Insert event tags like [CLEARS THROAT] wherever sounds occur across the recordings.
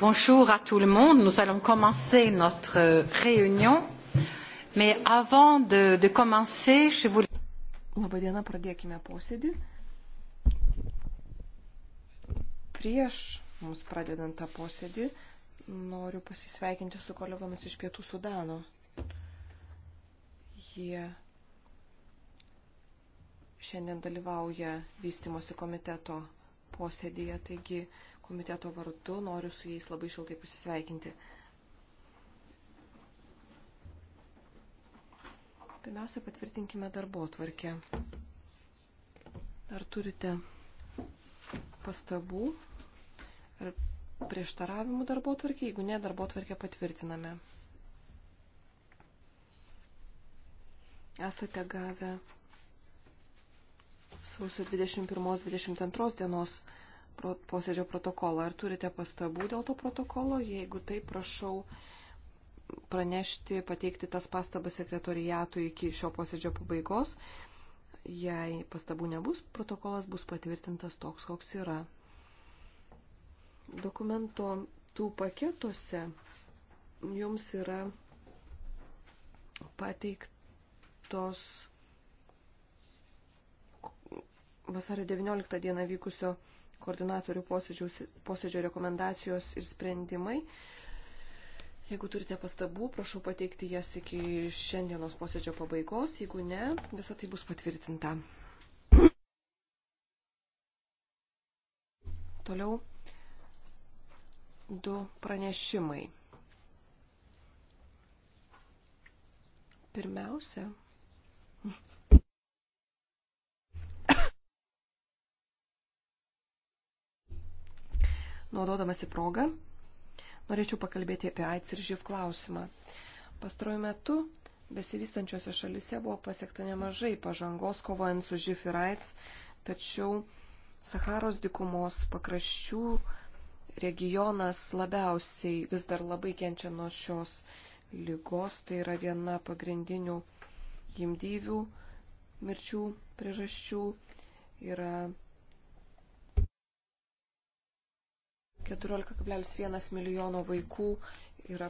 Bonjour à tout le monde. Nous allons commencer notre euh, réunion. Mais avant de, de commencer, je voulais. Labai diena, pradėkime posėdį. Prieš mums pradedant tą posėdį noriu pasisveikinti su kolegomis iš Pietų Sudano. Jie šiandien dalyvauja vystimosi komiteto posėdėje, taigi komiteto vardu noriu su jais labai šiltai pasisveikinti. Pirmiausia, patvirtinkime darbo tvarkę. Ar turite pastabų ar prieštaravimų darbo tvarkė? Jeigu ne, darbo tvarkę patvirtiname. Esate gavę sausio 21-22 dienos posėdžio protokolą. Ar turite pastabų dėl to protokolo? Jeigu taip, prašau pranešti, pateikti tas pastabas sekretoriatui iki šio posėdžio pabaigos. Jei pastabų nebus, protokolas bus patvirtintas toks, koks yra. Dokumento tų paketuose jums yra pateiktos vasario 19 dieną vykusio koordinatorių posėdžių, posėdžio rekomendacijos ir sprendimai. Jeigu turite pastabų, prašau pateikti jas iki šiandienos posėdžio pabaigos. Jeigu ne, visa tai bus patvirtinta. Toliau du pranešimai. Pirmiausia, naudodamasi progą, norėčiau pakalbėti apie AIDS ir živ klausimą. Pastaruoju metu besivystančiose šalise buvo pasiekta nemažai pažangos kovojant su živ ir AIDS, tačiau Saharos dikumos pakraščių regionas labiausiai vis dar labai kenčia nuo šios lygos. Tai yra viena pagrindinių gimdyvių mirčių priežasčių. Yra 14,1 milijono vaikų yra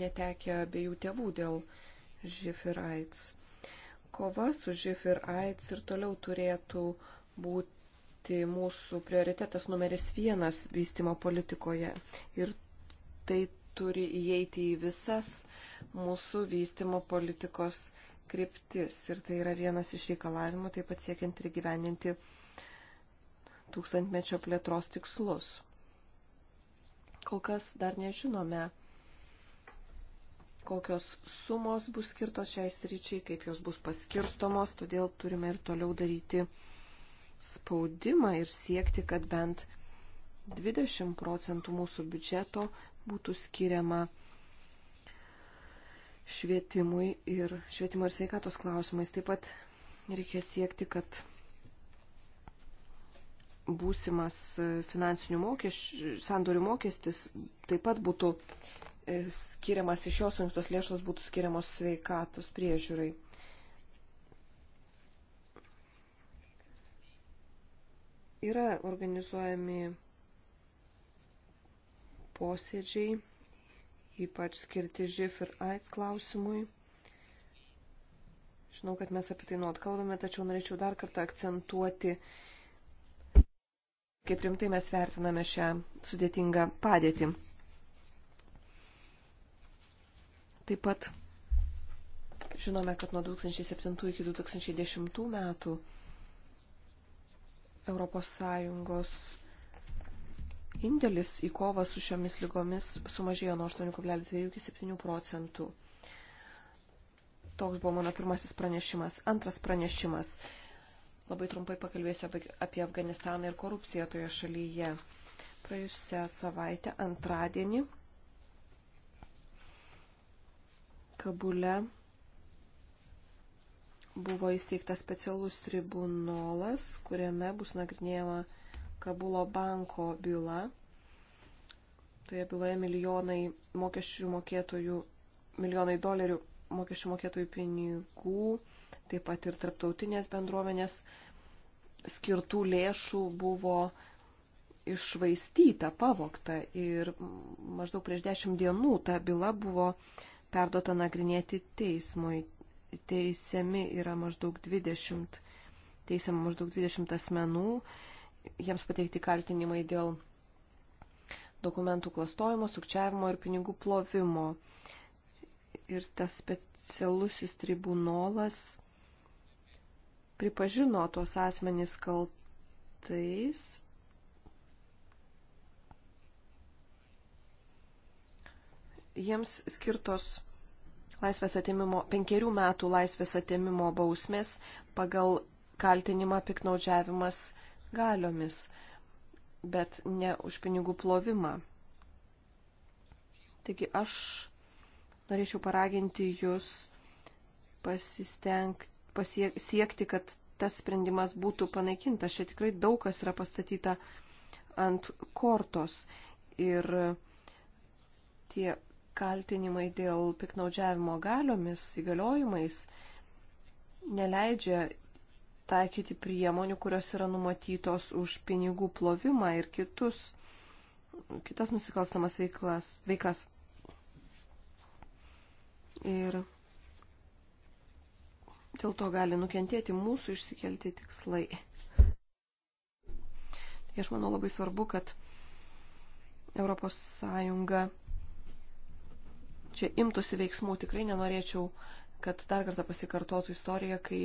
netekę abiejų tėvų dėl živ ir AIDS. Kova su živ ir AIDS ir toliau turėtų būti mūsų prioritetas numeris vienas vystimo politikoje. Ir tai turi įeiti į visas mūsų vystimo politikos kryptis. Ir tai yra vienas iš reikalavimų, taip pat siekiant ir gyveninti tūkstantmečio plėtros tikslus. Kol kas dar nežinome, kokios sumos bus skirtos šiai sričiai, kaip jos bus paskirstomos, todėl turime ir toliau daryti spaudimą ir siekti, kad bent 20 procentų mūsų biudžeto būtų skiriama švietimui ir švietimo ir sveikatos klausimais. Taip pat reikia siekti, kad būsimas finansinių mokesčių, sandorių mokestis taip pat būtų e, skiriamas iš jos surinktos lėšos būtų skiriamos sveikatos priežiūrai. Yra organizuojami posėdžiai, ypač skirti živ ir AIDS klausimui. Žinau, kad mes apie tai nuot kalbame, tačiau norėčiau dar kartą akcentuoti kaip rimtai mes vertiname šią sudėtingą padėtį. Taip pat žinome, kad nuo 2007 iki 2010 metų ES indėlis į kovą su šiomis lygomis sumažėjo nuo 8,3 iki 7 procentų. Toks buvo mano pirmasis pranešimas. Antras pranešimas. Labai trumpai pakalbėsiu apie Afganistaną ir korupciją toje šalyje. Praėjusią savaitę antradienį Kabule buvo įsteigtas specialus tribunolas, kuriame bus nagrinėjama Kabulo banko byla. Toje byloje milijonai mokesčių mokėtojų, milijonai dolerių mokesčių mokėtojų pinigų taip pat ir tarptautinės bendruomenės skirtų lėšų buvo išvaistyta, pavokta ir maždaug prieš dešimt dienų ta byla buvo perduota nagrinėti teismui. Teisiami yra maždaug 20, teisiami maždaug 20 asmenų, jiems pateikti kaltinimai dėl dokumentų klastojimo, sukčiavimo ir pinigų plovimo. Ir tas specialusis tribunolas pripažino tuos asmenys kaltais. Jiems skirtos laisvės atėmimo, penkerių metų laisvės atėmimo bausmės pagal kaltinimą piknaudžiavimas galiomis, bet ne už pinigų plovimą. Taigi aš norėčiau paraginti jūs pasistengti pasiek, siekti, kad tas sprendimas būtų panaikintas. Čia tikrai daug kas yra pastatyta ant kortos. Ir tie kaltinimai dėl piknaudžiavimo galiomis, įgaliojimais neleidžia taikyti priemonių, kurios yra numatytos už pinigų plovimą ir kitus, kitas nusikalstamas veiklas, veikas. Ir Dėl to gali nukentėti mūsų išsikelti tikslai. Tai aš manau labai svarbu, kad ES čia imtųsi veiksmų. Tikrai nenorėčiau, kad dar kartą pasikartotų istorija, kai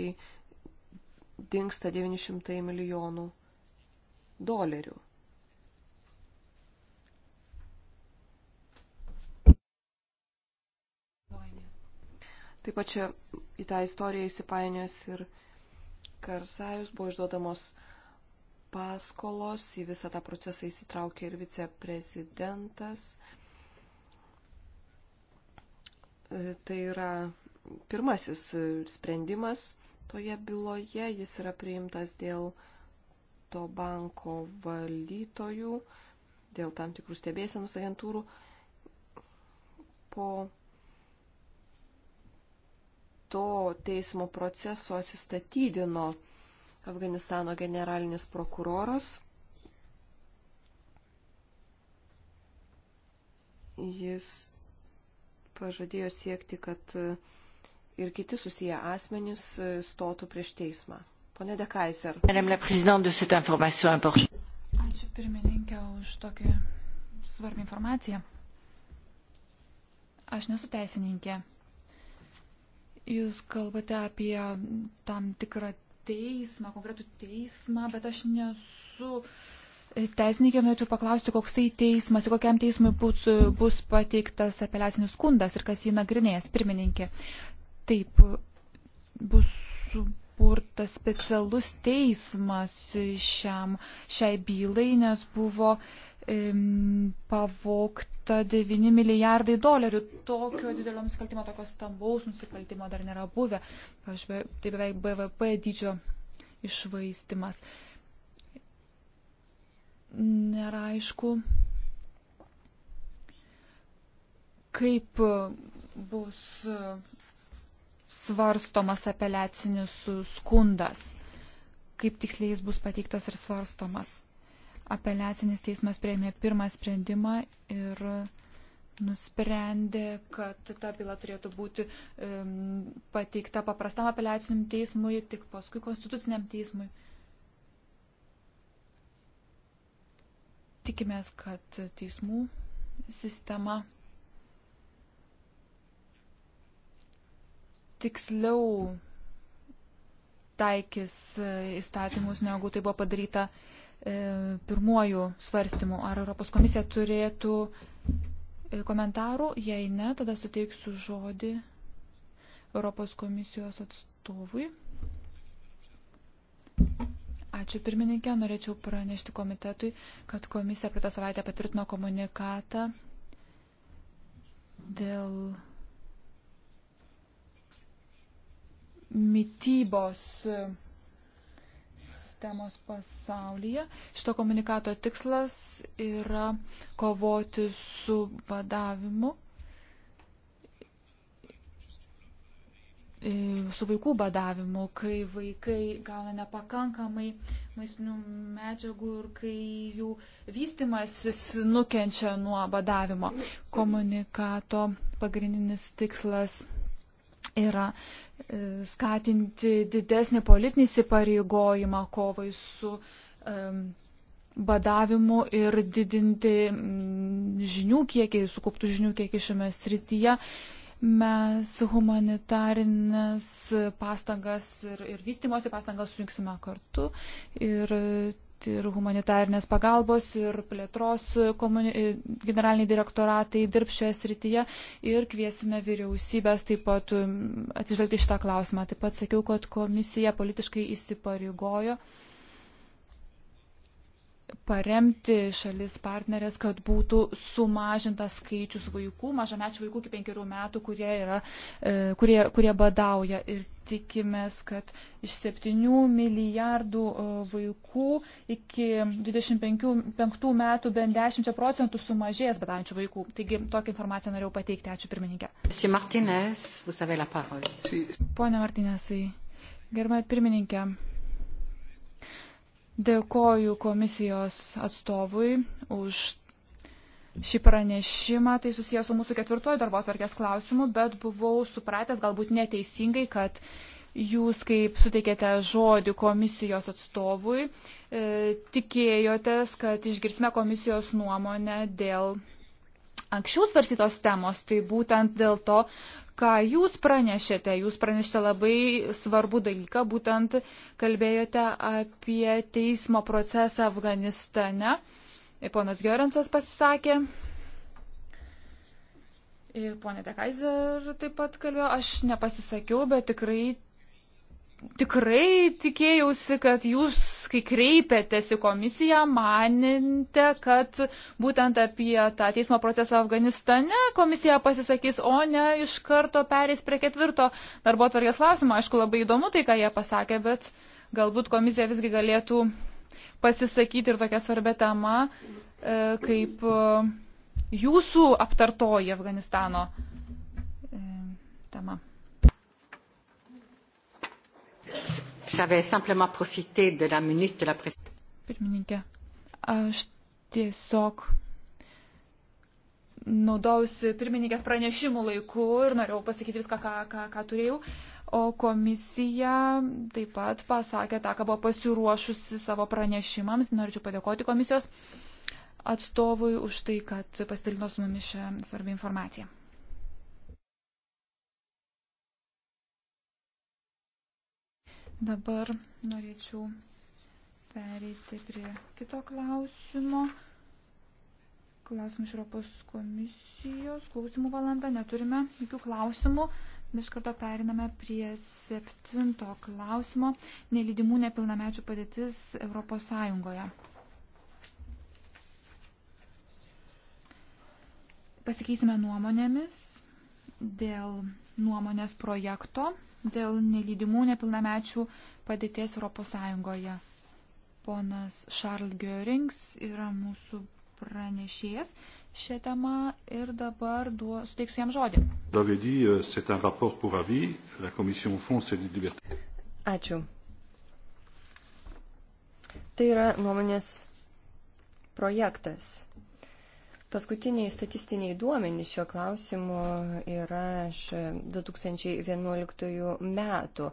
dinksta 900 milijonų dolerių. Taip pat čia į tą istoriją įsipainiojęs ir Karsajus, buvo išduodamos paskolos, į visą tą procesą įsitraukė ir viceprezidentas. E, tai yra pirmasis e, sprendimas toje byloje, jis yra priimtas dėl to banko valytojų, dėl tam tikrų stebėsenos agentūrų po to teismo proceso atsistatydino Afganistano generalinis prokuroras. Jis pažadėjo siekti, kad ir kiti susiję asmenys stotų prieš teismą. Pone De Kaiser. Ačiū pirmininkė už tokią svarbią informaciją. Aš nesu teisininkė, Jūs kalbate apie tam tikrą teismą, konkretų teismą, bet aš nesu teisininkė, norėčiau paklausti, koks tai teismas, kokiam teismui bus, bus pateiktas apeliacinis skundas ir kas jį nagrinės, pirmininkė. Taip, bus suburtas specialus teismas šiam, šiai bylai, nes buvo uh, pavokta 9 milijardai dolerių. Tokio didelio nusikaltimo, tokio stambaus nusikaltimo dar nėra buvę. Pavyzdžiui, tai beveik BVP dydžio išvaistimas. Nėra aišku, kaip bus svarstomas apeliacinis skundas, kaip tiksliai jis bus pateiktas ir svarstomas apeliacinis teismas prieimė pirmą sprendimą ir nusprendė, kad ta byla turėtų būti um, pateikta paprastam apeliaciniam teismui, tik paskui konstituciniam teismui. Tikimės, kad teismų sistema tiksliau taikys e, įstatymus, negu tai buvo padaryta uh, E, pirmuoju svarstymu. Ar Europos komisija turėtų e, komentarų? Jei ne, tada suteiksiu žodį Europos komisijos atstovui. Ačiū pirmininkė, norėčiau pranešti komitetui, kad komisija praeitą savaitę patvirtino komunikatą dėl mytybos sistemos pasaulyje. Šito komunikato tikslas yra kovoti su badavimu, su vaikų badavimu, kai vaikai gauna nepakankamai maistinių medžiagų ir kai jų vystimasis nukenčia nuo badavimo. Komunikato pagrindinis tikslas yra e, skatinti didesnį politinį įsipareigojimą kovai su badavimu ir didinti mm, žinių kiekį, sukauptų žinių kiekį šiame srityje. Mes humanitarinės pastangas ir, ir vystimosi pastangas surinksime kartu ir ir humanitarnės pagalbos, ir plėtros komuni... generaliniai direktoratai dirb šioje srityje ir kviesime vyriausybės taip pat atsižvelgti šitą klausimą. Taip pat sakiau, kad komisija politiškai įsipareigojo paremti šalis partnerės, kad būtų sumažintas skaičius vaikų, mažamečių vaikų iki penkerių metų, kurie, yra, e, kurie, kurie badauja. Ir tikimės, kad iš 7 milijardų e, vaikų iki 25 metų bent 10 procentų sumažės badaujančių vaikų. Taigi tokią informaciją norėjau pateikti. Ačiū pirmininkė. Martinez, Pone Martinėsai, gerbama pirmininkė. Dėkoju komisijos atstovui už šį pranešimą. Tai susijęs su mūsų ketvirtojo darbo atvarkės klausimu, bet buvau supratęs galbūt neteisingai, kad jūs, kaip suteikėte žodį komisijos atstovui, e, tikėjotės, kad išgirsime komisijos nuomonę dėl anksčiau svarstytos temos, tai būtent dėl to ką jūs pranešėte. Jūs pranešėte labai svarbų dalyką, būtent kalbėjote apie teismo procesą Afganistane. Ir ponas Gerensas pasisakė. Ir ponė Dekaiser taip pat kalbėjo, aš nepasisakiau, bet tikrai tikrai tikėjausi, kad jūs, kai kreipėtės į komisiją, maninte, kad būtent apie tą teismo procesą Afganistane komisija pasisakys, o ne iš karto perės prie ketvirto darbo tvarkės klausimo. Aišku, labai įdomu tai, ką jie pasakė, bet galbūt komisija visgi galėtų pasisakyti ir tokia svarbia tema, e, kaip e, jūsų aptartoji Afganistano e, tema. Pirmininkė, aš tiesiog naudausi pirmininkės pranešimų laiku ir norėjau pasakyti viską, ką, ką, ką turėjau. O komisija taip pat pasakė tą, ką buvo pasiruošusi savo pranešimams. Norėčiau padėkoti komisijos atstovui už tai, kad pasidalino su mumis šią svarbią informaciją. Dabar norėčiau pereiti prie kito klausimo. Klausimų iš Europos komisijos. Klausimų valanda. Neturime jokių klausimų. Iš karto periname prie septinto klausimo. Nelydimų nepilnamečių padėtis Europos Sąjungoje. Pasikeisime nuomonėmis dėl nuomonės projekto dėl nelydimų nepilnamečių padėties ES. Ponas Charles Görings yra mūsų pranešėjas šią temą ir dabar duo, suteiksiu jam žodį. Euh, Ačiū. Tai yra nuomonės projektas Paskutiniai statistiniai duomenys šiuo klausimu yra iš 2011 metų.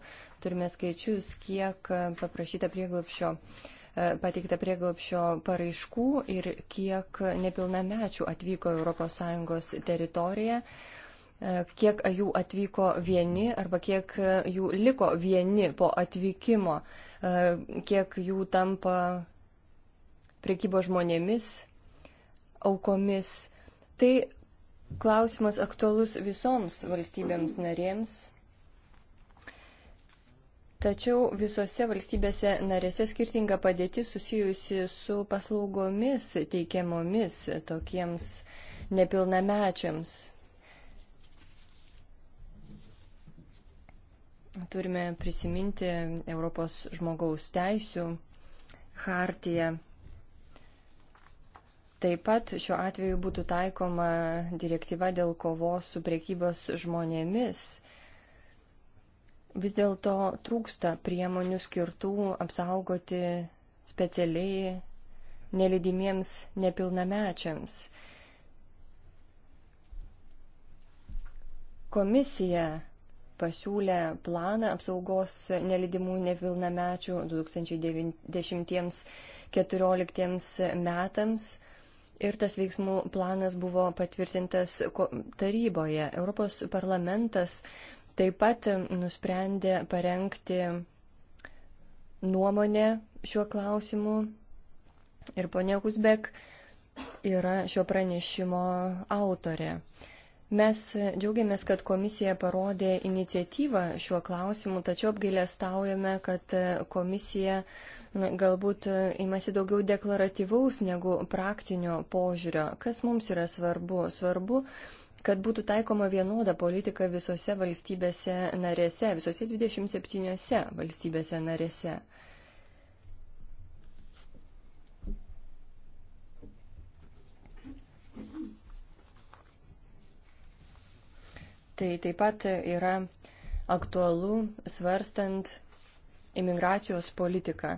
Turime skaičius, kiek paprašyta prieglapšio e, pateikta prieglapšio paraiškų ir kiek nepilnamečių atvyko ES teritoriją, e, kiek jų atvyko vieni arba kiek jų liko vieni po atvykimo, e, kiek jų tampa priekybo žmonėmis aukomis. Tai klausimas aktualus visoms valstybėms narėms. Tačiau visose valstybėse narėse skirtinga padėtis susijusi su paslaugomis teikiamomis tokiems nepilnamečiams. Turime prisiminti Europos žmogaus teisų hartiją Taip pat šiuo atveju būtų taikoma direktyva dėl kovos su priekybos žmonėmis. Vis dėlto trūksta priemonių skirtų apsaugoti specialiai nelidimiems nepilnamečiams. Komisija pasiūlė planą apsaugos nelidimų nepilnamečių 2010-2014 metams. Ir tas veiksmų planas buvo patvirtintas taryboje. Europos parlamentas taip pat nusprendė parengti nuomonę šiuo klausimu. Ir ponia Husbek yra šio pranešimo autorė. Mes džiaugiamės, kad komisija parodė iniciatyvą šiuo klausimu, tačiau apgailėstaujame, kad komisija galbūt imasi daugiau deklaratyvaus negu praktinio požiūrio. Kas mums yra svarbu? Svarbu, kad būtų taikoma vienoda politika visose valstybėse narėse, visose 27 valstybėse narėse. Tai taip pat yra aktualu svarstant imigracijos politiką.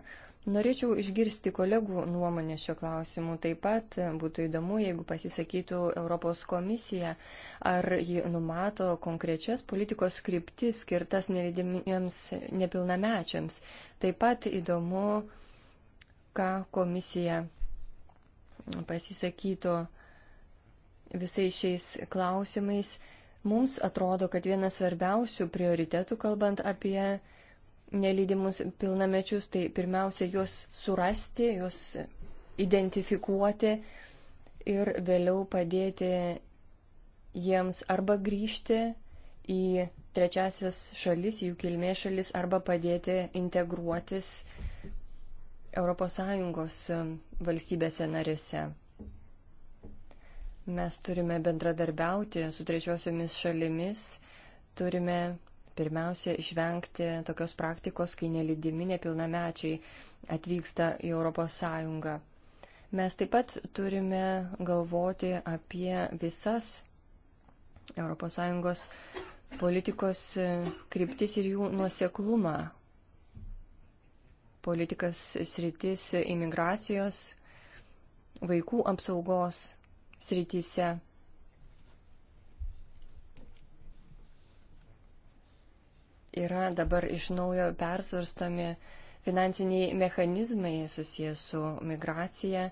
Norėčiau išgirsti kolegų nuomonę šio klausimu. Taip pat būtų įdomu, jeigu pasisakytų Europos komisija, ar ji numato konkrečias politikos skriptis skirtas nelydimiems nepilnamečiams. Taip pat įdomu, ką komisija pasisakytų visais šiais klausimais Mums atrodo, kad vienas svarbiausių prioritetų, kalbant apie nelydimus pilnamečius, tai pirmiausia juos surasti, juos identifikuoti ir vėliau padėti jiems arba grįžti į trečiasias šalis, jų kilmės šalis, arba padėti integruotis ES valstybėse narėse. Mes turime bendradarbiauti su trečiosiomis šalimis, turime pirmiausia išvengti tokios praktikos, kai nelydimi nepilnamečiai atvyksta į ES. Mes taip pat turime galvoti apie visas ES politikos kryptis ir jų nuoseklumą. Politikas sritis imigracijos, vaikų apsaugos srityse. Yra dabar iš naujo persvarstami finansiniai mechanizmai susijęs su migracija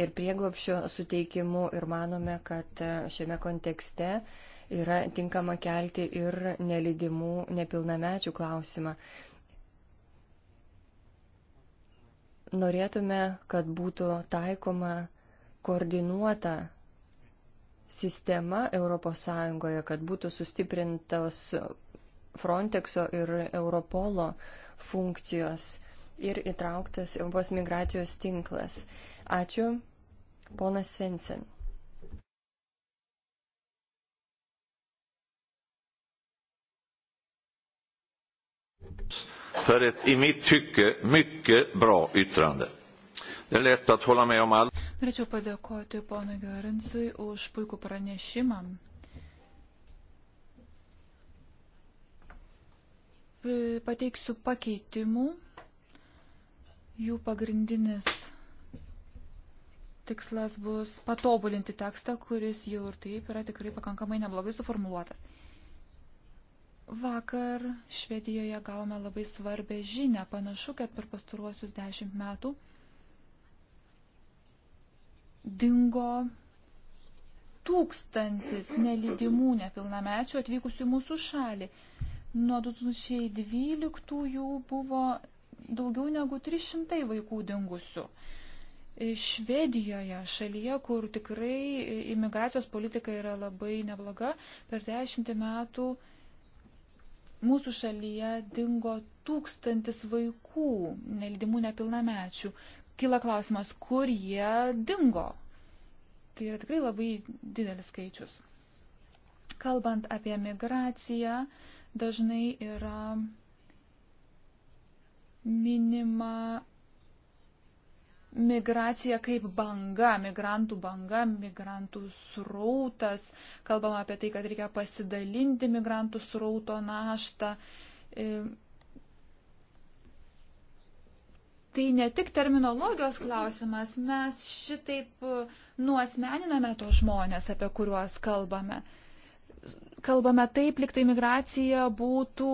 ir prieglopšio suteikimu ir manome, kad šiame kontekste yra tinkama kelti ir nelidimų nepilnamečių klausimą. Norėtume, kad būtų taikoma koordinuota sistema ES, kad būtų sustiprintos Frontexo ir Europolo funkcijos ir įtrauktas Europos migracijos tinklas. Ačiū, ponas Svensen. för ett i mitt tycke mycket bra yttrande. Norėčiau padėkoti ponui Gerinsui už puikų pranešimą. E, pateiksiu pakeitimų. Jų pagrindinis tikslas bus patobulinti tekstą, kuris jau ir taip yra tikrai pakankamai neblogai suformuoluotas. Vakar Švedijoje gavome labai svarbę žinę. Panašu, kad per pastaruosius dešimt metų dingo tūkstantis nelydimų nepilnamečių atvykusių į mūsų šalį. Nuo 2012 buvo daugiau negu 300 vaikų dingusių. Švedijoje, šalyje, kur tikrai imigracijos politika yra labai nebloga, per dešimtį metų mūsų šalyje dingo tūkstantis vaikų, nelidimų nepilnamečių kyla klausimas, kur jie dingo. Tai yra tikrai labai didelis skaičius. Kalbant apie migraciją, dažnai yra minima migracija kaip banga, migrantų banga, migrantų srautas. Kalbama apie tai, kad reikia pasidalinti migrantų srauto naštą. E, tai ne tik terminologijos klausimas, mes šitaip e, nuosmeniname tos žmonės, apie kuriuos kalbame. Kalbame taip, lyg tai migracija būtų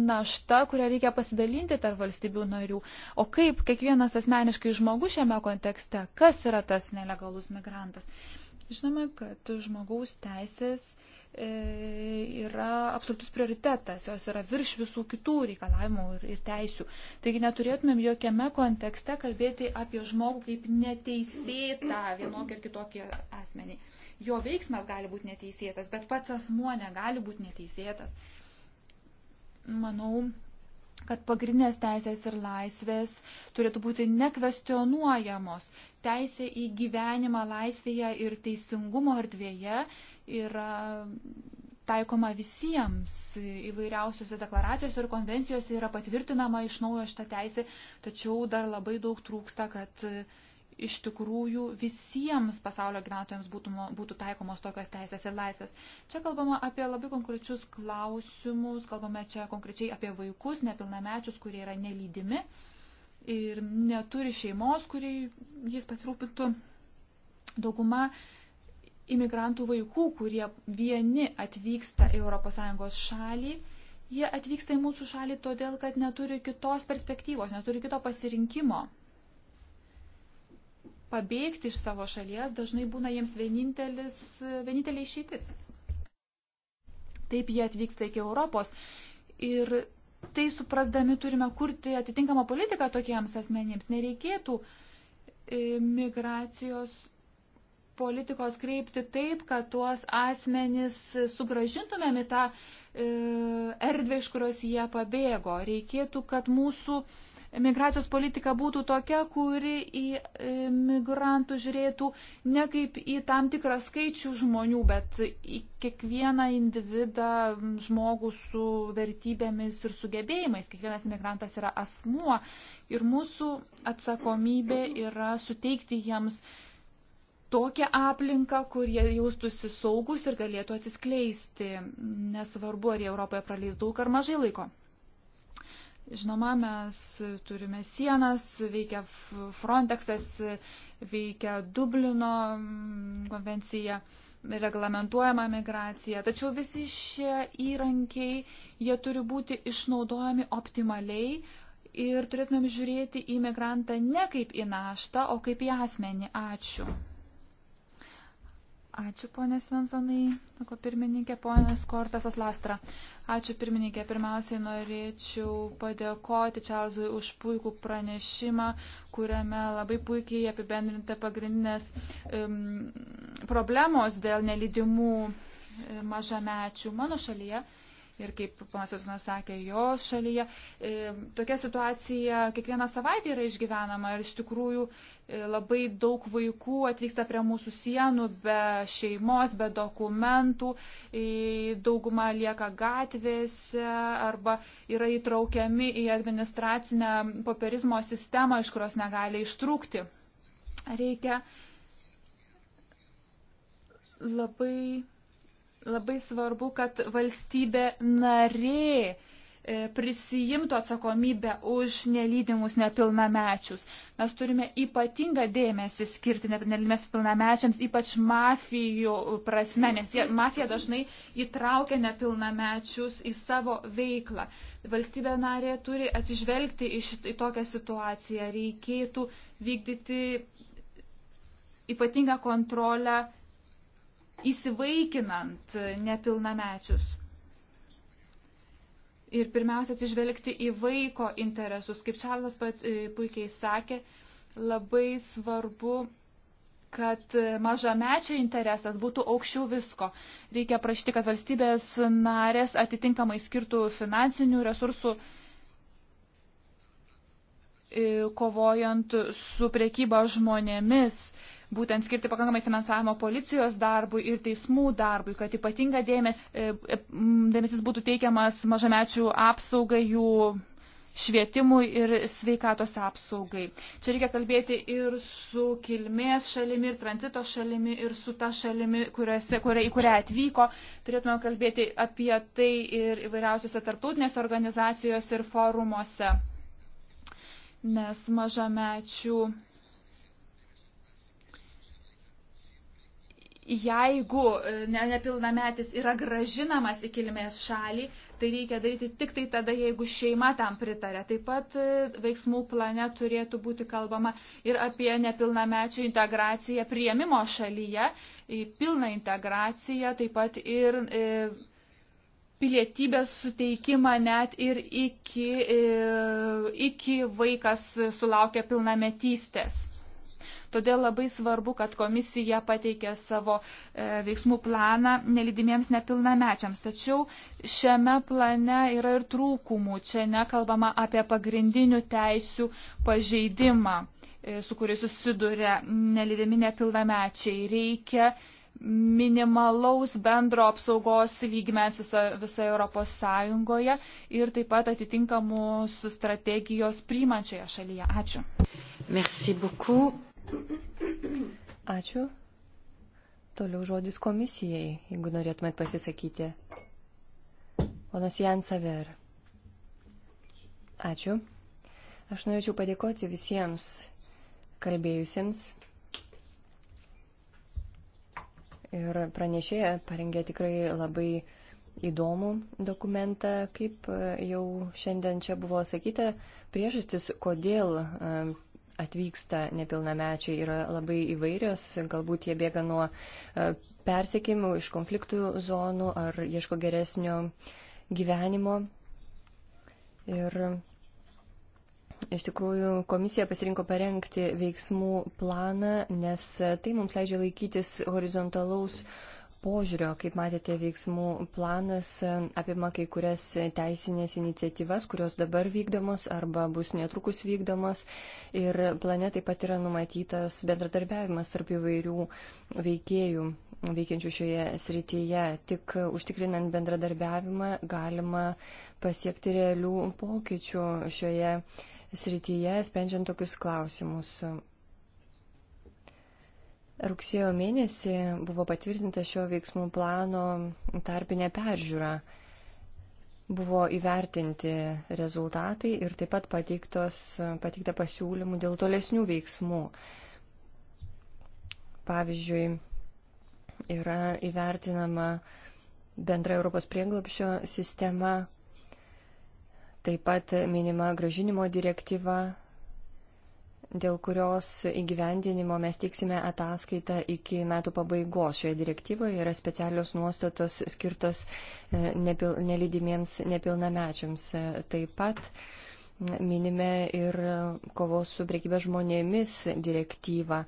našta, kurią reikia pasidalinti tarp valstybių narių. O kaip kiekvienas asmeniškai žmogus šiame kontekste, kas yra tas nelegalus migrantas? Žinome, kad žmogaus teisės uh, E, yra absoliutus prioritetas, jos yra virš visų kitų reikalavimų ir, ir teisių. Taigi neturėtumėm jokiame kontekste kalbėti apie žmogų kaip neteisėtą vienokį ar kitokį asmenį. Jo veiksmas gali būti neteisėtas, bet pats asmuo negali būti neteisėtas. Manau, kad pagrindinės teisės ir laisvės turėtų būti nekvestionuojamos. Teisė į gyvenimą laisvėje ir teisingumo erdvėje yra taikoma visiems įvairiausiose deklaracijose ir konvencijose yra patvirtinama iš naujo šitą teisę, tačiau dar labai daug trūksta, kad e, iš tikrųjų visiems pasaulio gyventojams būtų, būtų taikomos tokios teisės ir laisvės. Čia kalbama apie labai konkrečius klausimus, kalbame čia konkrečiai apie vaikus, nepilnamečius, kurie yra nelydimi ir neturi šeimos, kuriai jis pasirūpintų. Dauguma uh, imigrantų vaikų, kurie vieni atvyksta į ES šalį. Jie atvyksta į mūsų šalį todėl, kad neturi kitos perspektyvos, neturi kito pasirinkimo. Pabėgti iš savo šalies dažnai būna jiems vienintelė išeitis. Taip jie atvyksta iki Europos. Ir tai suprasdami turime kurti atitinkamą politiką tokiems asmenėms. Nereikėtų e, migracijos politikos kreipti taip, kad tuos asmenys sugražintumėm į tą e, erdvę, iš kurios jie pabėgo. Reikėtų, kad mūsų migracijos politika būtų tokia, kuri į e, migrantų žiūrėtų ne kaip į tam tikrą skaičių žmonių, bet į kiekvieną individą žmogų su vertybėmis ir sugebėjimais. Kiekvienas migrantas yra asmuo ir mūsų atsakomybė yra suteikti jiems tokią aplinką, kur jie jaustųsi saugus ir galėtų atsiskleisti, nesvarbu, ar jie Europoje praleis daug ar mažai laiko. Žinoma, mes turime sienas, veikia Frontexas, veikia Dublino mm, konvencija, reglamentuojama migracija. Tačiau visi šie įrankiai, jie turi būti išnaudojami optimaliai ir turėtumėm žiūrėti į migrantą ne kaip į naštą, o kaip į asmenį. Ačiū. Ačiū, ponė Svensonai, sako pirmininkė, ponės Kortasas Lastra. Ačiū, pirmininkė. Pirmiausiai norėčiau padėkoti Čelzui už puikų pranešimą, kuriame labai puikiai apibendrinta pagrindinės um, problemos dėl nelydimų mažamečių. Mano šalyje ir kaip ponas Jasinas sakė, jos šalyje. E, tokia situacija kiekvieną savaitę yra išgyvenama ir iš tikrųjų e, labai daug vaikų atvyksta prie mūsų sienų be šeimos, be dokumentų, dauguma lieka gatvėse arba yra įtraukiami į administracinę popierizmo sistemą, iš kurios negali ištrūkti. Reikia labai Labai svarbu, kad valstybė narė e, prisijimtų atsakomybę už nelydimus nepilnamečius. Mes turime ypatingą dėmesį skirti nelydimus nepilnamečiams, ypač mafijų prasme, nes jie, mafija dažnai įtraukia nepilnamečius į savo veiklą. Valstybė narė turi atsižvelgti į, šit, į tokią situaciją. Reikėtų vykdyti ypatingą kontrolę įsivaikinant nepilnamečius. Ir pirmiausia, atsižvelgti į vaiko interesus. Kaip Čarlas pat e, puikiai sakė, labai svarbu, kad mažamečio interesas būtų aukščiau visko. Reikia prašyti, kad valstybės narės atitinkamai skirtų finansinių resursų e, kovojant su priekyba žmonėmis būtent skirti pakankamai finansavimo policijos darbui ir teismų darbui, kad ypatinga dėmes, e, e, dėmesys būtų teikiamas mažamečių apsaugai, jų švietimui ir sveikatos apsaugai. Čia reikia kalbėti ir su kilmės šalimi, ir tranzito šalimi, ir su ta šalimi, kuriuose, kuria, į kurią atvyko. Turėtume kalbėti apie tai ir įvairiausiose tarptautinėse organizacijose ir forumuose. Nes mažamečių jeigu e, nepilnametis yra gražinamas į kilmės šalį, tai reikia daryti tik tai tada, jeigu šeima tam pritarė. Taip pat e, veiksmų plane turėtų būti kalbama ir apie nepilnamečių integraciją prieimimo šalyje, pilną integraciją, taip pat ir e, pilietybės suteikimą net ir iki, iki vaikas sulaukia pilnametystės. Todėl labai svarbu, kad komisija pateikė savo e, veiksmų planą nelydimiems nepilnamečiams. Tačiau šiame plane yra ir trūkumų. Čia nekalbama apie pagrindinių teisių pažeidimą, e, su kuriuo susiduria nelydimi nepilnamečiai. Reikia minimalaus bendro apsaugos lygmens visoje Europos Sąjungoje ir taip pat atitinkamus strategijos priimančioje šalyje. Ačiū. Merci beaucoup. Ačiū. Toliau žodis komisijai, jeigu norėtumėt pasisakyti. Ponas Jan Saver. Ačiū. Aš norėčiau padėkoti visiems kalbėjusiems. Ir pranešėja parengė tikrai labai įdomų dokumentą, kaip jau šiandien čia buvo sakyta, priežastis, kodėl atvyksta nepilnamečiai yra labai įvairios, galbūt jie bėga nuo e, persiekimų iš konfliktų zonų ar ieško geresnio gyvenimo. Ir iš tikrųjų komisija pasirinko parengti veiksmų planą, nes tai mums leidžia laikytis horizontalaus uh, požiūrio, kaip matėte, veiksmų planas apima kai kurias teisinės iniciatyvas, kurios dabar vykdomos arba bus netrukus vykdomos. Ir plane taip pat yra numatytas bendradarbiavimas tarp įvairių veikėjų veikiančių šioje srityje. Tik užtikrinant bendradarbiavimą galima pasiekti realių pokyčių šioje srityje, sprendžiant tokius klausimus. Rugsėjo mėnesį buvo patvirtinta šio veiksmų plano tarpinė peržiūra. Buvo įvertinti rezultatai ir taip pat pateiktos, pateikta pasiūlymų dėl tolesnių veiksmų. Pavyzdžiui, yra įvertinama bendra Europos prieglopšio sistema, taip pat minima gražinimo direktyva, dėl kurios įgyvendinimo mes teiksime ataskaitą iki metų pabaigos. Šioje direktyvoje yra specialios nuostatos skirtos e, nepil, nelydimiems nepilnamečiams. E, taip pat minime ir kovos su priekybė žmonėmis direktyvą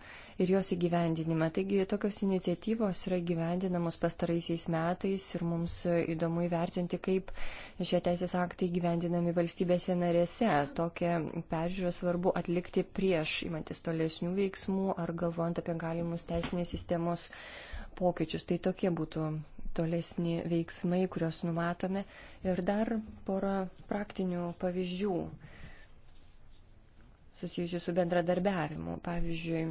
ir jos įgyvendinimą. Taigi tokios iniciatyvos yra gyvendinamos pastaraisiais metais ir mums įdomu įvertinti, kaip šie teisės aktai gyvendinami valstybėse narėse. Tokią peržiūrą svarbu atlikti prieš imantis tolesnių veiksmų ar galvojant apie galimus teisinės sistemos pokyčius. Tai tokie būtų tolesni veiksmai, kuriuos numatome. Ir dar pora praktinių pavyzdžių susijusių su bendradarbiavimu. Pavyzdžiui,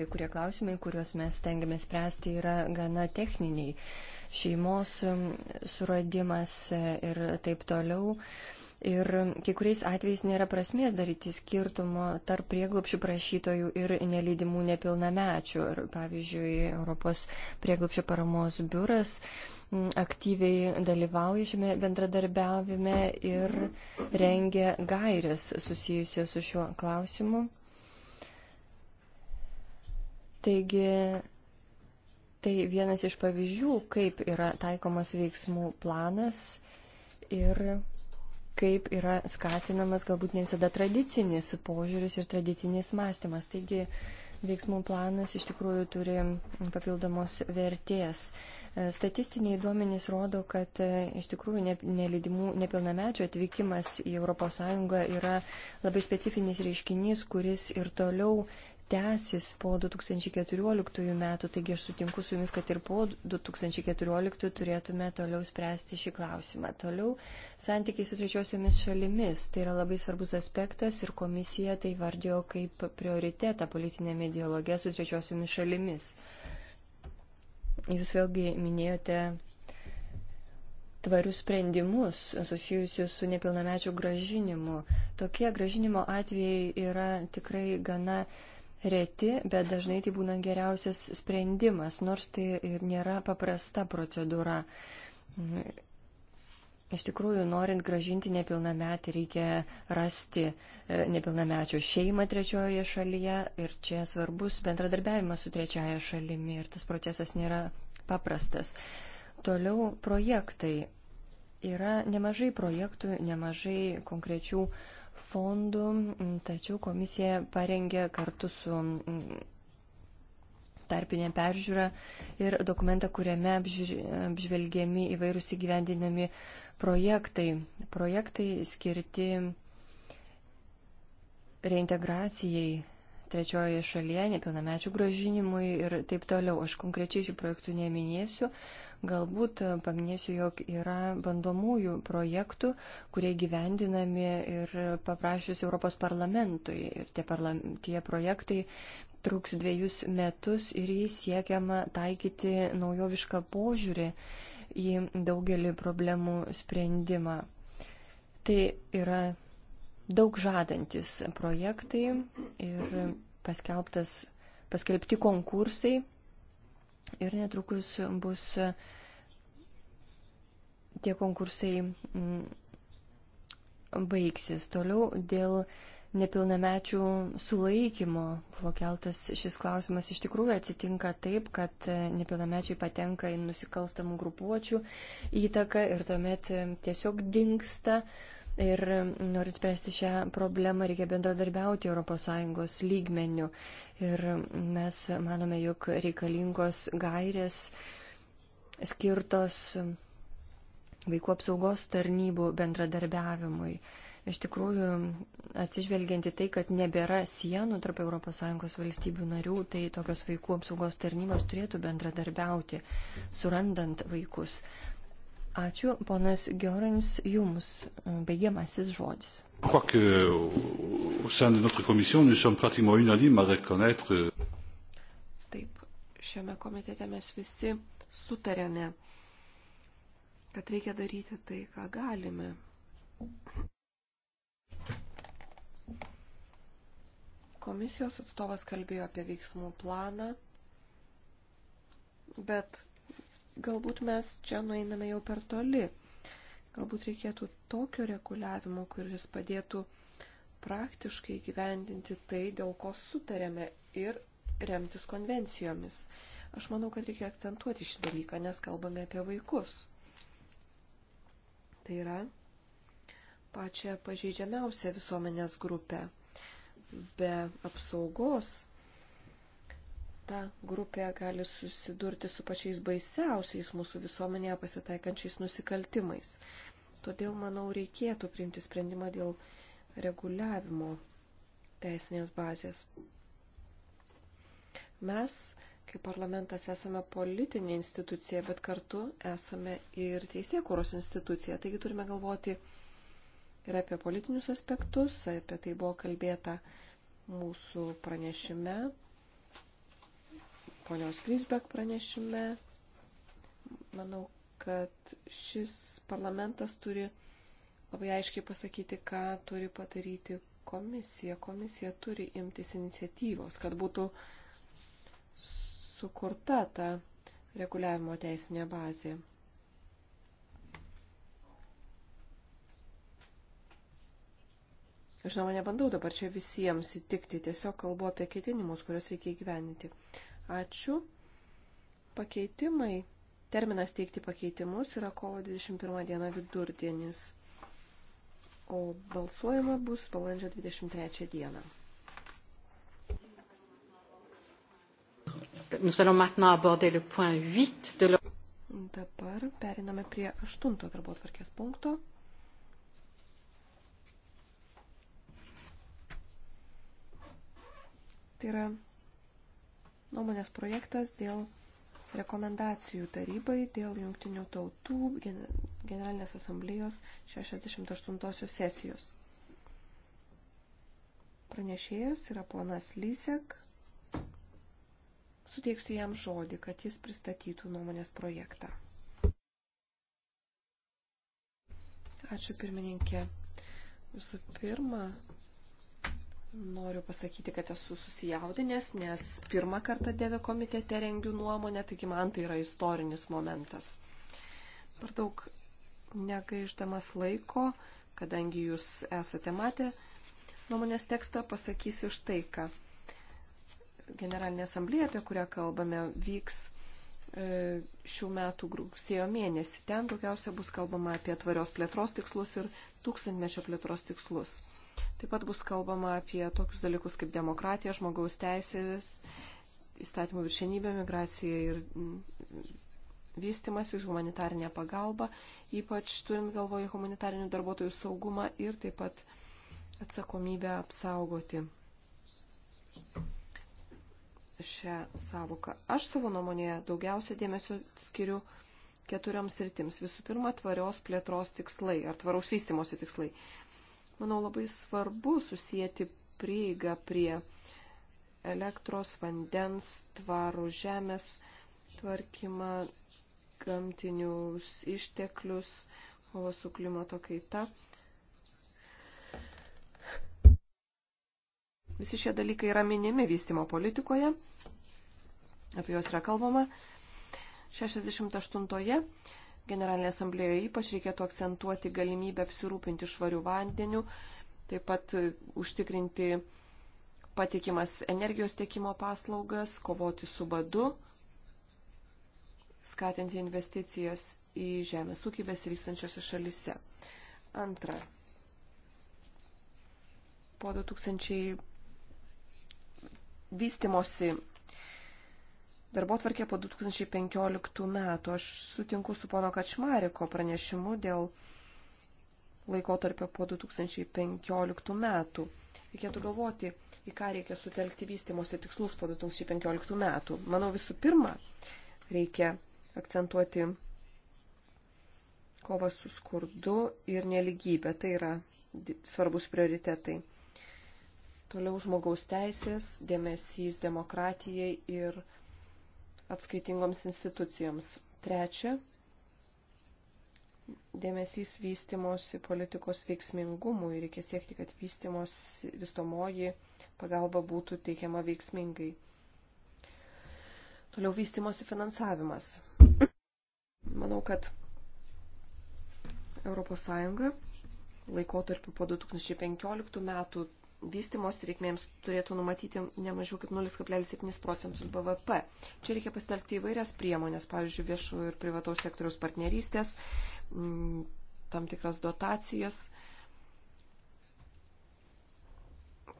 kai kurie klausimai, kuriuos mes tengiamės spręsti, yra gana techniniai. Šeimos mm, suradimas e, ir taip toliau. Uh, Ir kai kuriais atvejais nėra prasmės daryti skirtumo tarp prieglopšių prašytojų ir nelydimų nepilnamečių. Ir, pavyzdžiui, Europos prieglopšių paramos biuras aktyviai dalyvauja šiame bendradarbiavime ir rengia gairias susijusias su šiuo klausimu. Taigi, tai vienas iš pavyzdžių, kaip yra taikomas veiksmų planas ir kaip yra skatinamas galbūt ne visada tradicinis požiūris ir tradicinis mąstymas. Taigi veiksmų planas iš tikrųjų turi papildomos vertės. E, statistiniai duomenys rodo, kad e, iš tikrųjų nelydimų nepilnamečių atvykimas į ES yra labai specifinis reiškinys, kuris ir toliau tęsis po 2014 metų, taigi aš sutinku su jumis, kad ir po 2014 turėtume toliau spręsti šį klausimą. Toliau santykiai su trečiosiomis šalimis. Tai yra labai svarbus aspektas ir komisija tai vardėjo kaip prioritetą politinėme dialoge su trečiosiomis šalimis. Jūs vėlgi minėjote tvarius sprendimus susijusius su nepilnamečių gražinimu. Tokie gražinimo atvejai yra tikrai gana reti, bet dažnai tai būna geriausias sprendimas, nors tai ir nėra paprasta procedūra. Iš tikrųjų, norint gražinti nepilnametį, reikia rasti e, nepilnamečio šeimą trečiojoje šalyje ir čia svarbus bendradarbiavimas su trečiaja šalimi ir tas procesas nėra paprastas. Toliau projektai. Yra nemažai projektų, nemažai konkrečių uh, fondų, tačiau komisija parengė kartu su tarpinė peržiūra ir dokumentą, kuriame apžvelgiami įvairūs įgyvendinami projektai. Projektai skirti reintegracijai trečiojoje šalyje, nepilnamečių gražinimui ir taip toliau. Aš konkrečiai šių projektų neminėsiu, galbūt e, paminėsiu, jog yra bandomųjų projektų, kurie gyvendinami ir paprašius Europos parlamentui. Ir tie, parlam, tie projektai truks dviejus metus ir jį siekiama taikyti naujovišką požiūrį į daugelį problemų sprendimą. Tai yra daug žadantis projektai ir paskelbtas, paskelbti konkursai ir netrukus bus e, tie konkursai mm, baigsis. Toliau dėl nepilnamečių sulaikymo buvo keltas šis klausimas. Iš tikrųjų atsitinka taip, kad e, nepilnamečiai patenka į nusikalstamų grupuočių įtaką ir tuomet e, tiesiog dinksta. Uh, Ir mm, norint spręsti šią problemą, reikia bendradarbiauti ES lygmenių. Ir mm, mes manome, jog reikalingos gairės skirtos mm, vaikų apsaugos tarnybų bendradarbiavimui. Iš tikrųjų, atsižvelgianti tai, kad nebėra sienų tarp ES valstybių narių, tai tokios vaikų apsaugos tarnybos turėtų bendradarbiauti, surandant vaikus. Ačiū, ponas Giorins, jums e, baigiamasis žodis. Je crois que au sein de notre commission, nous sommes pratiquement unanimes à reconnaître. Euh, Taip, šiame komitete mes visi sutarėme, kad reikia daryti tai, ką galime. Komisijos atstovas kalbėjo apie veiksmų planą, bet galbūt mes čia nueiname jau per toli. Galbūt reikėtų tokio reguliavimo, kuris padėtų praktiškai gyvendinti tai, dėl ko sutarėme ir remtis konvencijomis. Aš manau, kad reikia akcentuoti šį dalyką, nes kalbame apie vaikus. Tai yra pačią pažeidžiamiausią visuomenės grupę. Be apsaugos ta grupė gali susidurti su pačiais baisiausiais mūsų visuomenėje pasitaikančiais nusikaltimais. Todėl, manau, reikėtų priimti sprendimą dėl reguliavimo teisinės bazės. Mes, kaip parlamentas, esame politinė institucija, bet kartu esame ir teisėkūros institucija. Taigi turime galvoti ir apie politinius aspektus, apie tai buvo kalbėta mūsų pranešime ponios Grisbek pranešime. Manau, kad šis parlamentas turi labai aiškiai pasakyti, ką turi padaryti komisija. Komisija turi imtis iniciatyvos, kad būtų sukurta ta reguliavimo teisinė bazė. Žinoma, nebandau dabar čia visiems įtikti, tiesiog kalbu apie ketinimus, kuriuos reikia įgyveninti. Ačiū. Pakeitimai. Terminas teikti pakeitimus yra kovo 21 diena vidurdienis, o balsuojama bus balandžio 23 dieną. Nous allons maintenant aborder le point 8 de l'ordre. Dabar periname prie aštunto darbotvarkės punkto. Tai yra nuomonės projektas dėl rekomendacijų tarybai dėl Junktinių tautų Generalinės asamblėjos 68 sesijos. Pranešėjas yra ponas Lysek. Suteiksiu jam žodį, kad jis pristatytų nuomonės projektą. Ačiū pirmininkė. Visų pirma, Noriu pasakyti, kad esu susijaudinęs, nes pirmą kartą Dėvė komitete rengiu nuomonę, taigi man tai yra istorinis momentas. Per daug negaiždamas laiko, kadangi jūs esate matę nuomonės tekstą, pasakysiu štai ką. Generalinė asamblėja, apie kurią kalbame, vyks e, šių metų rugsėjo mėnesį. Ten daugiausia bus kalbama apie tvarios plėtros tikslus ir tūkstantmečio plėtros tikslus. Taip pat bus kalbama apie tokius dalykus kaip demokratija, žmogaus teisės, įstatymų viršenybė, migracija ir mm, vystimasis, humanitarinė pagalba, ypač turint galvoje humanitarinių darbuotojų saugumą ir taip pat atsakomybę apsaugoti šią savoką. Aš savo nuomonėje daugiausia dėmesio skiriu keturioms sritims. Visų pirma, tvarios plėtros tikslai ar tvaraus vystimosi tikslai manau, labai svarbu susijęti prieigą prie elektros, vandens, tvarų žemės tvarkymą, gamtinius išteklius, kovą su klimato kaita. Visi šie dalykai yra minimi vystimo politikoje, apie juos yra kalbama. 68 Generalinėje asamblėje ypač reikėtų akcentuoti galimybę apsirūpinti švarių vandenių, taip pat e, užtikrinti patikimas energijos tiekimo paslaugas, kovoti su badu, skatinti investicijas į žemės ūkį besivystančiose šalise. Antra. Po 2000 vystimosi darbo tvarkė po 2015 metų. Aš sutinku su pono Kačmariko pranešimu dėl laikotarpio po 2015 metų. Reikėtų galvoti, į ką reikia sutelkti vystimosi tikslus po 2015 metų. Manau, visų pirma, reikia akcentuoti kovą su skurdu ir neligybė. Tai yra svarbus prioritetai. Toliau žmogaus teisės, dėmesys demokratijai ir atskaitingoms institucijoms. Trečia, dėmesys vystimosi politikos veiksmingumui. Reikia siekti, kad vystimos vystomoji pagalba būtų teikiama veiksmingai. Toliau vystimosi finansavimas. Manau, kad ES laikotarpiu po 2015 metų vystimos reikmėms turėtų numatyti nemažiau kaip 0,7 procentus BVP. Čia reikia pastelgti įvairias priemonės, pavyzdžiui, viešų ir privataus sektoriaus partnerystės, mm, tam tikras dotacijas,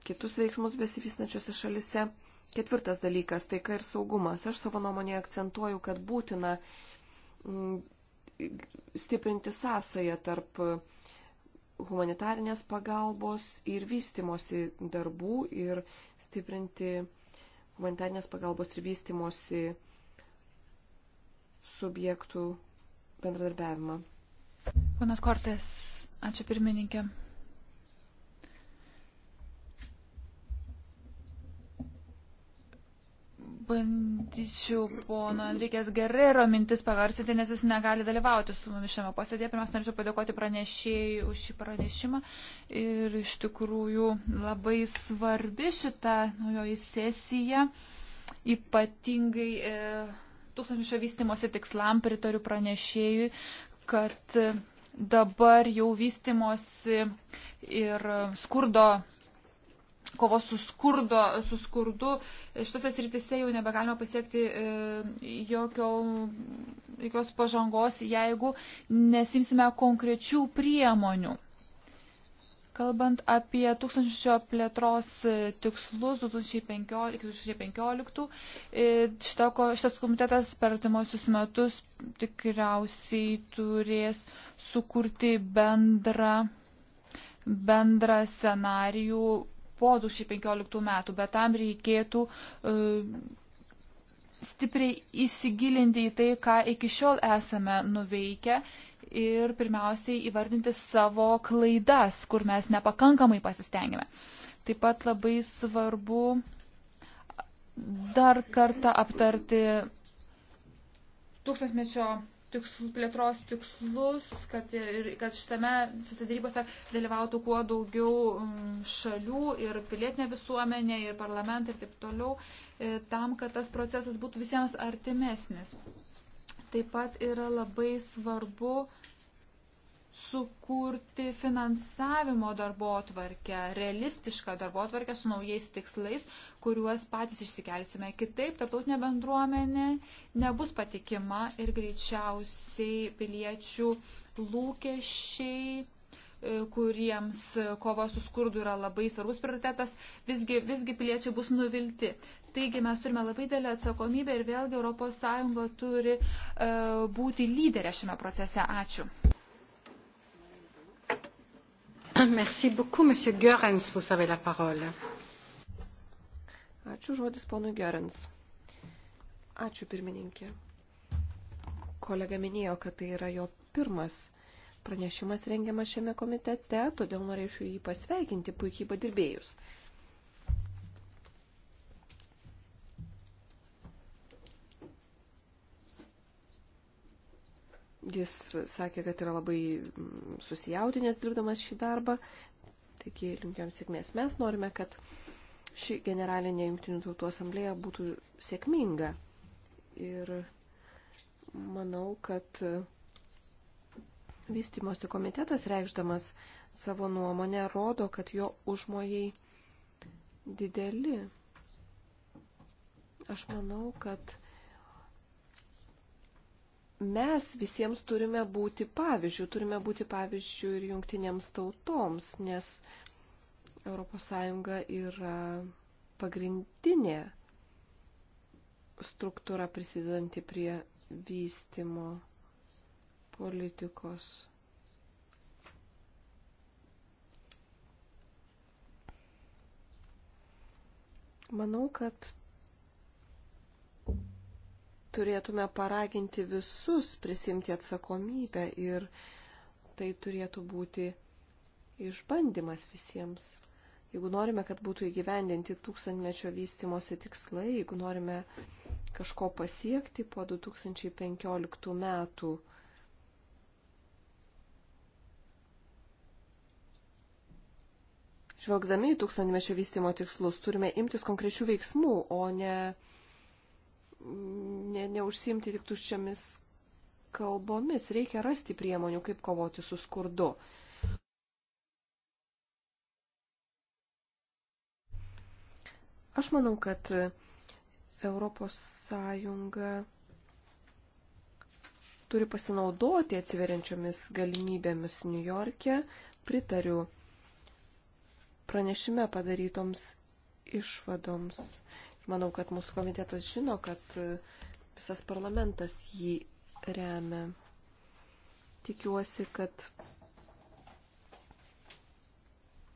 kitus veiksmus besivystančiose šalise. Ketvirtas dalykas - taika ir saugumas. Aš savo nuomonėje akcentuoju, kad būtina mm, stiprinti sąsąją tarp humanitarinės pagalbos ir vystimosi darbų ir stiprinti humanitarinės pagalbos ir vystimosi subjektų bendradarbiavimą. Ponas Kortės, ačiū pirmininkė. Bandyčiau pono Andrikės Gerero mintis pagarsinti, nes jis negali dalyvauti su mumis šiame posėdėje. Pirmiausia, norėčiau padėkoti pranešėjai už šį pranešimą. Ir iš tikrųjų labai svarbi šita naujoji sesija, ypatingai e, tūkstančio vystimosi tikslam pritariu pranešėjui, kad dabar jau vystimosi ir skurdo kovos su, skurdo, su skurdu, šitose sritise jau nebegalima pasiekti e, jokio, jokios pažangos, jeigu nesimsime konkrečių priemonių. Kalbant apie tūkstančio plėtros tikslus 2015, e, šita, šitas komitetas per artimuosius metus tikriausiai turės sukurti bendrą, bendrą scenarijų po 2015 metų, bet tam reikėtų e, stipriai įsigilinti į tai, ką iki šiol esame nuveikę ir pirmiausiai įvardinti savo klaidas, kur mes nepakankamai pasistengėme. Taip pat labai svarbu dar kartą aptarti tūkstantmečio tikslų, plėtros tikslus, kad, kad šitame susidarybose dalyvautų kuo daugiau mm, šalių ir pilietinė visuomenė ir parlamentai ir taip toliau, e, tam, kad tas procesas būtų visiems artimesnis. Taip pat yra labai svarbu uh, sukurti finansavimo darbo atvarkę, realistišką darbo atvarkę su naujais tikslais, kuriuos patys išsikelsime. Kitaip, tarptautinė bendruomenė nebus patikima ir greičiausiai piliečių lūkesčiai e, kuriems kova su skurdu yra labai svarbus prioritetas, visgi, visgi piliečiai bus nuvilti. Taigi mes turime labai dėlę atsakomybę ir vėlgi ES turi uh, būti lyderė šiame procese. Ačiū. Merci beaucoup, monsieur Görens, vous avez la parole. Ačiū žodis ponui Görens. Ačiū pirmininkė. Kolega minėjo, kad tai yra jo pirmas pranešimas rengiamas šiame komitete, todėl norėčiau jį pasveikinti puikiai padirbėjus. Uh, Jis sakė, kad yra labai mm, susijaudinęs dirbdamas šį darbą, taigi linkiu jam sėkmės. Mes norime, kad ši generalinė Junktinių tautų asamblėja būtų sėkminga. Ir manau, kad vystimosi komitetas reikšdamas savo nuomonę rodo, kad jo užmojai dideli. Aš manau, kad mes visiems turime būti pavyzdžių, turime būti pavyzdžių ir jungtinėms tautoms, nes ES yra pagrindinė struktūra prisidedanti prie vystimo politikos. Manau, kad turėtume paraginti visus prisimti atsakomybę ir tai turėtų būti išbandymas visiems. Jeigu norime, kad būtų įgyvendinti tūkstantmečio vystimosi tikslai, jeigu norime kažko pasiekti po 2015 metų, žvelgdami į tūkstantmečio vystimo tikslus, turime imtis konkrečių veiksmų, o ne ne, neužsimti tik tuščiamis kalbomis. Reikia rasti priemonių, kaip kovoti su skurdu. Aš manau, kad Europos Sąjunga turi pasinaudoti atsiveriančiomis galimybėmis New York'e. Pritariu pranešime padarytoms išvadoms. Manau, kad mūsų komitetas žino, kad e, visas parlamentas jį remia. Tikiuosi, kad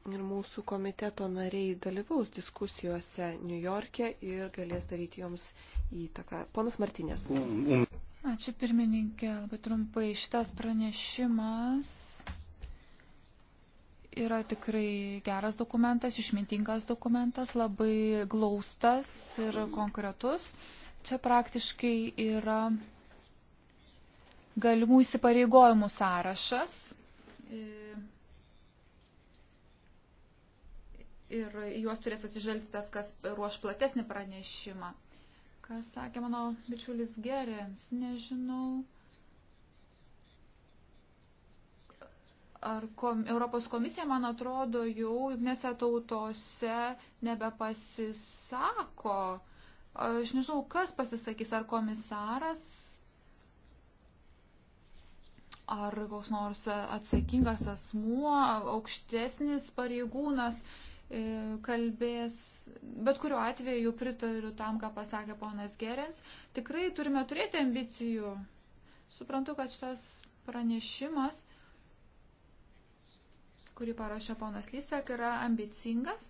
ir mūsų komiteto nariai dalyvaus diskusijose New York'e ir galės daryti joms įtaką. Ponas Martinės. Ačiū pirmininkė, labai trumpai. Šitas pranešimas yra tikrai geras dokumentas, išmintingas dokumentas, labai glaustas ir konkretus. Čia praktiškai yra galimų įsipareigojimų sąrašas. Ir juos turės atsižvelgti tas, kas ruoš platesnį pranešimą. Kas sakė mano bičiulis Gerens, nežinau ar kom, Europos komisija, man atrodo, jau jungtinėse tautose nebepasisako. Aš nežinau, kas pasisakys, ar komisaras, ar koks nors atsakingas asmuo, aukštesnis pareigūnas e, kalbės. Bet kuriuo atveju pritariu tam, ką pasakė ponas Gerens. Tikrai turime turėti ambicijų. Suprantu, kad šitas pranešimas kurį parašė ponas Lysek, yra ambicingas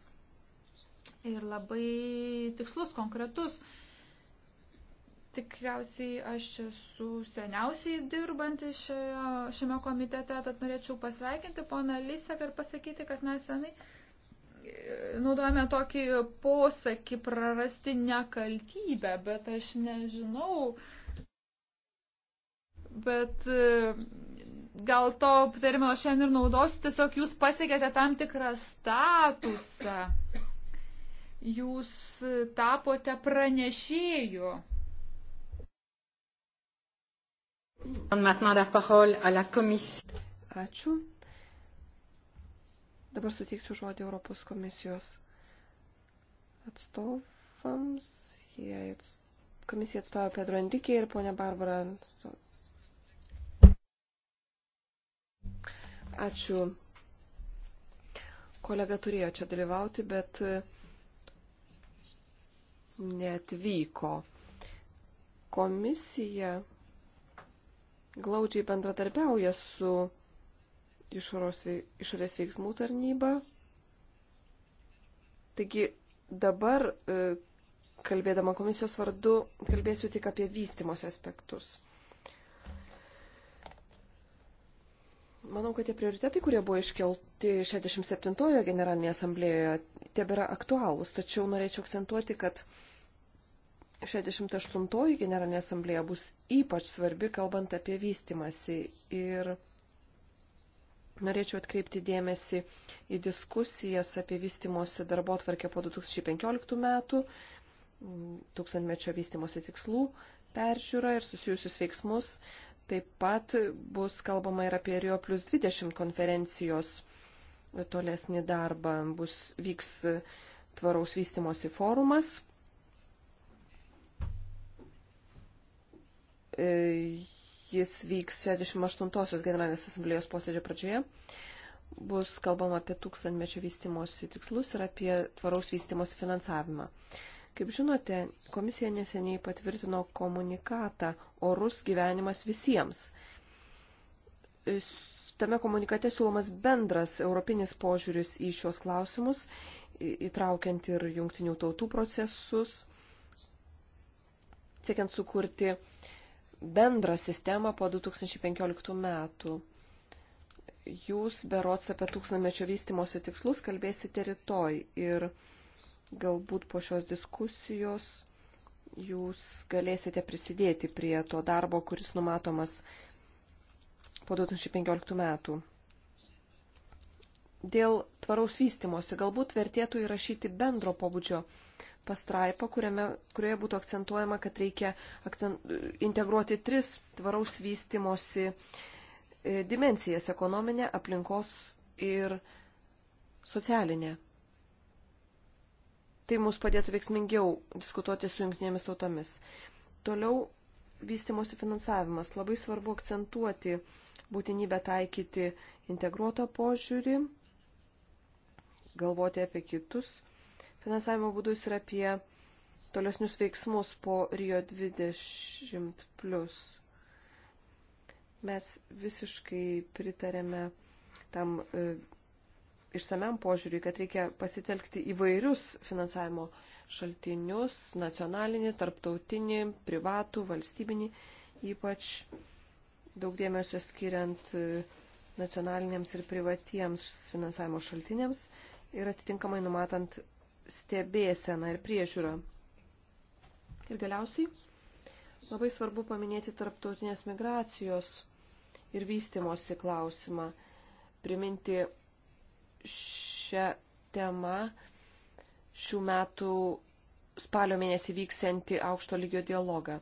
ir labai tikslus, konkretus. Tikriausiai aš esu seniausiai dirbantis šioje, šiame komitete, tad norėčiau pasveikinti poną Lysek ir pasakyti, kad mes senai e, naudojame tokį posakį prarasti nekaltybę, bet aš nežinau. Bet e, gal to termino šiandien ir naudosiu, tiesiog jūs pasiekėte tam tikrą statusą. Jūs tapote pranešėju. Ačiū. Dabar suteiksiu žodį Europos komisijos atstovams. Jie, komisija atstovė Pedro Andrikė ir ponia Barbara Ačiū. Kolega turėjo čia dalyvauti, bet e, neatvyko. Komisija glaudžiai bendradarbiauja su išorės veiksmų tarnyba. Taigi dabar, e, kalbėdama komisijos vardu, kalbėsiu tik apie vystimosi aspektus. Manau, kad tie prioritetai, kurie buvo iškelti 67-ojo generalinėje asamblėjoje, tebėra aktualūs, tačiau norėčiau akcentuoti, kad 68-oji generalinė asamblėja bus ypač svarbi, kalbant apie vystimasi. Ir norėčiau atkreipti dėmesį į diskusijas apie vystimosi darbo atvarkę po 2015 metų, tūkstantmečio vystimosi tikslų peržiūrą ir susijusius veiksmus. Taip pat bus kalbama ir apie Rio plus 20 konferencijos tolesnį darbą. Bus, vyks tvaraus vystimosi forumas. E, jis vyks 68-osios generalinės asamblėjos posėdžio pradžioje. Bus kalbama apie tūkstantmečio vystimosi tikslus ir apie tvaraus vystimosi finansavimą. Uh, Kaip žinote, komisija neseniai patvirtino komunikatą Orus gyvenimas visiems. Tame komunikate siūlomas bendras europinis požiūris į šios klausimus, įtraukiant ir jungtinių tautų procesus, siekiant sukurti bendrą sistemą po 2015 metų. Jūs berots apie tūkstantmečio vystimosi tikslus kalbėsite rytoj ir Galbūt po šios diskusijos jūs galėsite prisidėti prie to darbo, kuris numatomas po 2015 metų. Dėl tvaraus vystimosi galbūt vertėtų įrašyti bendro pobūdžio pastraipą, kuriame, kurioje būtų akcentuojama, kad reikia akcent, integruoti tris tvaraus vystimosi e, dimensijas - ekonominę, aplinkos ir socialinę tai mus padėtų veiksmingiau diskutuoti su jungtinėmis tautomis. Toliau vystimosi finansavimas. Labai svarbu akcentuoti būtinybę taikyti integruotą požiūrį, galvoti apie kitus finansavimo būdus ir apie tolesnius veiksmus po Rio 20. Plus. Mes visiškai pritarėme tam e, išsamiam požiūriui, kad reikia pasitelkti įvairius finansavimo šaltinius - nacionalinį, tarptautinį, privatų, valstybinį, ypač daug dėmesio skiriant e, nacionaliniams ir privatiems finansavimo šaltiniams ir atitinkamai numatant stebėseną ir priežiūrą. Ir galiausiai labai svarbu paminėti tarptautinės migracijos ir vystimosi klausimą, priminti šią temą šių metų spalio mėnesį vyksianti aukšto lygio dialogą.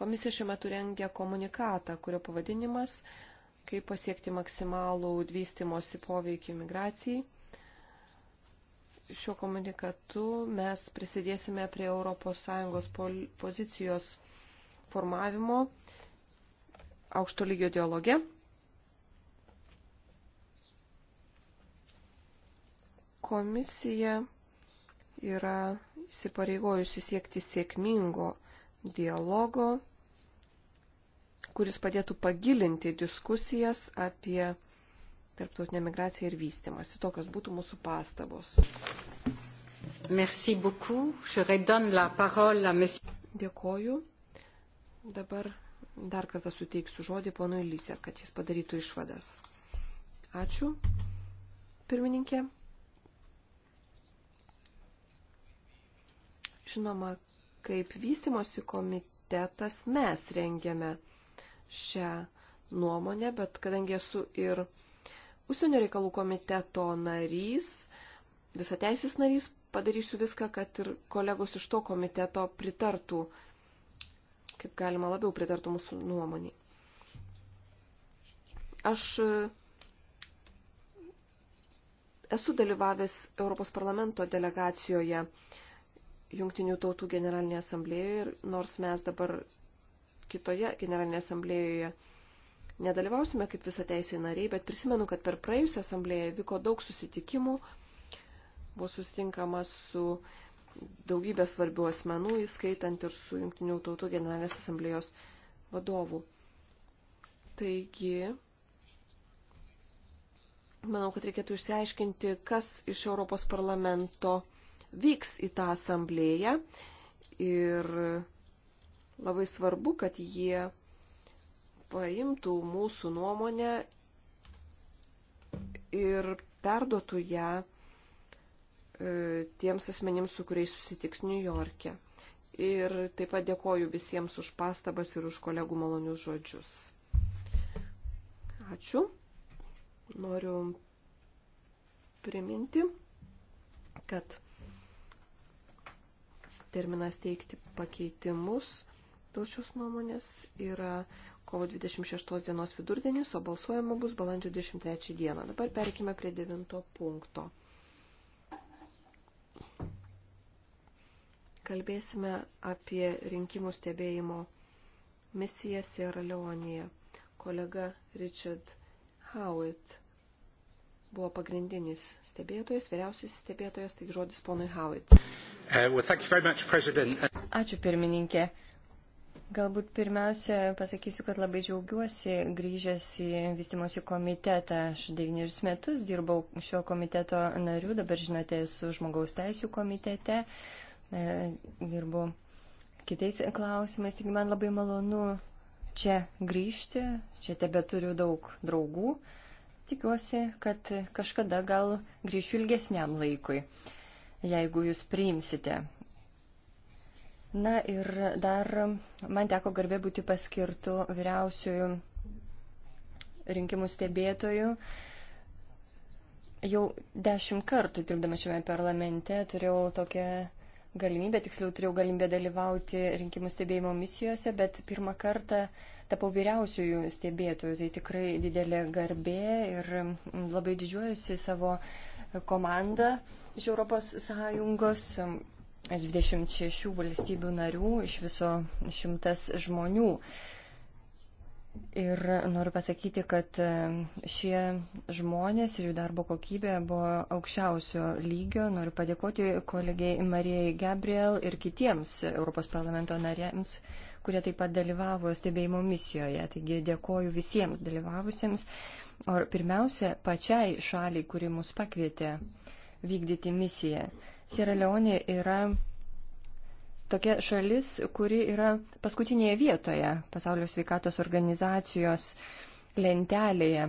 Komisija šiuo metu rengia komunikatą, kurio pavadinimas - kaip pasiekti maksimalų vystimosi poveikį migracijai. Šiuo komunikatu mes prisidėsime prie ES pozicijos formavimo aukšto lygio dialoge Komisija yra įsipareigojusi siekti sėkmingo dialogo, kuris padėtų pagilinti diskusijas apie tarptautinę migraciją ir vystimąsi. Tokios būtų mūsų pastabos. Merci beaucoup. Je redonne la parole à monsieur. Dėkoju. Dabar dar kartą suteiksiu žodį ponui Lysė, kad jis padarytų išvadas. Ačiū, pirmininkė. Žinoma, kaip vystimosi komitetas mes rengiame šią nuomonę, bet kadangi esu ir Užsienio reikalų komiteto narys, visateisis narys, padarysiu viską, kad ir kolegos iš to komiteto pritartų, kaip galima labiau pritartų mūsų nuomonį. Aš esu dalyvavęs Europos parlamento delegacijoje Jungtinių tautų generalinėje asamblėjoje ir nors mes dabar kitoje generalinėje asamblėjoje nedalyvausime kaip visą teisę nariai, bet prisimenu, kad per praėjusią asamblėją vyko daug susitikimų, buvo susitinkama su daugybė svarbių asmenų, įskaitant ir su Junktinių tautų generalinės asamblėjos vadovu. Taigi, manau, kad reikėtų išsiaiškinti, kas iš Europos parlamento vyks į tą asamblėją ir labai svarbu, kad jie paimtų mūsų nuomonę ir perduotų ją e, tiems asmenims, su kuriais susitiks New York'e. Ir taip pat dėkoju visiems už pastabas ir už kolegų malonius žodžius. Ačiū. Noriu priminti, kad Terminas teikti pakeitimus dėl šios nuomonės yra kovo 26 dienos vidurdienis, o balsuojama bus balandžio 23 dieną. Dabar perkime prie 9 punkto. Kalbėsime apie rinkimų stebėjimo misiją Sierra Leonėje. Kolega Richard Howitt buvo pagrindinis stebėtojas, vyriausiasis stebėtojas, tik žodis ponui Howitt. Uh, well, much, President. Ačiū pirmininkė. Galbūt pirmiausia pasakysiu, kad labai džiaugiuosi grįžęs į vystimosi komitetą. Aš devynerius metus dirbau šio komiteto nariu, dabar žinote, esu žmogaus teisų komitete, e, dirbu kitais klausimais, taigi man labai malonu čia grįžti, čia tebe turiu daug draugų. Uh, Tikiuosi, kad kažkada gal grįšiu ilgesniam laikui, jeigu jūs priimsite. Na ir dar man teko garbė būti paskirtų vyriausiųjų rinkimų stebėtojų. Jau dešimt kartų dirbdama šiame parlamente turėjau tokią galimybę, tiksliau turėjau galimybę dalyvauti rinkimų stebėjimo misijose, bet pirmą kartą tapau vyriausiųjų stebėtojų. Tai tikrai didelė garbė ir labai didžiuojusi savo komandą iš ES. 26 valstybių narių, iš viso šimtas žmonių. Uh, Ir noriu pasakyti, kad e, šie žmonės ir jų darbo kokybė buvo aukščiausio lygio. Noriu padėkoti kolegijai Marijai Gabriel ir kitiems Europos parlamento nariams, kurie taip pat dalyvavo stebėjimo misijoje. Taigi dėkoju visiems dalyvavusiems. O pirmiausia, pačiai šaliai, kuri mus pakvietė vykdyti misiją. Sierra Leone yra tokia šalis, kuri yra paskutinėje vietoje pasaulio sveikatos organizacijos lentelėje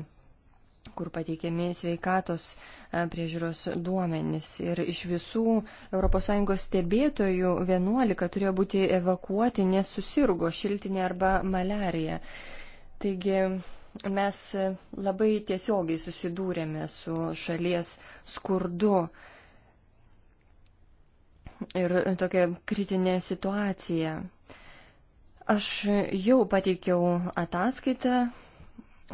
kur pateikiami sveikatos priežiūros duomenys. Ir iš visų ES stebėtojų 11 turėjo būti evakuoti, nes susirgo šiltinė arba malerija. Taigi mes labai tiesiogiai susidūrėme su šalies skurdu ir tokia kritinė situacija. Aš jau pateikiau ataskaitą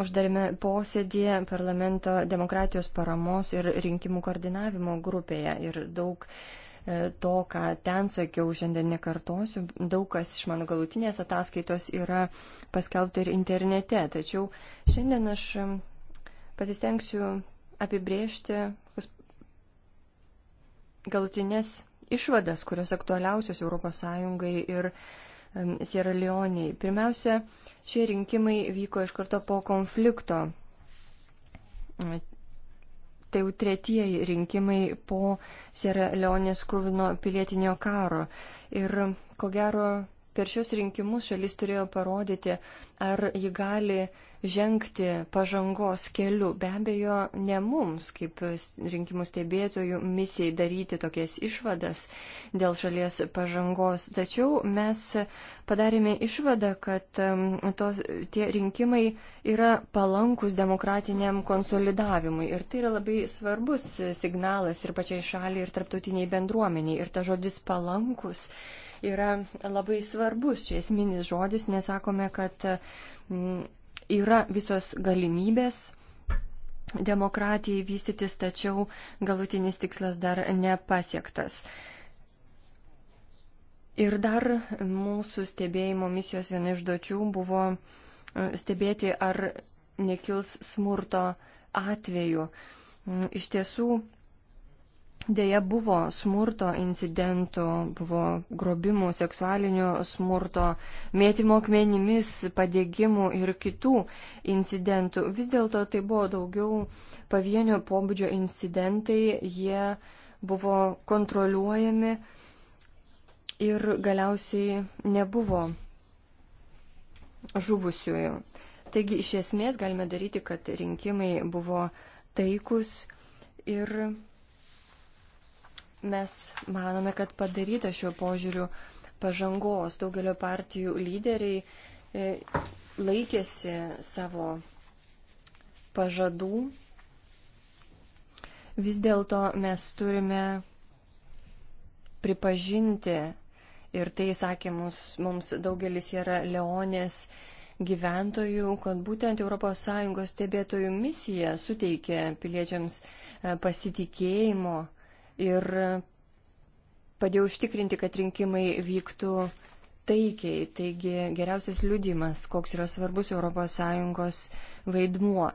uždarime posėdėje parlamento demokratijos paramos ir rinkimų koordinavimo grupėje ir daug e, to, ką ten sakiau, šiandien nekartosiu. Daug kas iš mano galutinės ataskaitos yra paskelbta ir internete. Tačiau šiandien aš e, pasistengsiu apibriežti galutinės išvadas, kurios aktualiausios ES ir Sierra Leonei. Pirmiausia, šie rinkimai vyko iš karto po konflikto. Tai jau tretieji rinkimai po Sierra Leonės krūvino pilietinio karo. Ir ko gero, per šios rinkimus šalis turėjo parodyti, ar ji gali žengti pažangos keliu. Be abejo, ne mums, kaip rinkimų stebėtojų, misijai daryti tokias išvadas dėl šalies pažangos. Tačiau mes padarėme išvadą, kad um, tos, tie rinkimai yra palankus demokratiniam konsolidavimui. Ir tai yra labai svarbus signalas ir pačiai šaliai, ir tarptautiniai bendruomeniai. Ir ta žodis palankus yra labai svarbus, čia esminis žodis, nesakome, kad mm, yra visos galimybės demokratijai vystytis, tačiau galutinis tikslas dar nepasiektas. Ir dar mūsų stebėjimo misijos viena iš dočių buvo e, stebėti, ar nekils smurto atveju. Mm, iš tiesų, Deja buvo smurto incidentų, buvo grobimų, seksualinio smurto, mėtymo akmenimis, padėgymų ir kitų incidentų. Vis dėlto tai buvo daugiau pavienio pobūdžio incidentai, jie buvo kontroliuojami ir galiausiai nebuvo žuvusiųjų. Taigi iš esmės galime daryti, kad rinkimai buvo taikus ir Mes manome, kad padaryta šiuo požiūriu pažangos. Daugelio partijų lyderiai e, laikėsi savo pažadų. Vis dėlto mes turime pripažinti, ir tai sakė mums, mums daugelis yra Leonės gyventojų, kad būtent ES stebėtojų misija suteikė piliečiams e, pasitikėjimo ir padėjo užtikrinti, kad rinkimai vyktų taikiai. Taigi geriausias liudimas, koks yra svarbus ES vaidmuo.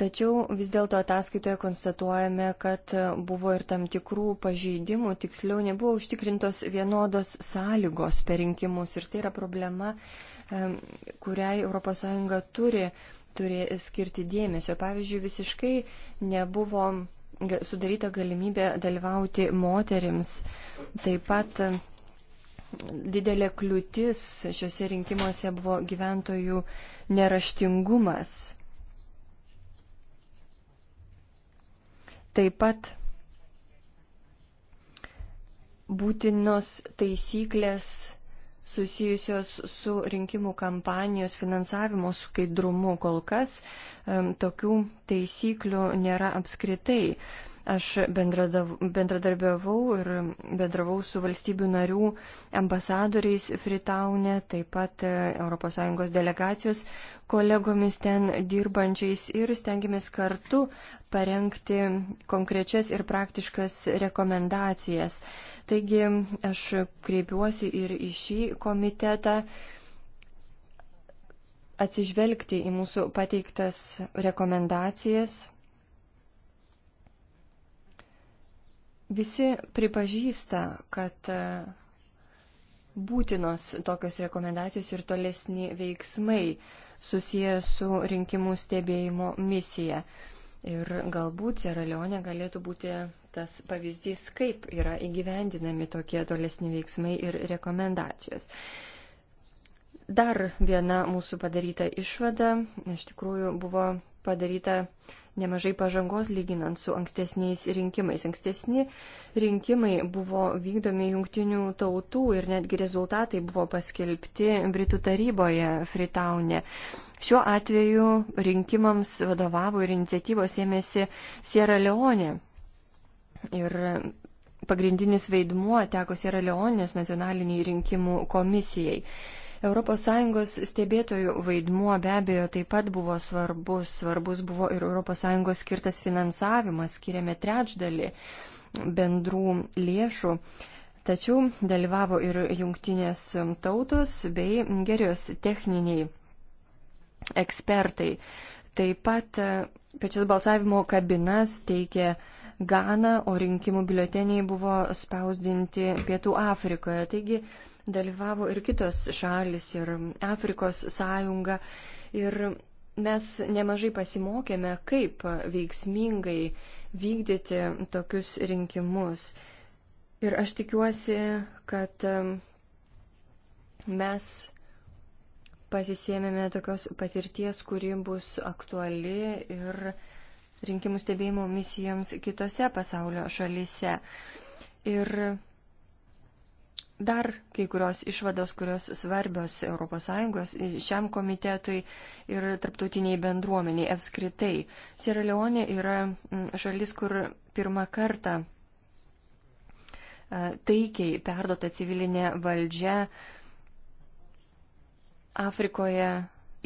Tačiau vis dėlto ataskaitoje konstatuojame, kad buvo ir tam tikrų pažeidimų, tiksliau nebuvo užtikrintos vienodos sąlygos per rinkimus ir tai yra problema, kuriai ES turi, turi skirti dėmesio. Pavyzdžiui, visiškai nebuvo sudaryta galimybė dalyvauti moterims. Taip pat e, didelė kliūtis šiuose rinkimuose buvo gyventojų neraštingumas. Taip pat būtinos taisyklės susijusios su rinkimų kampanijos finansavimo skaidrumu. Kol kas tokių taisyklių nėra apskritai. Aš bendradarbiavau ir bendravau su valstybių narių ambasadoriais Fritaune, taip pat ES delegacijos kolegomis ten dirbančiais ir stengiamės kartu parengti konkrečias ir praktiškas rekomendacijas. Taigi aš kreipiuosi ir į šį komitetą atsižvelgti į mūsų pateiktas rekomendacijas Visi pripažįsta, kad e, būtinos tokios rekomendacijos ir tolesni veiksmai susiję su rinkimų stebėjimo misija. Ir galbūt Sierra Leone galėtų būti tas pavyzdys, kaip yra įgyvendinami tokie tolesni veiksmai ir rekomendacijos. Dar viena mūsų padaryta išvada, iš tikrųjų buvo padaryta uh, nemažai pažangos lyginant su ankstesniais rinkimais. Ankstesni rinkimai buvo vykdomi jungtinių tautų ir netgi rezultatai buvo paskelbti Britų taryboje Freetownė. E. Šiuo atveju rinkimams vadovavo ir iniciatyvos ėmėsi Sierra Leone. Ir pagrindinis vaidmuo teko Sierra Leonės nacionaliniai rinkimų komisijai. ES stebėtojų vaidmuo be abejo taip pat buvo svarbus, svarbus buvo ir ES skirtas finansavimas, skiriame trečdalį bendrų lėšų. Tačiau dalyvavo ir jungtinės tautos bei gerijos techniniai ekspertai. Taip pat e, pačias balsavimo kabinas teikė Gana, o rinkimų biuleteniai buvo spausdinti Pietų Afrikoje. Taigi dalyvavo ir kitos šalis, ir Afrikos sąjunga. Ir mes nemažai pasimokėme, kaip veiksmingai vykdyti tokius rinkimus. Ir aš tikiuosi, kad mes pasisėmėme tokios patirties, kuri bus aktuali ir rinkimų stebėjimo misijams kitose pasaulio šalyse. Ir Dar kai kurios išvados, kurios svarbios ES šiam komitetui ir tarptautiniai bendruomeniai apskritai. Sierra Leone yra šalis, kur pirmą kartą taikiai perdota civilinė valdžia Afrikoje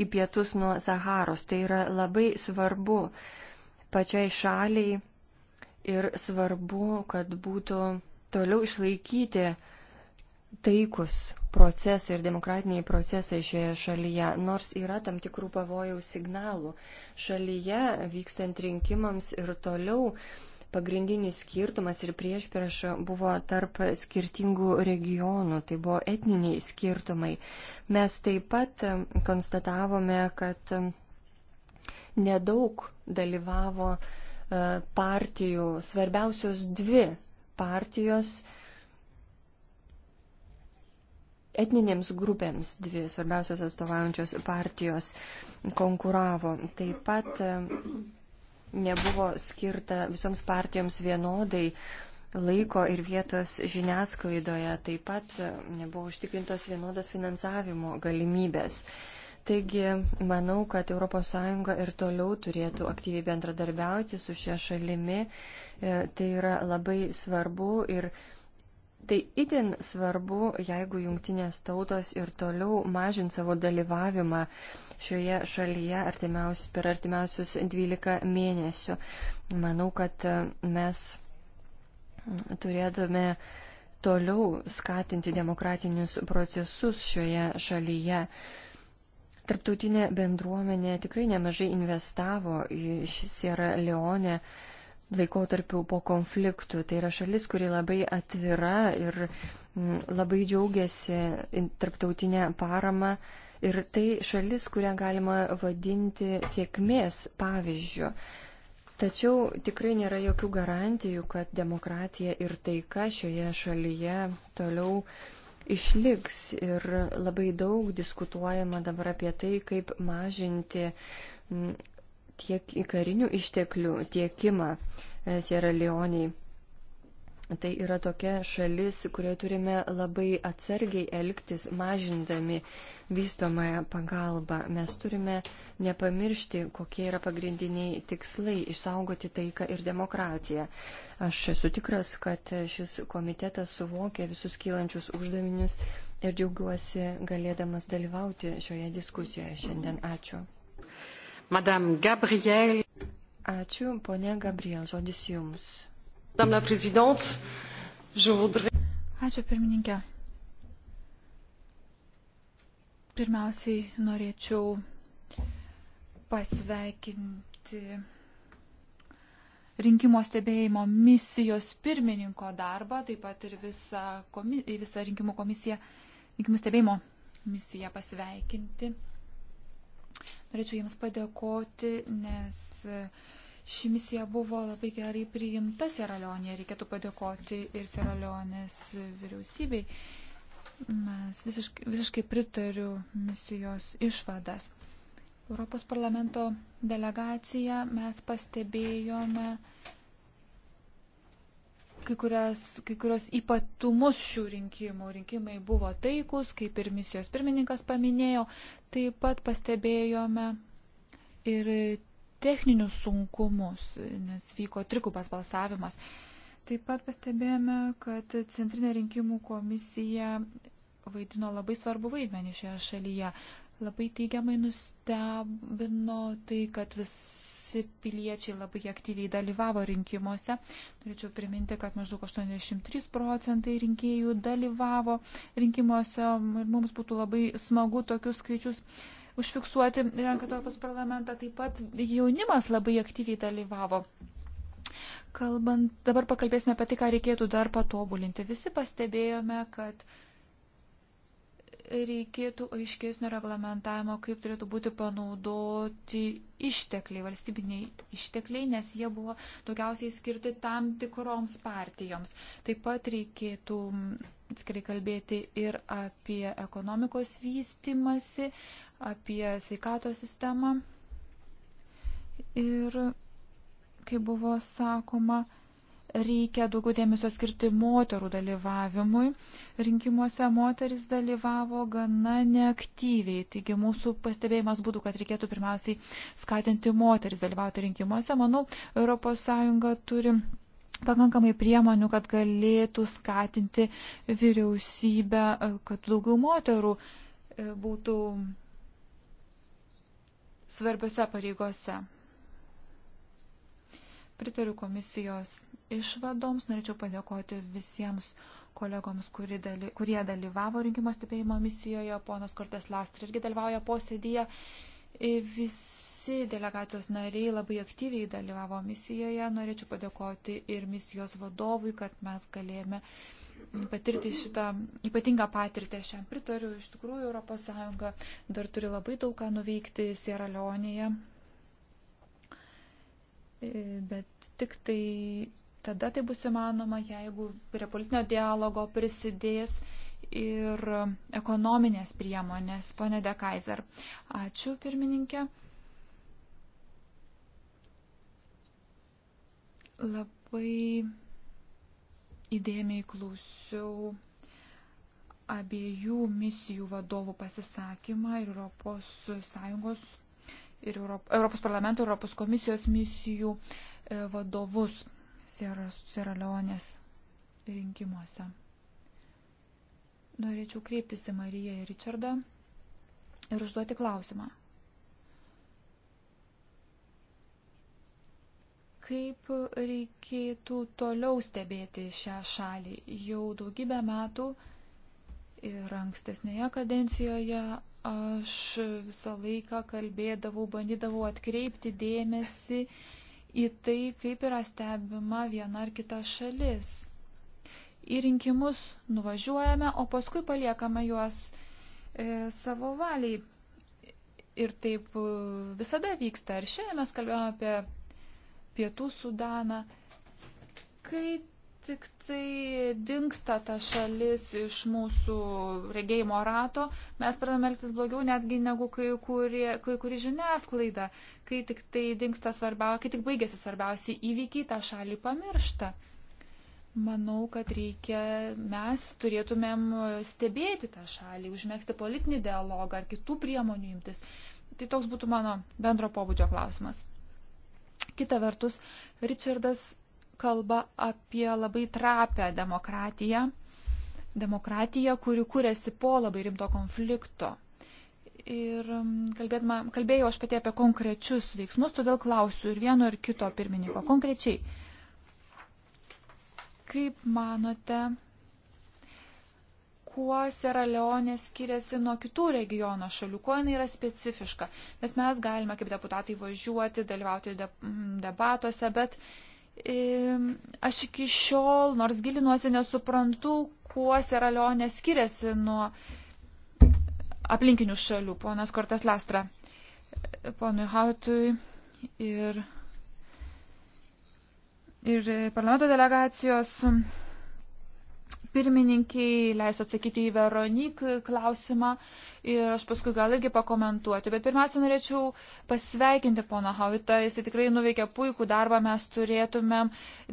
į pietus nuo Saharos. Tai yra labai svarbu pačiai šaliai ir svarbu, kad būtų toliau išlaikyti uh, taikus procesai ir demokratiniai procesai šioje šalyje, nors yra tam tikrų pavojaus signalų. Šalyje vykstant rinkimams ir toliau pagrindinis skirtumas ir priešprieša buvo tarp skirtingų regionų, tai buvo etniniai skirtumai. Mes taip pat konstatavome, kad nedaug dalyvavo e, partijų, svarbiausios dvi partijos etninėms grupėms dvi svarbiausios atstovaujančios partijos konkuravo. Taip pat e, nebuvo skirta visoms partijoms vienodai laiko ir vietos žiniasklaidoje, taip pat e, nebuvo užtikrintos vienodos finansavimo galimybės. Taigi, manau, kad ES ir toliau turėtų aktyviai bendradarbiauti su šia šalimi. E, tai yra labai svarbu ir Tai itin svarbu, jeigu jungtinės tautos ir toliau mažint savo dalyvavimą šioje šalyje artimiaus, per artimiausius 12 mėnesių. Manau, kad e, mes turėtume toliau skatinti demokratinius procesus šioje šalyje. Tarptautinė bendruomenė tikrai nemažai investavo į Sierra Leone laikotarpių po konfliktų. Tai yra šalis, kuri labai atvira ir mm, labai džiaugiasi tarptautinę paramą. Ir tai šalis, kurią galima vadinti sėkmės pavyzdžiu. Tačiau tikrai nėra jokių garantijų, kad demokratija ir taika šioje šalyje toliau išliks. Ir labai daug diskutuojama dabar apie tai, kaip mažinti mm, tiek į karinių išteklių tiekimą e, Sierra Leonei. Tai yra tokia šalis, kurioje turime labai atsargiai elgtis, mažindami vystomąją pagalbą. Mes turime nepamiršti, kokie yra pagrindiniai tikslai - išsaugoti taiką ir demokratiją. Aš esu tikras, kad šis komitetas suvokia visus kylančius uždavinius ir džiaugiuosi galėdamas dalyvauti šioje diskusijoje šiandien. Ačiū. Madame Gabriel. Ačiū, ponė Gabriel, žodis jums. Madame la Présidente, je voudrais. Ačiū, pirmininkė. Pirmiausiai norėčiau pasveikinti rinkimo stebėjimo misijos pirmininko darbą, taip pat ir visą, komi, visą rinkimų komisiją, rinkimų stebėjimo misiją pasveikinti. Norėčiau Jums padėkoti, nes ši misija buvo labai gerai priimta Seralionėje. Reikėtų padėkoti ir Seralionės vyriausybei. Mes visiškai, visiškai pritariu misijos išvadas. Europos parlamento delegaciją mes pastebėjome kai, kurias, kai kurios ypatumus šių rinkimų. Rinkimai buvo taikus, kaip ir misijos pirmininkas paminėjo. Taip pat pastebėjome ir techninius sunkumus, nes vyko trikubas balsavimas. Taip pat pastebėjome, kad Centrinė rinkimų komisija vaidino labai svarbu vaidmenį šioje šalyje. Labai teigiamai nustebino tai, kad visi piliečiai labai aktyviai dalyvavo rinkimuose. Norėčiau priminti, kad maždaug 83 procentai rinkėjų dalyvavo rinkimuose ir mums būtų labai smagu tokius skaičius užfiksuoti renkant Europos parlamentą. Taip pat jaunimas labai aktyviai dalyvavo. Kalbant, dabar pakalbėsime apie tai, ką reikėtų dar patobulinti. Visi pastebėjome, kad reikėtų aiškesnio reglamentavimo, kaip turėtų būti panaudoti ištekliai, valstybiniai ištekliai, nes jie buvo daugiausiai skirti tam tikroms partijoms. Taip pat reikėtų mm, atskirai kalbėti ir apie ekonomikos vystimasi, apie sveikato sistemą. Ir, kaip buvo sakoma, reikia daugiau dėmesio skirti moterų dalyvavimui. Rinkimuose moteris dalyvavo gana neaktyviai, taigi mūsų pastebėjimas būtų, kad reikėtų pirmiausiai skatinti moteris dalyvauti rinkimuose. Manau, ES turi pakankamai priemonių, kad galėtų skatinti vyriausybę, kad daugiau moterų e, būtų svarbiose pareigose. Pritariu komisijos išvadoms. Norėčiau padėkoti visiems kolegoms, daly, kurie dalyvavo rinkimo stebėjimo misijoje. Ponas Kortes Lastri irgi dalyvauja posėdyje. Visi delegacijos nariai labai aktyviai dalyvavo misijoje. Norėčiau padėkoti ir misijos vadovui, kad mes galėjome patirti šitą ypatingą patirtį. Aš jam pritariu, iš tikrųjų ES dar turi labai daug ką nuveikti Sierra Leonėje. E, bet tik tai tada tai bus įmanoma, jeigu prie politinio dialogo prisidės ir ekonominės priemonės. Pone De Kaiser, ačiū pirmininkė. Labai įdėmiai klausiau abiejų misijų vadovų pasisakymą ir Europos Sąjungos ir Europos parlamento, Europos komisijos misijų e, vadovus Sierra Leonės rinkimuose. Norėčiau kreiptis į Mariją ir Richardą ir užduoti klausimą. Kaip reikėtų toliau stebėti šią šalį? Jau daugybę metų ir ankstesnėje kadencijoje Aš visą laiką kalbėdavau, bandydavau atkreipti dėmesį į tai, kaip yra stebima viena ar kita šalis. Į rinkimus nuvažiuojame, o paskui paliekame juos e, savo valiai. Ir taip e, visada vyksta. Ir šiandien mes kalbėjome apie Pietų Sudaną. Kaip tik tai dinksta ta šalis iš mūsų regėjimo rato, mes pradame elgtis blogiau netgi negu kai, kurie, kai kuri žiniasklaida. Kai tik tai dinksta svarbiausia, kai tik baigėsi svarbiausi įvykiai, tą šalį pamiršta. Manau, kad reikia, mes turėtumėm stebėti tą šalį, užmėgsti politinį dialogą ar kitų priemonių imtis. Tai toks būtų mano bendro pobūdžio klausimas. Kita vertus, Richardas kalba apie labai trapę demokratiją, demokratiją, kuri kūrėsi po labai rimto konflikto. Ir mm, kalbėjau aš pati apie konkrečius veiksmus, todėl klausiu ir vieno ir kito pirmininko konkrečiai. Kaip manote, kuo Sierra Leone skiriasi nuo kitų regiono šalių, kuo jinai yra specifiška. Nes mes galime kaip deputatai važiuoti, dalyvauti debatuose, bet aš iki šiol, nors gilinuosi, nesuprantu, kuo Seralionė skiriasi nuo aplinkinių šalių. Ponas Kortas Lastra, ponui Hautui ir, ir parlamento delegacijos pirmininkiai, leisiu atsakyti į Veronik klausimą ir aš paskui gal irgi pakomentuoti. Bet pirmiausia, norėčiau pasveikinti poną Havitą, jis tikrai nuveikė puikų darbą, mes turėtumėm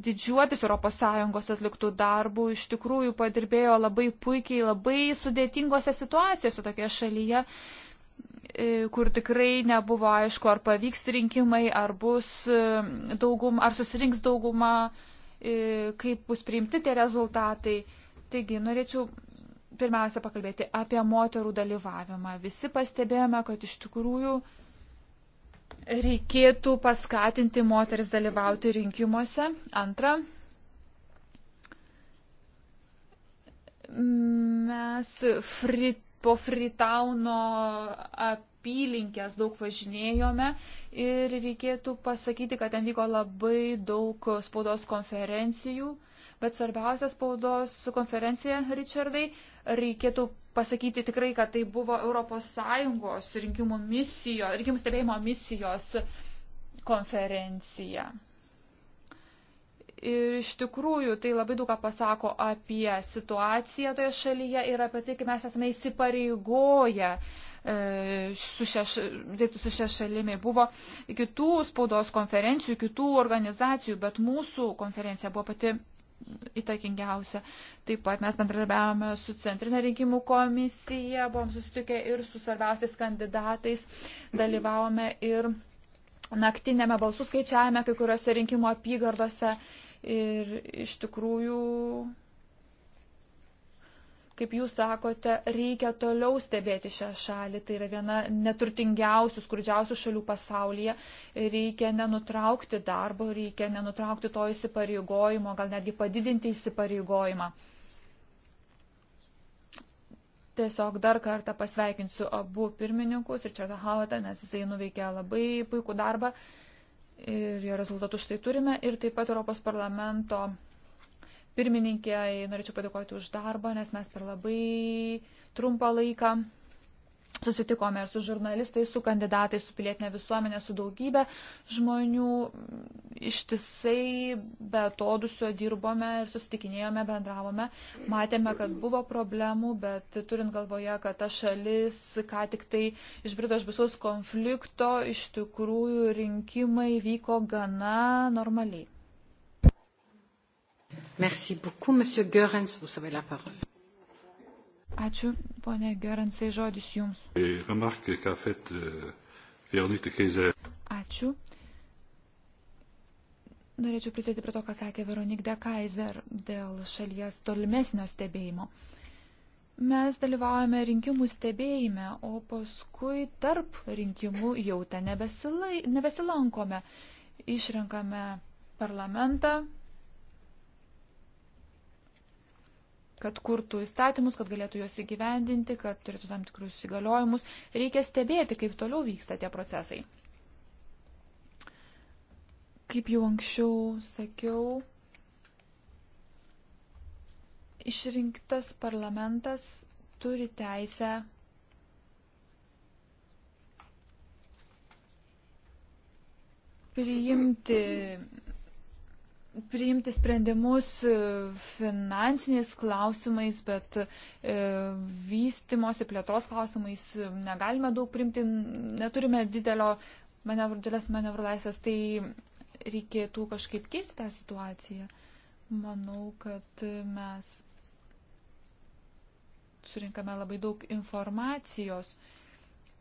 didžiuotis ES atliktų darbų, iš tikrųjų padirbėjo labai puikiai, labai sudėtingose situacijose tokioje šalyje e, kur tikrai nebuvo aišku, ar pavyks rinkimai, ar bus e, daugum, ar susirinks dauguma, e, kaip bus priimti tie rezultatai. Taigi, norėčiau pirmiausia pakalbėti apie moterų dalyvavimą. Visi pastebėjome, kad iš tikrųjų reikėtų paskatinti moteris dalyvauti rinkimuose. Antra, mes fri, po Fritauno apylinkės daug važinėjome ir reikėtų pasakyti, kad ten vyko labai daug spaudos konferencijų bet svarbiausia spaudos konferencija, Richardai, reikėtų pasakyti tikrai, kad tai buvo ES rinkimų, misijo, rinkimų stebėjimo misijos konferencija. Ir iš tikrųjų tai labai daug ką pasako apie situaciją toje šalyje ir apie tai, kaip mes esame įsipareigoję e, su šia, dirbti su šia šalimi. Buvo kitų spaudos konferencijų, kitų organizacijų, bet mūsų konferencija buvo pati įtakingiausia. Taip pat mes bendradarbiavome su Centrinė rinkimų komisija, buvom susitikę ir su svarbiausiais kandidatais, dalyvavome ir naktinėme balsų skaičiavime kai kuriuose rinkimų apygardose. Ir iš tikrųjų kaip jūs sakote, reikia toliau stebėti šią šalį. Tai yra viena neturtingiausių, skurdžiausių šalių pasaulyje. Reikia nenutraukti darbo, reikia nenutraukti to įsipareigojimo, gal netgi padidinti įsipareigojimą. Tiesiog dar kartą pasveikinsiu abu pirmininkus ir Čerdą Havatą, nes jisai nuveikė labai puikų darbą ir jo rezultatų štai turime. Ir taip pat Europos parlamento pirmininkė, norėčiau padėkoti už darbą, nes mes per labai trumpą laiką susitikome ir su žurnalistais, su kandidatais, su pilietinė visuomenė, su daugybė žmonių. Ištisai be atodusio dirbome ir susitikinėjome, bendravome. Matėme, kad buvo problemų, bet turint galvoje, kad ta šalis, ką tik tai išbrido iš visos konflikto, iš tikrųjų rinkimai vyko gana normaliai. Merci beaucoup, monsieur Görens, vous avez la parole. Ačiū, ponė Görensai, žodis jums. Euh, Ačiū. Norėčiau prisėti prie to, ką sakė Veronik de Kaiser dėl šalies tolimesnio stebėjimo. Mes dalyvaujame rinkimų stebėjime, o paskui tarp rinkimų jau ten nebesilankome. Išrenkame parlamentą, kad kurtų įstatymus, kad galėtų juos įgyvendinti, kad turėtų tam tikrus įgaliojimus. Reikia stebėti, kaip toliau vyksta tie procesai. Kaip jau anksčiau sakiau, išrinktas parlamentas turi teisę priimti priimti sprendimus e, finansiniais klausimais, bet e, vystimosi plėtros klausimais e, negalime daug priimti, neturime didelio manevr, didelės manevrų laisvės, tai reikėtų kažkaip keisti tą situaciją. Manau, kad mes surinkame labai daug informacijos,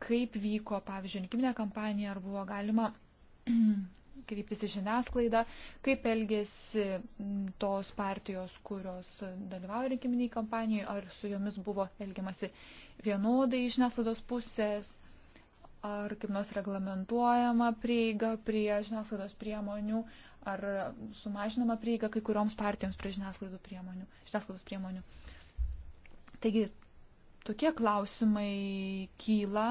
kaip vyko, pavyzdžiui, rinkiminė kampanija, ar buvo galima kryptis į žiniasklaidą, kaip elgėsi tos partijos, kurios dalyvauja rinkiminiai kampanijoje, ar su jomis buvo elgiamasi vienodai iš žiniasklaidos pusės, ar kaip nors reglamentuojama prieiga prie žiniasklaidos priemonių, ar sumažinama prieiga kai kurioms partijoms prie žiniasklaidos priemonių. Žiniasklaidos priemonių. Taigi, tokie klausimai kyla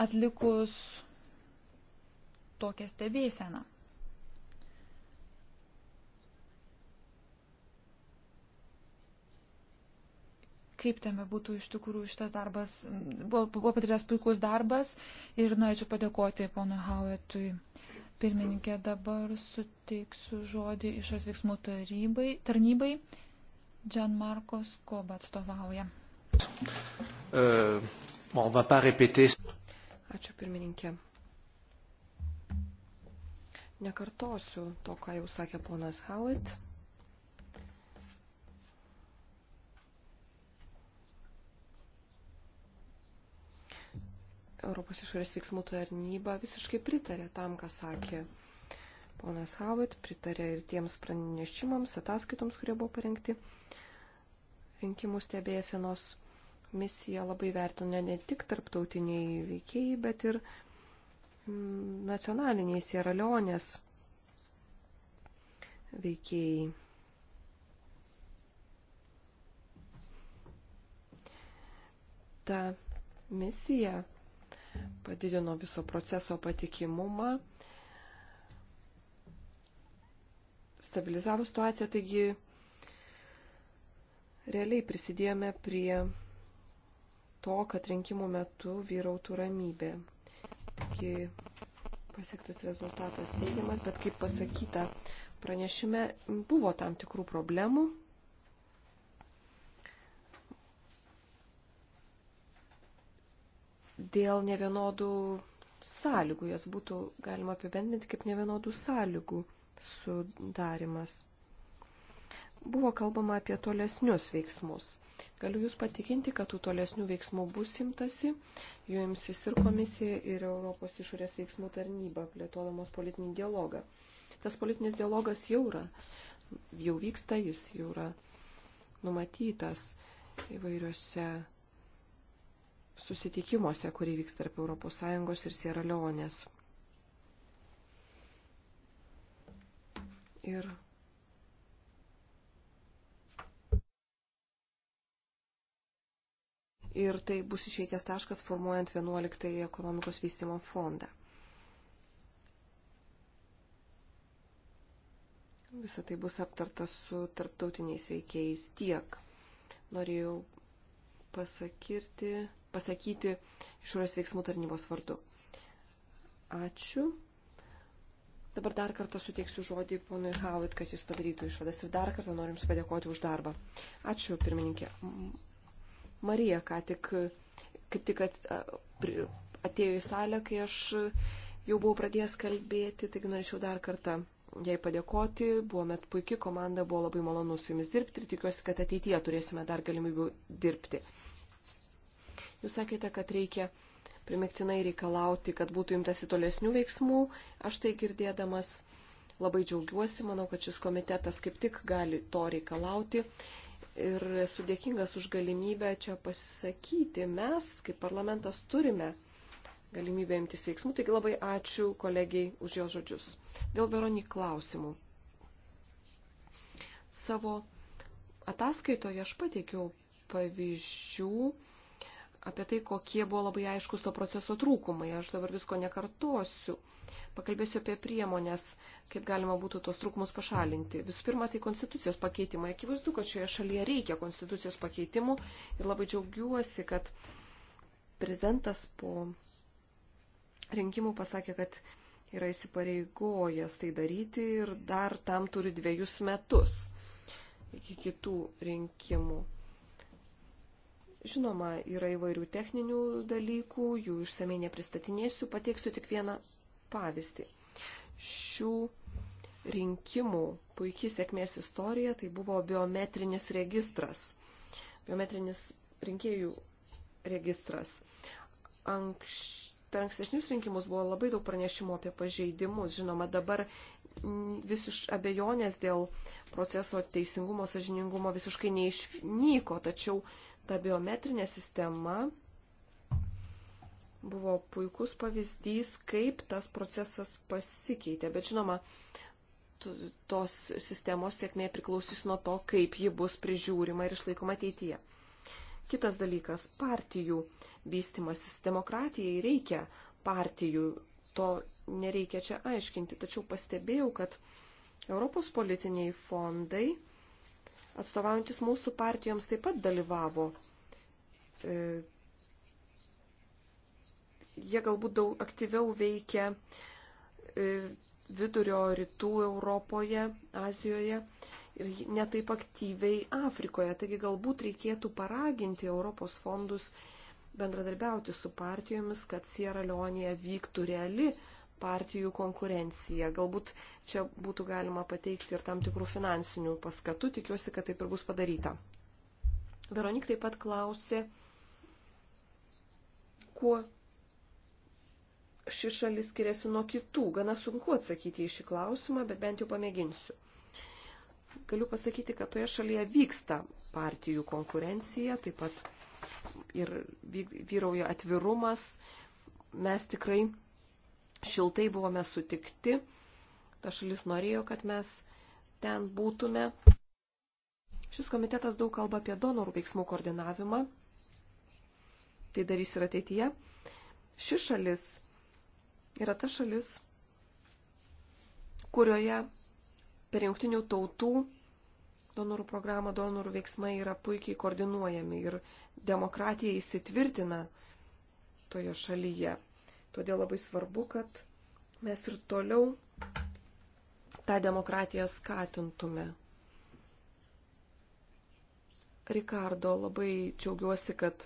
atlikus tokią stebėseną. kaip tame būtų iš tikrųjų šitas darbas, buvo, buvo padarytas puikus darbas ir norėčiau padėkoti ponui Hauetui. Pirmininkė, dabar suteiksiu žodį išos veiksmų tarybai, tarnybai. Džan Markos Koba atstovauja. Euh, Ačiū pirmininkė. Nekartosiu to, ką jau sakė ponas Howitt. Europos išorės veiksmų tarnyba visiškai pritarė tam, ką sakė ponas Howitt, pritarė ir tiems pranešimams, ataskaitoms, kurie buvo parengti. Rinkimų stebėsienos misija labai vertino ne tik tarptautiniai veikėjai, bet ir nacionaliniai Sieralionės veikėjai. Ta misija padidino viso proceso patikimumą, stabilizavo situaciją, taigi realiai prisidėjome prie to, kad rinkimų metu vyrautų ramybė jei pasiektas rezultatas teigiamas, bet kaip pasakyta, pranešime buvo tam tikrų problemų. Dėl nevienodų sąlygų, jas būtų galima apibendinti kaip nevienodų sąlygų sudarimas. Buvo kalbama apie tolesnius veiksmus. Galiu Jūs patikinti, kad tų tolesnių veiksmų bus imtasi, jų imsis ir komisija, ir Europos išorės veiksmų tarnyba, plėtodamos politinį dialogą. Tas politinis dialogas jau yra, jau vyksta, jis jau yra numatytas įvairiuose susitikimuose, kurie vyksta tarp ES ir Sierra Leonės. Ir ir tai bus išveikęs taškas formuojant 11 ekonomikos vystimo fondą. Visą tai bus aptarta su tarptautiniais veikėjais tiek. Norėjau pasakirti, pasakyti išorės veiksmų tarnybos vardu. Ačiū. Dabar dar kartą suteiksiu žodį ponui Howitt, kad jis padarytų išvadas. Ir dar kartą norim jums padėkoti už darbą. Ačiū, pirmininkė. Marija ką tik, kaip tik at, atėjo į salę, kai aš jau buvau pradėjęs kalbėti, taigi norėčiau dar kartą jai padėkoti. Buvome puikiai komanda, buvo labai malonu su jumis dirbti ir tikiuosi, kad ateityje turėsime dar galimybių dirbti. Jūs sakėte, kad reikia primiktinai reikalauti, kad būtų imtasi tolesnių veiksmų. Aš tai girdėdamas labai džiaugiuosi, manau, kad šis komitetas kaip tik gali to reikalauti ir esu dėkingas už galimybę čia pasisakyti. Mes, kaip parlamentas, turime galimybę imtis veiksmų, taigi labai ačiū kolegiai už jos žodžius. Dėl Veronik klausimų. Savo ataskaitoje aš pateikiau pavyzdžių apie tai, kokie buvo labai aiškus to proceso trūkumai. Aš dabar visko nekartosiu. Pakalbėsiu apie priemonės, kaip galima būtų tos trūkumus pašalinti. Visų pirma, tai konstitucijos pakeitimai. Akivaizdu, kad šioje šalyje reikia konstitucijos pakeitimų ir labai džiaugiuosi, kad prezidentas po rinkimų pasakė, kad yra įsipareigojęs tai daryti ir dar tam turi dviejus metus iki kitų rinkimų. Žinoma, yra įvairių techninių dalykų, jų išsamei nepristatinėsiu, pateiksiu tik vieną pavyzdį. Šių rinkimų puikiai sėkmės istorija tai buvo biometrinis registras. Biometrinis rinkėjų registras. Anks... Per ankstesnius rinkimus buvo labai daug pranešimų apie pažeidimus. Žinoma, dabar visiš abejonės dėl proceso teisingumo, sažiningumo visiškai neišnyko, tačiau Ta biometrinė sistema buvo puikus pavyzdys, kaip tas procesas pasikeitė. Bet žinoma, tos sistemos sėkmė priklausys nuo to, kaip ji bus prižiūrima ir išlaikoma ateityje. Kitas dalykas - partijų vystimasis. Demokratijai reikia partijų, to nereikia čia aiškinti, tačiau pastebėjau, kad Europos politiniai fondai atstovaujantis mūsų partijoms taip pat dalyvavo. E, jie galbūt daug aktyviau veikia e, vidurio rytų Europoje, Azijoje ir netaip aktyviai Afrikoje. Taigi galbūt reikėtų paraginti Europos fondus bendradarbiauti su partijomis, kad Sierra Leonėje vyktų reali partijų konkurencija. Galbūt čia būtų galima pateikti ir tam tikrų finansinių paskatų, tikiuosi, kad taip ir bus padaryta. Veronik taip pat klausė, kuo ši šalis skiriasi nuo kitų. Gana sunku atsakyti į šį klausimą, bet bent jau pamėginsiu. Galiu pasakyti, kad toje šalyje vyksta partijų konkurencija, taip pat ir vyrauja atvirumas. Mes tikrai šiltai buvome sutikti. Ta šalis norėjo, kad mes ten būtume. Šis komitetas daug kalba apie donorų veiksmų koordinavimą. Tai darys ir ateityje. Ši šalis yra ta šalis, kurioje per jungtinių tautų donorų programą donorų veiksmai yra puikiai koordinuojami ir demokratija įsitvirtina toje šalyje. Todėl labai svarbu, kad mes ir toliau tą demokratiją skatintume. Rikardo, labai džiaugiuosi, kad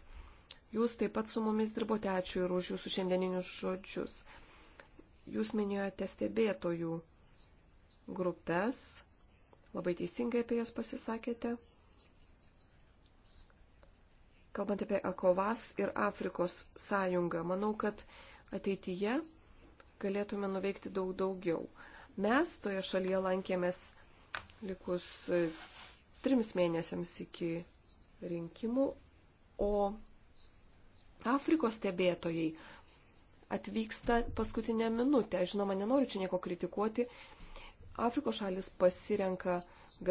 jūs taip pat su mumis dirbote. Ačiū ir už jūsų šiandieninius žodžius. Jūs minėjote stebėtojų grupės. Labai teisingai apie jas pasisakėte. Kalbant apie Akovas ir Afrikos sąjungą, manau, kad ateityje galėtume nuveikti daug daugiau. Mes toje šalyje lankėmės likus e, trims mėnesiams iki rinkimų, o Afrikos stebėtojai atvyksta paskutinę minutę. Žinoma, nenoriu čia nieko kritikuoti. Afrikos šalis pasirenka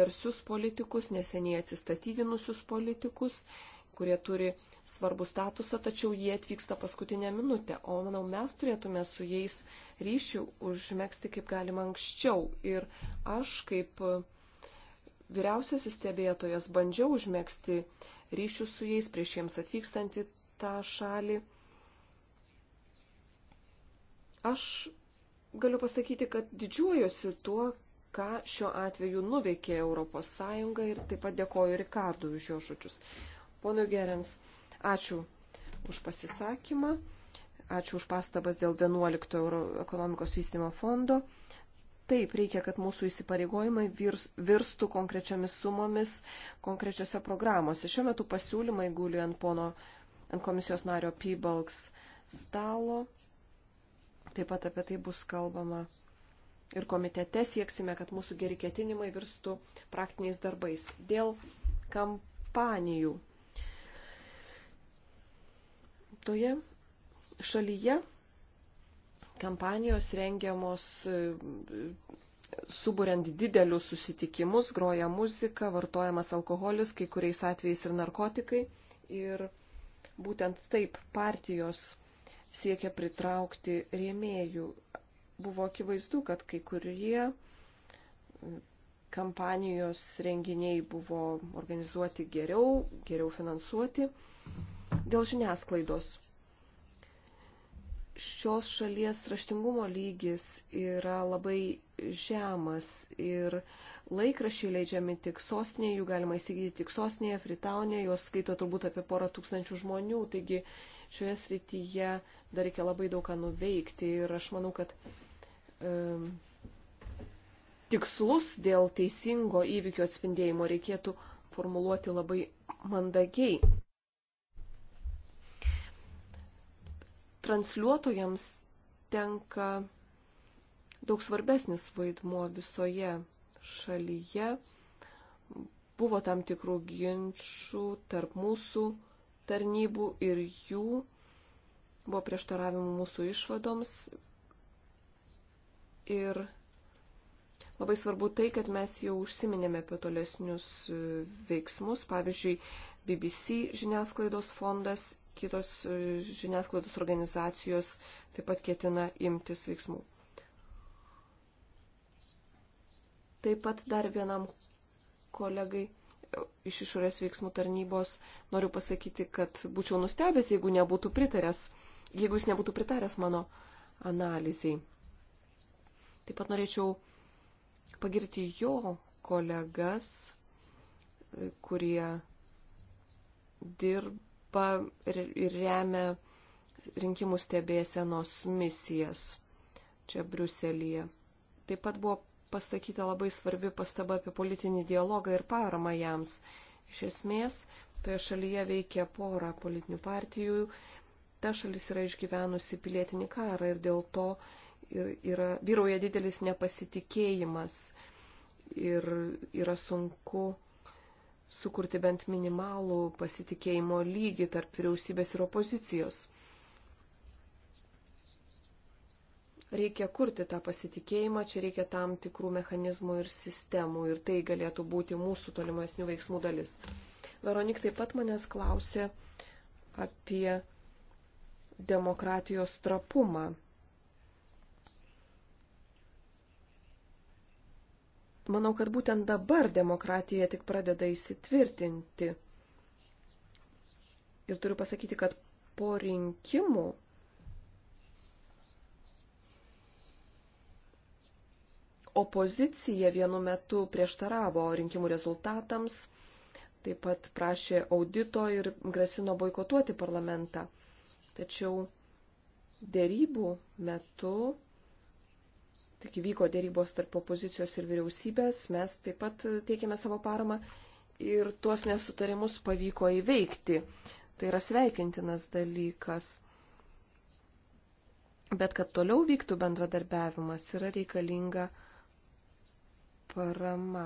garsius politikus, neseniai atsistatydinusius politikus, kurie turi svarbų statusą, tačiau jie atvyksta paskutinę minutę. O manau, mes turėtume su jais ryšių užmėgsti kaip galima anksčiau. Ir aš kaip vyriausiasis stebėtojas bandžiau užmėgsti ryšių su jais prieš jiems atvykstant į tą šalį. Aš galiu pasakyti, kad didžiuojuosi tuo, ką šiuo atveju nuveikė ES ir taip pat dėkoju Rikardui už jo žodžius. Pono Gerens, ačiū už pasisakymą, ačiū už pastabas dėl 11 euro ekonomikos vystimo fondo. Taip, reikia, kad mūsų įsipareigojimai virstų konkrečiamis sumomis, konkrečiose programuose. Šiuo metu pasiūlymai guli ant, pono, ant komisijos nario Pybalks stalo. Taip pat apie tai bus kalbama ir komitete sieksime, kad mūsų geri ketinimai virstų praktiniais darbais. Dėl kampanijų toje šalyje kampanijos rengiamos e, suburiant didelius susitikimus, groja muzika, vartojamas alkoholis, kai kuriais atvejais ir narkotikai. Ir būtent taip partijos siekia pritraukti rėmėjų. Buvo akivaizdu, kad kai kurie e, kampanijos renginiai buvo organizuoti geriau, geriau finansuoti. Dėl žiniasklaidos. Šios šalies raštingumo lygis yra labai žemas ir laikrašiai leidžiami tik sostinėje, jų galima įsigyti tik sostinėje, Fritaunėje, juos skaito turbūt apie porą tūkstančių žmonių, taigi šioje srityje dar reikia labai daug ką nuveikti ir aš manau, kad um, e, tikslus dėl teisingo įvykio atspindėjimo reikėtų formuluoti labai mandagiai. transliuotojams tenka daug svarbesnis vaidmuo visoje šalyje. Buvo tam tikrų ginčių tarp mūsų tarnybų ir jų. Buvo prieštaravimų mūsų išvadoms. Ir labai svarbu tai, kad mes jau užsiminėme apie tolesnius veiksmus. Pavyzdžiui, BBC žiniasklaidos fondas kitos e, žiniasklaidos organizacijos taip pat ketina imtis veiksmų. Taip pat dar vienam kolegai e, iš išorės veiksmų tarnybos noriu pasakyti, kad būčiau nustebęs, jeigu, nebūtų pritaręs, jeigu jis nebūtų pritaręs mano analizai. Taip pat norėčiau pagirti jo kolegas, e, kurie dirb, Europą ir remia rinkimų stebėsenos misijas čia Briuselėje. Taip pat buvo pasakyta labai svarbi pastaba apie politinį dialogą ir paramą jams. Iš esmės, toje šalyje veikia pora politinių partijų. Ta šalis yra išgyvenusi pilietinį karą ir dėl to yra, vyrauja didelis nepasitikėjimas ir yra sunku sukurti bent minimalų pasitikėjimo lygį tarp vyriausybės ir opozicijos. Reikia kurti tą pasitikėjimą, čia reikia tam tikrų mechanizmų ir sistemų ir tai galėtų būti mūsų tolimesnių veiksmų dalis. Veronik taip pat manęs klausė apie demokratijos trapumą. Manau, kad būtent dabar demokratija tik pradeda įsitvirtinti. Ir turiu pasakyti, kad po rinkimų opozicija vienu metu prieštaravo rinkimų rezultatams, taip pat prašė audito ir grasino boikotuoti parlamentą. Tačiau dėrybų metu tik vyko dėrybos tarp opozicijos ir vyriausybės, mes taip pat teikėme savo paramą ir tuos nesutarimus pavyko įveikti. Tai yra sveikintinas dalykas. Bet kad toliau vyktų bendradarbiavimas, yra reikalinga parama.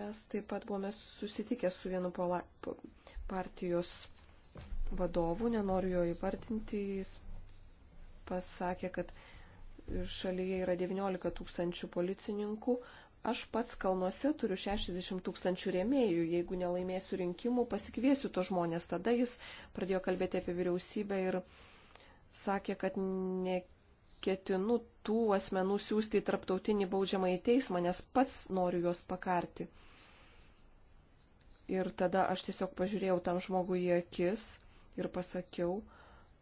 Mes taip pat buvome susitikę su vienu partijos vadovų, nenoriu jo įvardinti, jis pasakė, kad šalyje yra 19 tūkstančių policininkų. Aš pats kalnuose turiu 60 tūkstančių rėmėjų. Jeigu nelaimėsiu rinkimų, pasikviesiu to žmonės. Tada jis pradėjo kalbėti apie vyriausybę ir sakė, kad neketinu tų asmenų siūsti į tarptautinį baudžiamą į teismą, nes pats noriu juos pakarti. Ir tada aš tiesiog pažiūrėjau tam žmogui į akis ir pasakiau,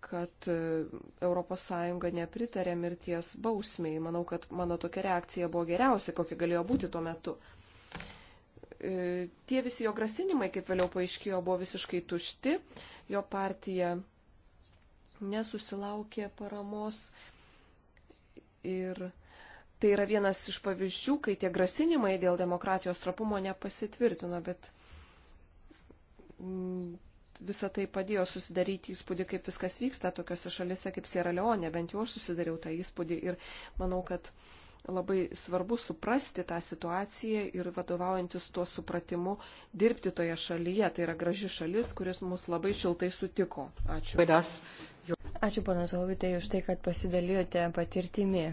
kad ES nepritarė mirties bausmiai. Manau, kad mano tokia reakcija buvo geriausia, kokia galėjo būti tuo metu. E, tie visi jo grasinimai, kaip vėliau paaiškėjo, buvo visiškai tušti. Jo partija nesusilaukė paramos. Ir tai yra vienas iš pavyzdžių, kai tie grasinimai dėl demokratijos trapumo nepasitvirtino, bet visa tai padėjo susidaryti įspūdį, kaip viskas vyksta tokiuose šalise kaip Sierra Leone. Bent jau aš susidariau tą įspūdį ir manau, kad labai svarbu suprasti tą situaciją ir vadovaujantis tuo supratimu dirbti toje šalyje. Tai yra graži šalis, kuris mus labai šiltai sutiko. Ačiū. Ačiū, panas Ovitai, už tai, kad pasidalijote patirtimi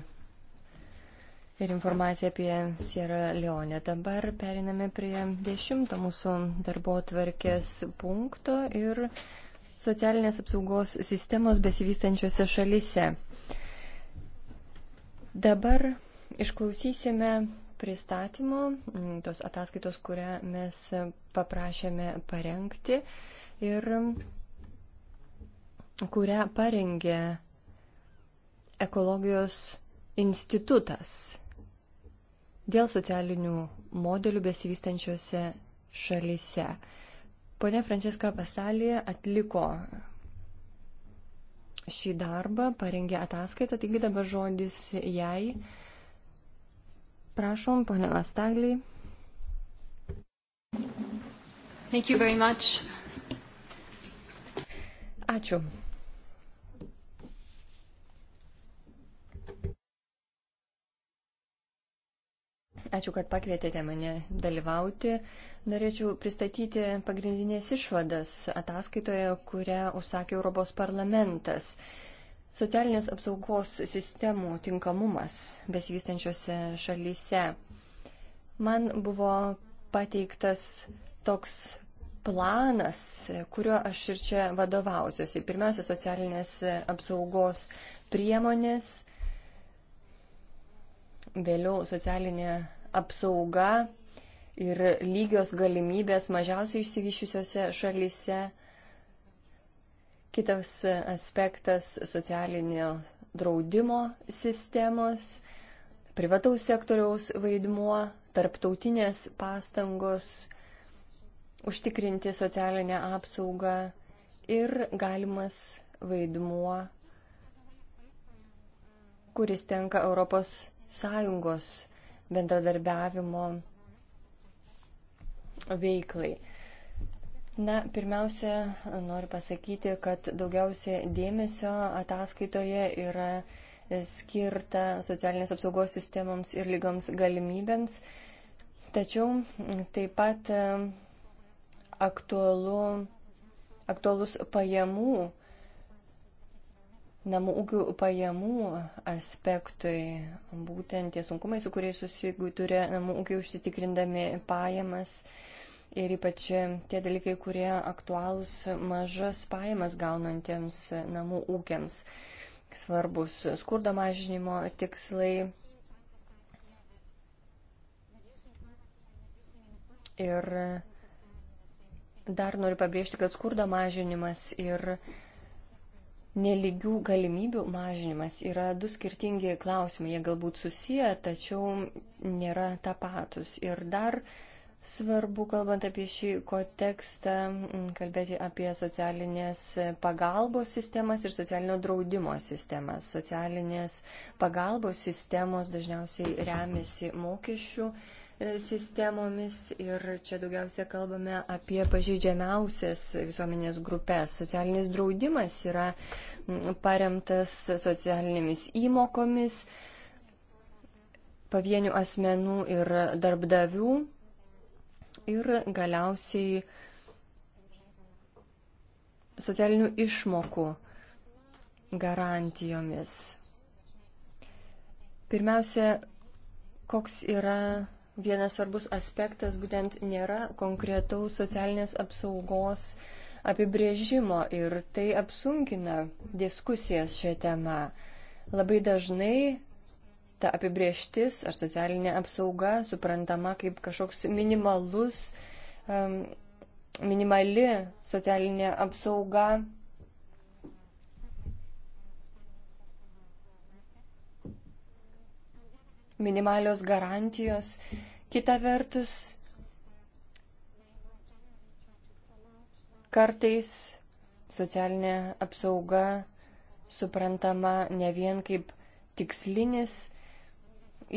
ir informaciją apie Sierra Leone. Dabar periname prie dešimto mūsų darbo tvarkės punkto ir socialinės apsaugos sistemos besivystančiose šalise. Dabar išklausysime pristatymo, mm, tos ataskaitos, kurią mes paprašėme parengti ir kurią parengė ekologijos institutas dėl socialinių modelių besivystančiose šalyse. Pone Frančiska Pasalė atliko šį darbą, parengė ataskaitą, taigi dabar žodis jai. Prašom, ponė Lastagliai. Ačiū. Ačiū, kad pakvietėte mane dalyvauti. Norėčiau pristatyti pagrindinės išvadas ataskaitoje, kurią užsakė Europos parlamentas. Socialinės apsaugos sistemų tinkamumas besivystančiose šalyse. Man buvo pateiktas toks planas, kuriuo aš ir čia vadovausiuosi. Pirmiausia, socialinės apsaugos priemonės Vėliau socialinė apsauga ir lygios galimybės mažiausiai išsivyščiusiose šalyse. Kitas aspektas - socialinio draudimo sistemos, privataus sektoriaus vaidmuo, tarptautinės pastangos užtikrinti socialinę apsaugą ir galimas vaidmuo, kuris tenka Europos sąjungos bendradarbiavimo veiklai. Na, pirmiausia, noriu pasakyti, kad daugiausia dėmesio ataskaitoje yra skirta socialinės apsaugos sistemoms ir lygoms galimybėms. Tačiau taip pat aktualu, aktualus pajamų namų ūkių pajamų aspektui, būtent tie sunkumai, su kuriais susigūturia namų ūkiai užsitikrindami pajamas ir ypač tie dalykai, kurie aktualūs mažas pajamas gaunantiems namų ūkiams. Svarbus skurdo mažinimo tikslai. Ir dar noriu pabrėžti, kad skurdo mažinimas ir Neligių galimybių mažinimas yra du skirtingi klausimai, jie galbūt susiję, tačiau nėra tapatus. Ir dar svarbu, kalbant apie šį kontekstą, kalbėti apie socialinės pagalbos sistemas ir socialinio draudimo sistemas. Socialinės pagalbos sistemos dažniausiai remiasi mokesčių sistemomis ir čia daugiausia kalbame apie pažeidžiamiausias visuomenės grupės. Socialinis draudimas yra paremtas socialinėmis įmokomis pavienių asmenų ir darbdavių ir galiausiai socialinių išmokų garantijomis. Pirmiausia, koks yra vienas svarbus aspektas būtent nėra konkretaus socialinės apsaugos apibrėžimo ir tai apsunkina diskusijas šią temą. Labai dažnai ta apibrieštis ar socialinė apsauga suprantama kaip kažkoks minimalus, um, minimali socialinė apsauga minimalios garantijos. Kita vertus, kartais socialinė apsauga suprantama ne vien kaip tikslinis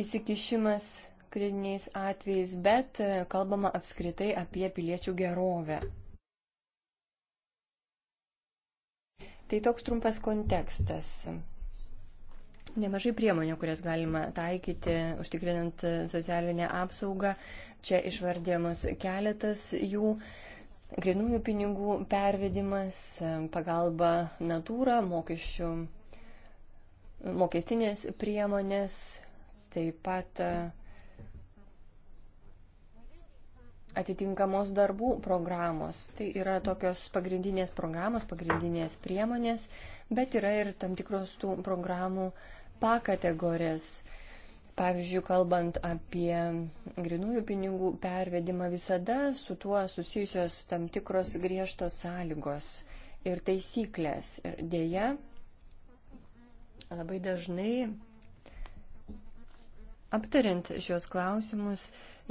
įsikišimas kritiniais atvejais, bet e, kalbama apskritai apie piliečių gerovę. Tai toks trumpas kontekstas nemažai priemonių, kurias galima taikyti, užtikrinant socialinę apsaugą. Čia išvardėmos keletas jų. Grinųjų pinigų pervedimas, pagalba natūra, mokesčių, mokestinės priemonės, taip pat e, atitinkamos darbų programos. Tai yra tokios pagrindinės programos, pagrindinės priemonės, bet yra ir tam tikros tų programų uh, PA kategorijas. Pavyzdžiui, kalbant apie grinųjų pinigų pervedimą, visada su tuo susijusios tam tikros griežtos sąlygos ir taisyklės. Ir dėja, labai dažnai aptariant šios klausimus,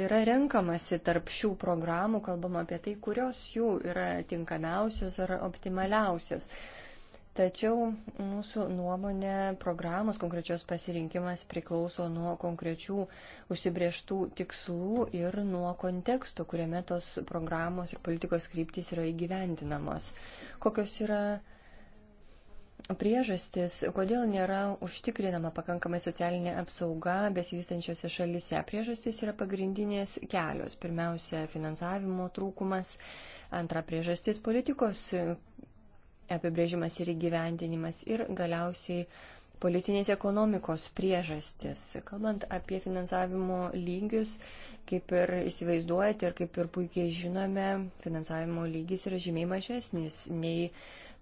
yra renkamasi tarp šių programų, kalbama apie tai, kurios jų yra tinkamiausios ar optimaliausios. Tačiau mūsų nuomonė programos konkrečios pasirinkimas priklauso nuo konkrečių užsibrieštų tikslų ir nuo konteksto, kuriame tos programos ir politikos kryptys yra įgyvendinamos. Kokios yra priežastis, kodėl nėra užtikrinama pakankamai socialinė apsauga besivystančiose šalise. Priežastis yra pagrindinės kelios. Pirmiausia, finansavimo trūkumas. Antra priežastis politikos apibrėžimas ir įgyvendinimas ir galiausiai politinės ekonomikos priežastis. Kalbant apie finansavimo lygius, kaip ir įsivaizduojate ir kaip ir puikiai žinome, finansavimo lygis yra žymiai mažesnis nei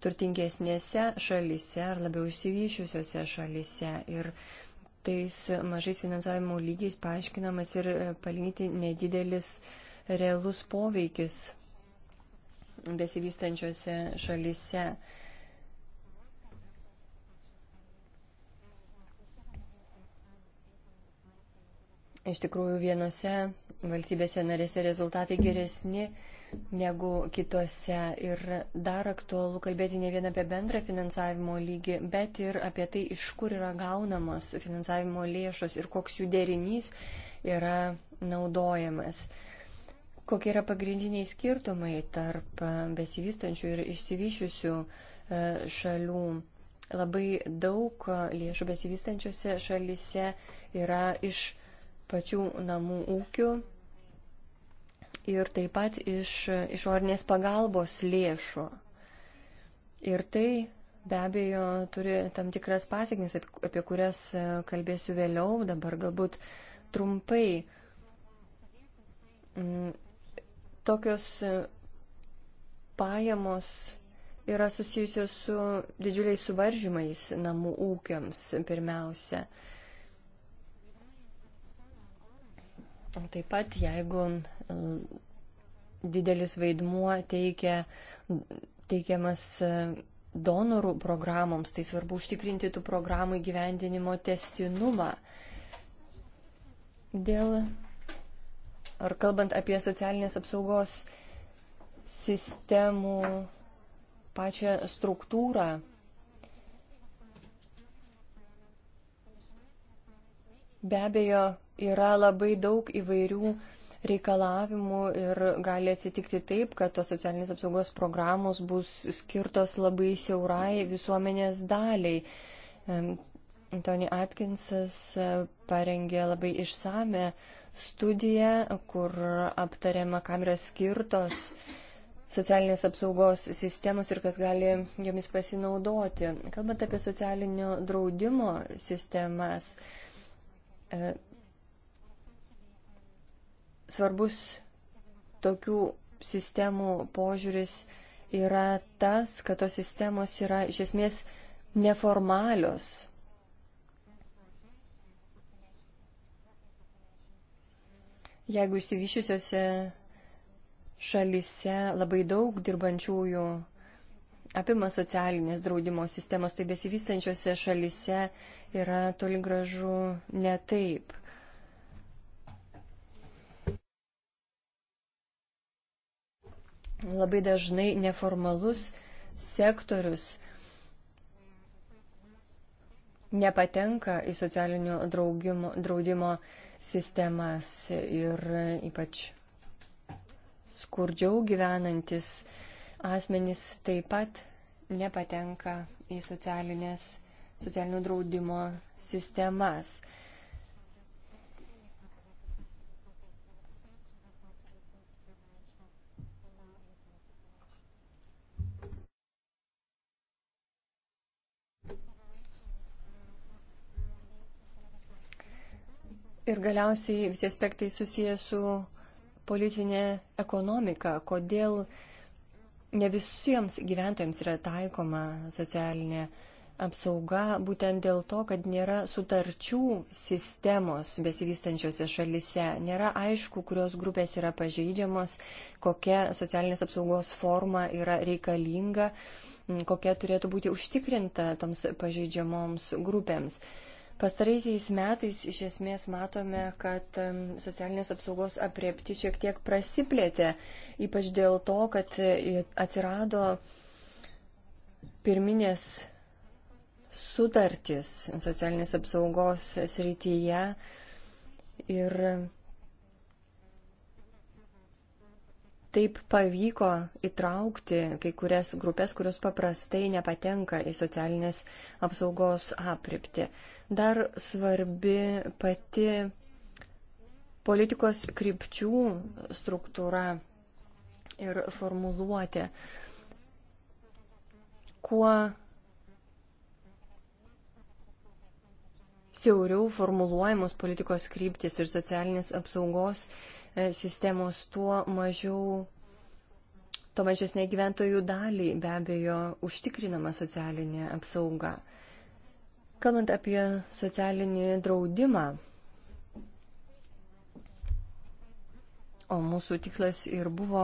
turtingesnėse šalise ar labiau išsivyšiusiose šalise. Ir tais mažais finansavimo lygiais paaiškinamas ir palyginti nedidelis realus poveikis besivystančiose šalise. Iš tikrųjų, vienose valstybėse narėse rezultatai geresni negu kitose. Ir dar aktualu kalbėti ne vien apie bendrą finansavimo lygį, bet ir apie tai, iš kur yra gaunamos finansavimo lėšos ir koks jų derinys yra naudojamas kokie yra pagrindiniai skirtumai tarp e, besivystančių ir išsivyšiusių e, šalių. Labai daug e, lėšų besivystančiose šalise yra iš pačių namų ūkių ir taip pat iš išorinės pagalbos lėšų. Ir tai be abejo turi tam tikras pasiekmes, apie kurias kalbėsiu vėliau, dabar galbūt trumpai mm, Tokios e, pajamos yra susijusios su didžiuliais suvaržymais namų ūkiams pirmiausia. Taip pat, jeigu e, didelis vaidmuo teikia, teikiamas e, donorų programoms, tai svarbu užtikrinti tų programų įgyvendinimo testinumą. Dėl Ar kalbant apie socialinės apsaugos sistemų pačią struktūrą, be abejo, yra labai daug įvairių reikalavimų ir gali atsitikti taip, kad tos socialinės apsaugos programos bus skirtos labai siaurai visuomenės daliai. Tony Atkinsas e, parengė labai išsame studiją, kur aptariama, kam yra skirtos socialinės apsaugos sistemos ir kas gali jomis pasinaudoti. Kalbant apie socialinio draudimo sistemas, e, svarbus tokių sistemų požiūris yra tas, kad tos sistemos yra iš esmės neformalios, Jeigu įsivyšiusiose šalise labai daug dirbančiųjų apima socialinės draudimo sistemos, tai besivystančiose šalise yra toli gražu ne taip. Labai dažnai neformalus sektorius nepatenka į socialinio draugimo, draudimo sistemas ir ypač skurdžiau gyvenantis asmenys taip pat nepatenka į socialinės, socialinio draudimo sistemas. Ir galiausiai visi aspektai susiję su politinė ekonomika. Kodėl ne visiems gyventojams yra taikoma socialinė apsauga būtent dėl to, kad nėra sutarčių sistemos besivystančiose šalise, nėra aišku, kurios grupės yra pažeidžiamos, kokia socialinės apsaugos forma yra reikalinga, kokia turėtų būti užtikrinta toms pažeidžiamoms grupėms. Pastaraisiais metais iš esmės matome, kad socialinės apsaugos apriepti šiek tiek prasiplėtė, ypač dėl to, kad e, atsirado pirminės sutartys socialinės apsaugos srityje ir Taip pavyko įtraukti kai kurias grupės, kurios paprastai nepatenka į socialinės apsaugos apripti. Dar svarbi pati politikos krypčių struktūra ir formuluotė. Kuo siauriau formuluojamos politikos kryptis ir socialinės apsaugos, uh, E, sistemos, tuo mažiau, to mažesnė gyventojų daliai be abejo užtikrinama socialinė apsauga. Kalbant apie socialinį draudimą, o mūsų tikslas ir buvo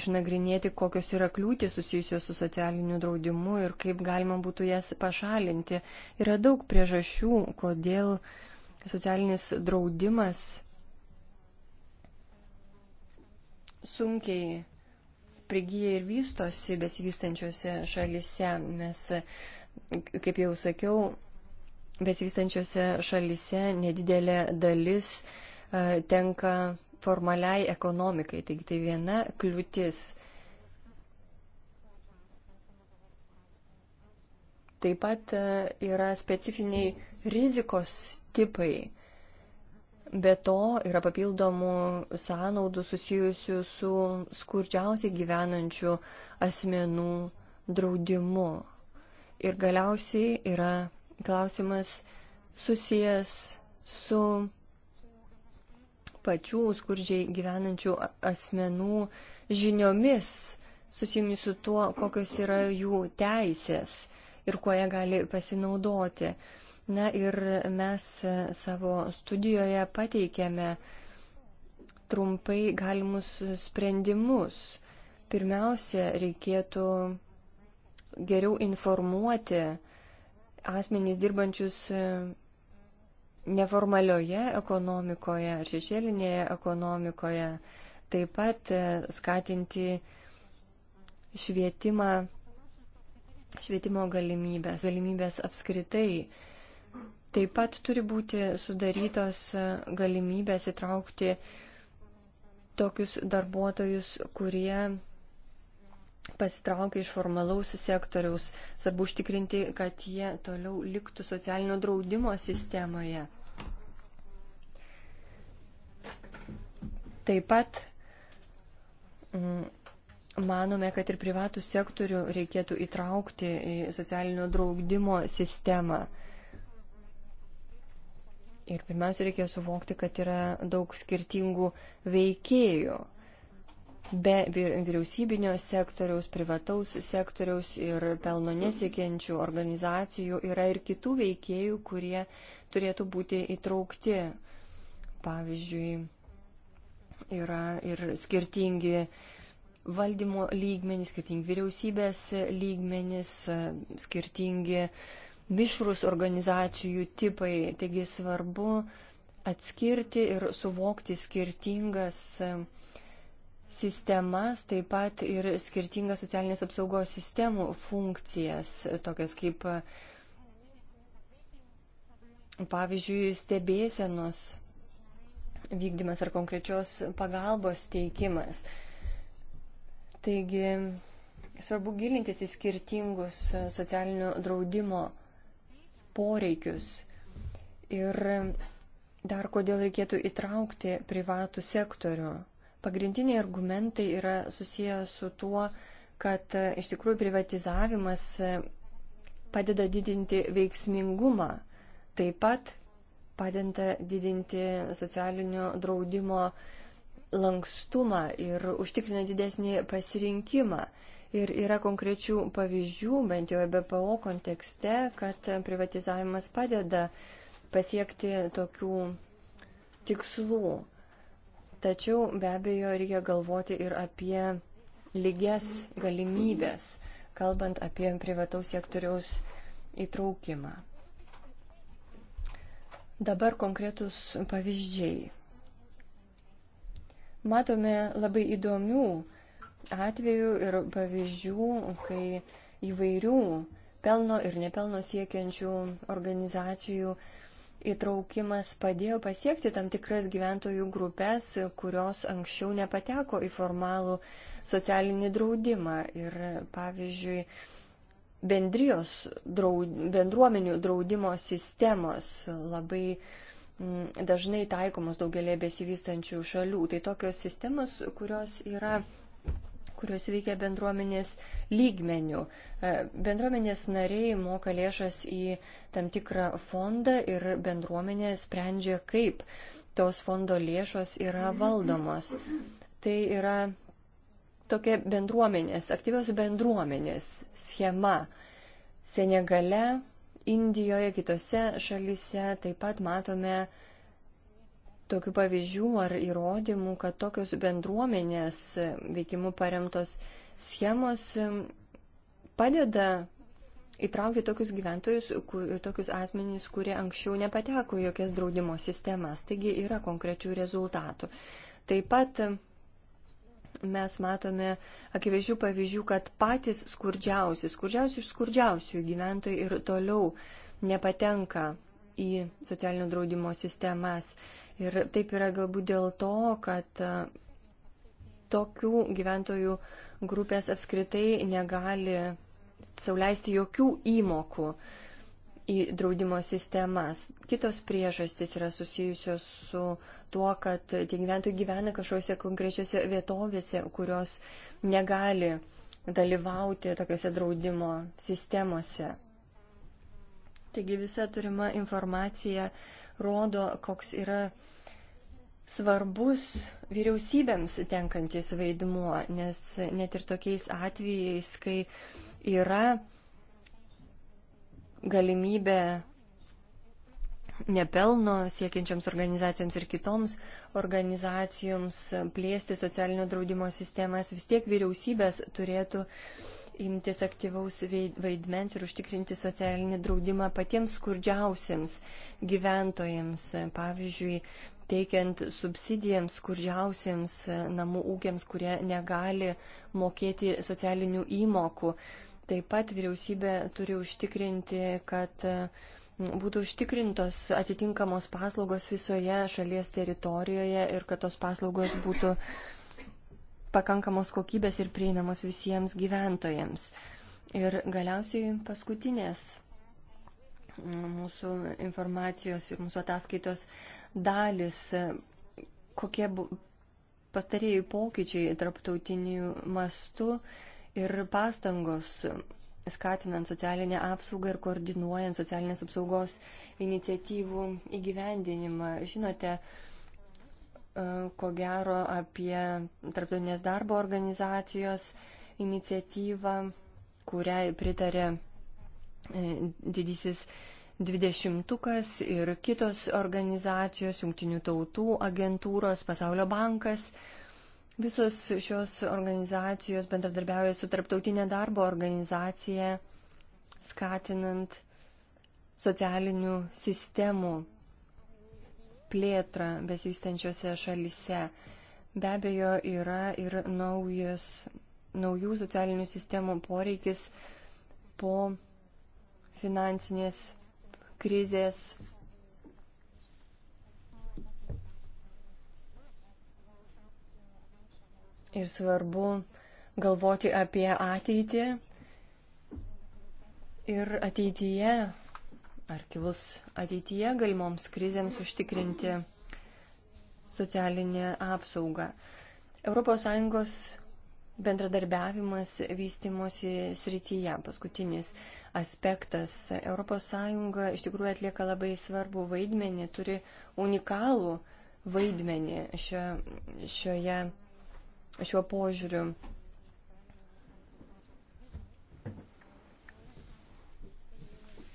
išnagrinėti, kokios yra kliūtis susijusios su socialiniu draudimu ir kaip galima būtų jas pašalinti. Yra daug priežasčių, kodėl socialinis draudimas sunkiai prigyja ir vystosi besivystančiose šalise. Mes, kaip jau sakiau, besivystančiose šalise nedidelė dalis e, tenka formaliai ekonomikai. Taigi tai viena kliūtis. Taip pat e, yra specifiniai rizikos tipai. Be to yra papildomų sąnaudų susijusių su skurdžiausiai gyvenančių asmenų draudimu. Ir galiausiai yra klausimas susijęs su pačių skurdžiai gyvenančių asmenų žiniomis, susijusiu su tuo, kokios yra jų teisės ir kuo jie gali pasinaudoti. Na ir mes savo studijoje pateikėme trumpai galimus sprendimus. Pirmiausia, reikėtų geriau informuoti asmenys dirbančius neformalioje ekonomikoje ar šešėlinėje ekonomikoje, taip pat skatinti švietimą, švietimo galimybės, galimybės apskritai Taip pat turi būti sudarytos galimybės įtraukti tokius darbuotojus, kurie pasitraukia iš formalaus sektoriaus. Svarbu užtikrinti, kad jie toliau liktų socialinio draudimo sistemoje. Taip pat mm, manome, kad ir privatų sektorių reikėtų įtraukti į socialinio draudimo sistemą. Ir pirmiausia, reikia suvokti, kad yra daug skirtingų veikėjų. Be vyriausybinio sektoriaus, privataus sektoriaus ir pelno nesiekiančių organizacijų yra ir kitų veikėjų, kurie turėtų būti įtraukti. Pavyzdžiui, yra ir skirtingi valdymo lygmenys, skirtingi vyriausybės lygmenys, skirtingi uh, mišrus organizacijų tipai. Taigi svarbu atskirti ir suvokti skirtingas e, sistemas, taip pat ir skirtingas socialinės apsaugos sistemų funkcijas, tokias kaip, e, pavyzdžiui, stebėsenos vykdymas ar konkrečios pagalbos teikimas. Taigi, svarbu gilintis į skirtingus e, socialinio draudimo poreikius ir dar kodėl reikėtų įtraukti privatų sektorių. Pagrindiniai argumentai yra susiję su tuo, kad e, iš tikrųjų privatizavimas e, padeda didinti veiksmingumą, taip pat padeda didinti socialinio draudimo lankstumą ir užtikrina didesnį pasirinkimą. Ir yra konkrečių pavyzdžių, bent jau e BPO kontekste, kad privatizavimas padeda pasiekti tokių tikslų. Tačiau be abejo reikia galvoti ir apie lygias galimybės, kalbant apie privataus sektoriaus įtraukimą. Dabar konkretus pavyzdžiai. Matome labai įdomių atvejų ir pavyzdžių, kai įvairių pelno ir nepelno siekiančių organizacijų įtraukimas padėjo pasiekti tam tikras gyventojų grupės, kurios anksčiau nepateko į formalų socialinį draudimą. Ir pavyzdžiui, bendrijos draud, bendruomenių draudimo sistemos labai mm, dažnai taikomos daugelė besivystančių šalių. Tai tokios sistemos, kurios yra kurios veikia bendruomenės lygmenių. E, bendruomenės nariai moka lėšas į tam tikrą fondą ir bendruomenė sprendžia, kaip tos fondo lėšos yra valdomos. Tai yra tokia bendruomenės, aktyvios bendruomenės schema. Senegale, Indijoje, kitose šalise taip pat matome tokių pavyzdžių ar įrodymų, kad tokios bendruomenės veikimu paremtos schemos padeda įtraukti tokius gyventojus, tokius asmenys, kurie anksčiau nepateko jokias draudimo sistemas. Taigi yra konkrečių rezultatų. Taip pat mes matome akivaizdžių pavyzdžių, kad patys skurdžiausi, skurdžiausi iš skurdžiausių gyventojai ir toliau nepatenka į socialinio draudimo sistemas. Ir taip yra galbūt dėl to, kad e, tokių gyventojų grupės apskritai negali sauliaisti jokių įmokų į draudimo sistemas. Kitos priežastys yra susijusios su tuo, kad tie gyventojai gyvena kažkokiose konkrečiose vietovėse, kurios negali dalyvauti tokiuose draudimo sistemose. Taigi visa turima informacija rodo, koks yra svarbus vyriausybėms tenkantis vaidmuo, nes net ir tokiais atvejais, kai yra galimybė nepelno siekiančioms organizacijoms ir kitoms organizacijoms plėsti socialinio draudimo sistemas, vis tiek vyriausybės turėtų imtis aktyvaus vaidmens ir užtikrinti socialinį draudimą patiems skurdžiausiams gyventojams, pavyzdžiui, teikiant subsidijams skurdžiausiems namų ūkiams, kurie negali mokėti socialinių įmokų. Taip pat vyriausybė turi užtikrinti, kad būtų užtikrintos atitinkamos paslaugos visoje šalies teritorijoje ir kad tos paslaugos būtų uh, pakankamos kokybės ir prieinamos visiems gyventojams. Ir galiausiai paskutinės mūsų informacijos ir mūsų ataskaitos dalis, kokie pastarėjai pokyčiai tarptautiniu mastu ir pastangos skatinant socialinę apsaugą ir koordinuojant socialinės apsaugos iniciatyvų įgyvendinimą. Žinote, E, ko gero apie Tarptautinės darbo organizacijos iniciatyvą, kuriai pritarė e, didysis dvidešimtukas ir kitos organizacijos, jungtinių tautų agentūros, pasaulio bankas. Visos šios organizacijos bendradarbiauja su Tarptautinė darbo organizacija, skatinant socialinių sistemų plėtrą besivystančiose šalise. Be abejo, yra ir naujas, naujų socialinių sistemų poreikis po finansinės krizės ir svarbu galvoti apie ateitį ir ateityje ar kilus ateityje galimoms krizėms užtikrinti socialinę apsaugą. ES bendradarbiavimas vystimosi srityje, paskutinis aspektas. ES iš tikrųjų atlieka labai svarbų vaidmenį, turi unikalų vaidmenį šio, šioje, šiuo požiūriu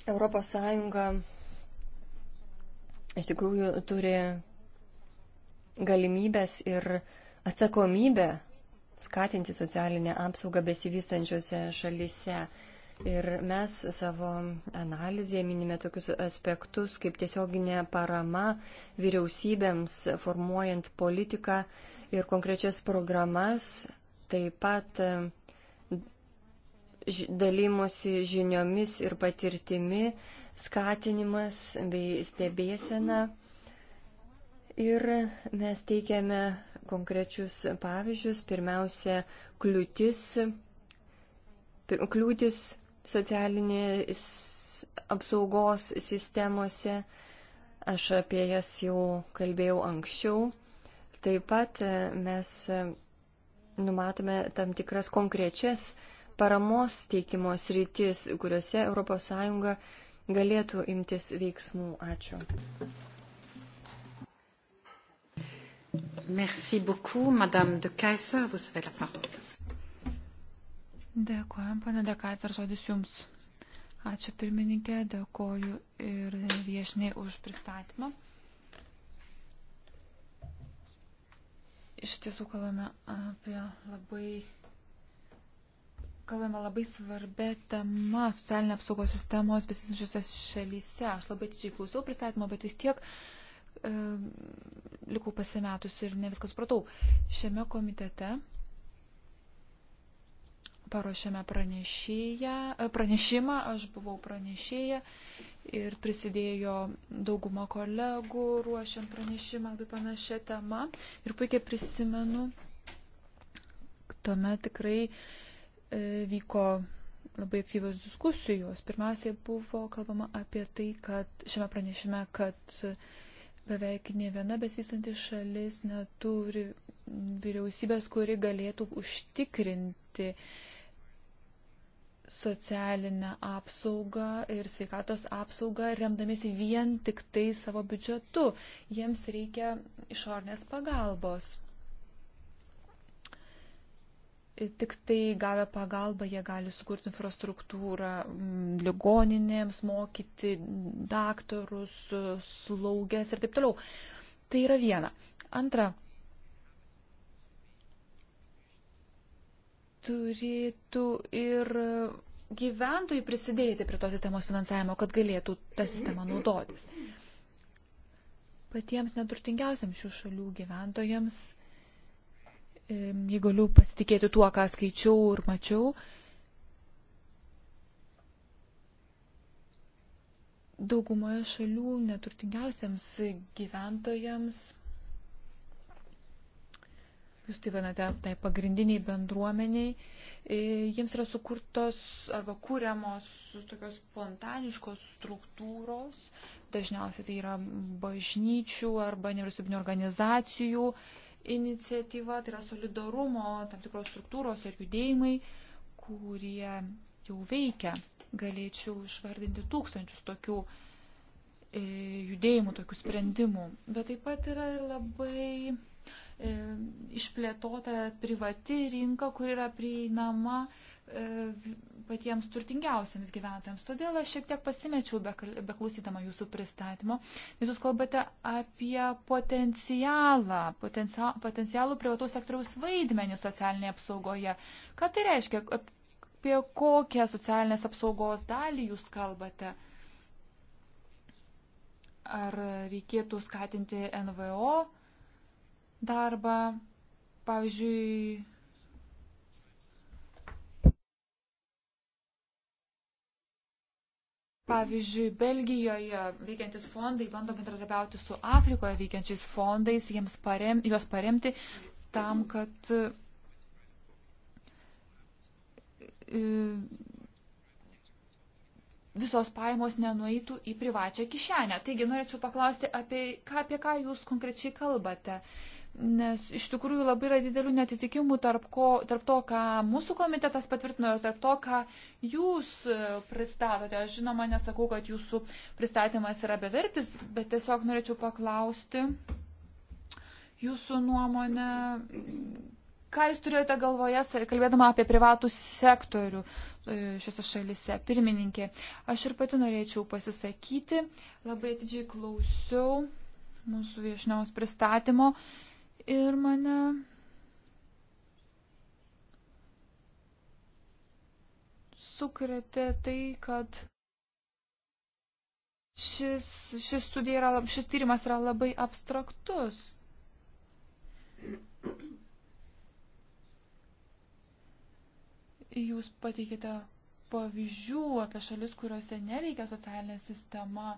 Europos Sąjunga iš tikrųjų turi galimybės ir atsakomybę skatinti socialinę apsaugą besivystančiose šalise. Ir mes savo analizėje minime tokius aspektus kaip tiesioginė parama vyriausybėms formuojant politiką ir konkrečias programas, taip pat dalymosi žiniomis ir patirtimi, skatinimas bei stebėsena. Ir mes teikiame konkrečius pavyzdžius. Pirmiausia, kliūtis, kliūtis socialinės apsaugos sistemose. Aš apie jas jau kalbėjau anksčiau. Taip pat mes numatome tam tikras konkrečias paramos teikimo sritis, kuriuose ES galėtų imtis veiksmų. Ačiū. Merci beaucoup, Madame de Kaiser, vous avez la parole. Dėkuojam, pane de Kaiser, žodis jums. Ačiū pirmininkė, dėkoju ir viešniai už pristatymą. Iš tiesų kalbame apie labai kalbame labai svarbia tema socialinė apsaugos sistemos besisinčiuose šalyse. Aš labai didžiai klausiau pristatymą, bet vis tiek e, likau pasimetus ir ne viskas supratau. Šiame komitete paruošėme e, pranešimą, aš buvau pranešėja ir prisidėjo dauguma kolegų ruošiant pranešimą labai panašią temą. Ir puikiai prisimenu, tuomet tikrai E, vyko labai aktyvios diskusijos. Pirmiausiai buvo kalbama apie tai, kad šiame pranešime, kad beveik ne viena besistanti šalis neturi vyriausybės, kuri galėtų užtikrinti socialinę apsaugą ir sveikatos apsaugą, remdamėsi vien tik tai savo biudžetu. Jiems reikia išornės pagalbos. Tik tai gavę pagalbą jie gali sukurti infrastruktūrą mm, ligoninėms, mokyti daktarus, slaugės ir taip toliau. Tai yra viena. Antra, turėtų ir gyventojai prisidėti prie tos sistemos finansavimo, kad galėtų tą sistemą naudotis. Patiems neturtingiausiams šių šalių gyventojams jei galiu pasitikėti tuo, ką skaičiau ir mačiau, daugumoje šalių neturtingiausiams gyventojams, jūs tai vienate, tai pagrindiniai bendruomeniai, e, jiems yra sukurtos arba kūriamos tokios spontaniškos struktūros, dažniausiai tai yra bažnyčių arba nevyriausybinio organizacijų iniciatyva, tai yra solidarumo tam tikros struktūros ir judėjimai, kurie jau veikia. Galėčiau išvardinti tūkstančius tokių e, judėjimų, tokių sprendimų. Bet taip pat yra ir labai e, išplėtota privati rinka, kur yra prieinama E, patiems turtingiausiams gyventojams. Todėl aš šiek tiek pasimečiau, beklausydama jūsų pristatymo, nes jūs kalbate apie potencialą, potencialų privataus sektoriaus vaidmenį socialinėje apsaugoje. Ką tai reiškia? Apie kokią socialinės apsaugos dalį jūs kalbate? Ar reikėtų skatinti NVO darbą? Pavyzdžiui, Pavyzdžiui, Belgijoje veikiantis fondai bando bendradarbiauti su Afrikoje veikiančiais fondais, jiems parem, juos paremti tam, kad e, visos pajamos nenueitų į privačią kišenę. Taigi norėčiau paklausti, apie ką, apie ką jūs konkrečiai kalbate. Uh, Nes iš tikrųjų labai yra didelių netitikimų tarp, ko, tarp to, ką mūsų komitetas patvirtino ir tarp to, ką jūs e, pristatote. Aš žinoma nesakau, kad jūsų pristatymas yra bevertis, bet tiesiog norėčiau paklausti jūsų nuomonę, ką jūs turėjote galvoje, kalbėdama apie privatų sektorių e, šiuose šalise. Pirmininkė, aš ir pati norėčiau pasisakyti, labai atidžiai klausiau mūsų viešniaus pristatymo. Uh, Ir mane sukretė tai, kad šis, šis, studija yra, šis tyrimas yra labai abstraktus. Jūs pateikite pavyzdžių apie šalis, kuriuose neveikia socialinė sistema,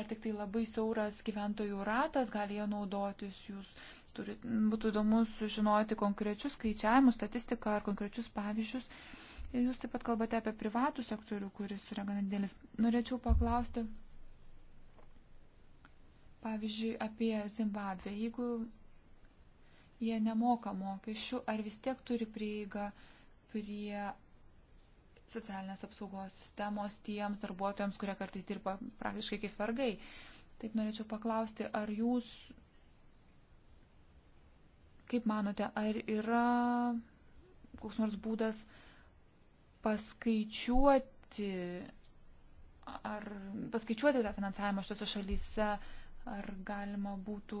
ar tik tai labai siauras gyventojų ratas gali ją naudotis, jūs Turi, būtų įdomu sužinoti konkrečius skaičiavimus, statistiką ar konkrečius pavyzdžius. Ir jūs taip pat kalbate apie privatų sektorių, kuris yra gan didelis. Norėčiau paklausti, pavyzdžiui, apie Zimbabvę. Jeigu jie nemoka mokesčių, ar vis tiek turi prieigą prie socialinės apsaugos sistemos tiems darbuotojams, kurie kartais dirba praktiškai kaip vargai. Taip norėčiau paklausti, ar jūs Kaip manote, ar yra koks nors būdas paskaičiuoti, ar paskaičiuoti tą finansavimą šiuose šalyse, ar galima būtų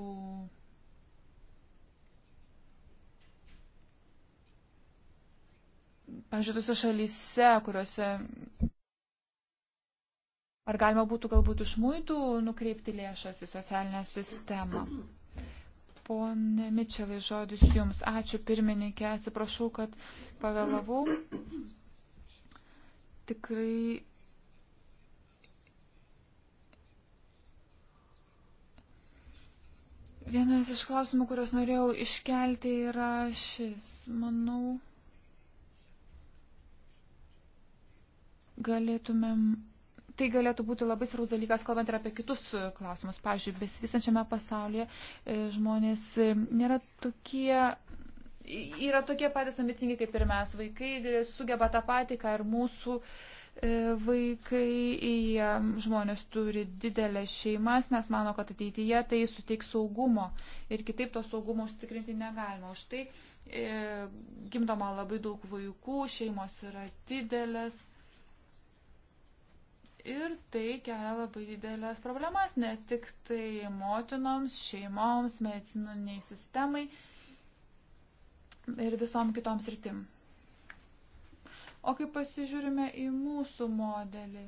pažiūrėtose šalyse, kuriuose. Ar galima būtų galbūt iš muitų nukreipti lėšas į socialinę sistemą? Pone Mičelai, žodis Jums. Ačiū pirmininkė, atsiprašau, kad pavėlavau. Tikrai. Vienas iš klausimų, kuriuos norėjau iškelti, yra šis. Manau, galėtumėm tai galėtų būti labai svarbus dalykas, kalbant ir apie kitus e, klausimus. Pavyzdžiui, besivysančiame pasaulyje e, žmonės e, nėra tokie. Yra tokie patys ambicingi kaip ir mes. Vaikai sugeba tą patį, ką ir mūsų vaikai. Žmonės turi didelės šeimas, nes mano, kad ateityje tai suteiks saugumo. Ir kitaip to saugumo užtikrinti negalima. Už tai e, gimdoma labai daug vaikų, šeimos yra didelės Ir tai kelia labai didelės problemas, ne tik tai motinoms, šeimoms, medicininiai sistemai ir visom kitoms rytim. O kai pasižiūrime į mūsų modelį,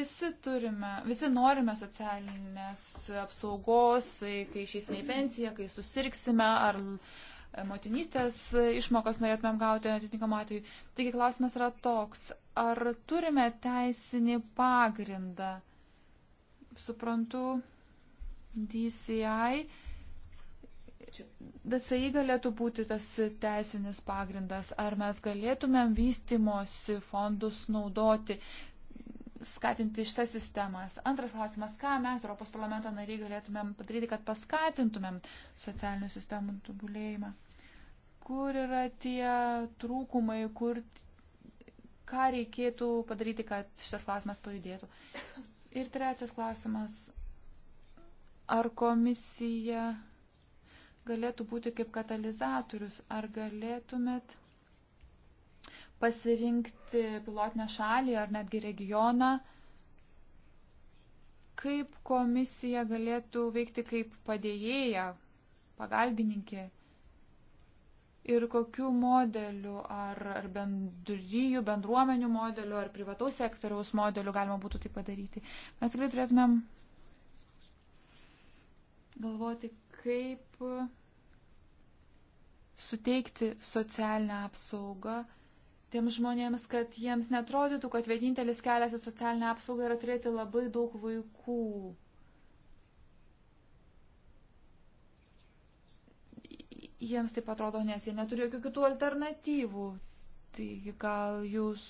visi turime, visi norime socialinės apsaugos, kai išeisime į pensiją, kai susirksime ar motinystės išmokas norėtumėm gauti atitinkamą atveju. Taigi klausimas yra toks, ar turime teisinį pagrindą? Suprantu, DCI. DCI galėtų būti tas teisinis pagrindas, ar mes galėtumėm vystimosi fondus naudoti skatinti šitas sistemas. Antras klausimas, ką mes, Europos parlamento nariai, galėtumėm padaryti, kad paskatintumėm socialinių sistemų tobulėjimą. Kur yra tie trūkumai, kur, ką reikėtų padaryti, kad šitas klausimas pajudėtų. Ir trečias klausimas, ar komisija galėtų būti kaip katalizatorius, ar galėtumėt pasirinkti pilotinę šalį ar netgi regioną, kaip komisija galėtų veikti kaip padėjėja, pagalbininkė ir kokiu modeliu, ar, ar bendryjų, bendruomenių modeliu, ar privataus sektoriaus modeliu galima būtų tai padaryti. Mes tikrai turėtumėm galvoti, kaip suteikti socialinę apsaugą tiems žmonėms, kad jiems netrodytų, kad vienintelis kelias į socialinę apsaugą yra turėti labai daug vaikų. Jiems taip atrodo, nes jie neturi jokių kitų alternatyvų. Taigi gal jūs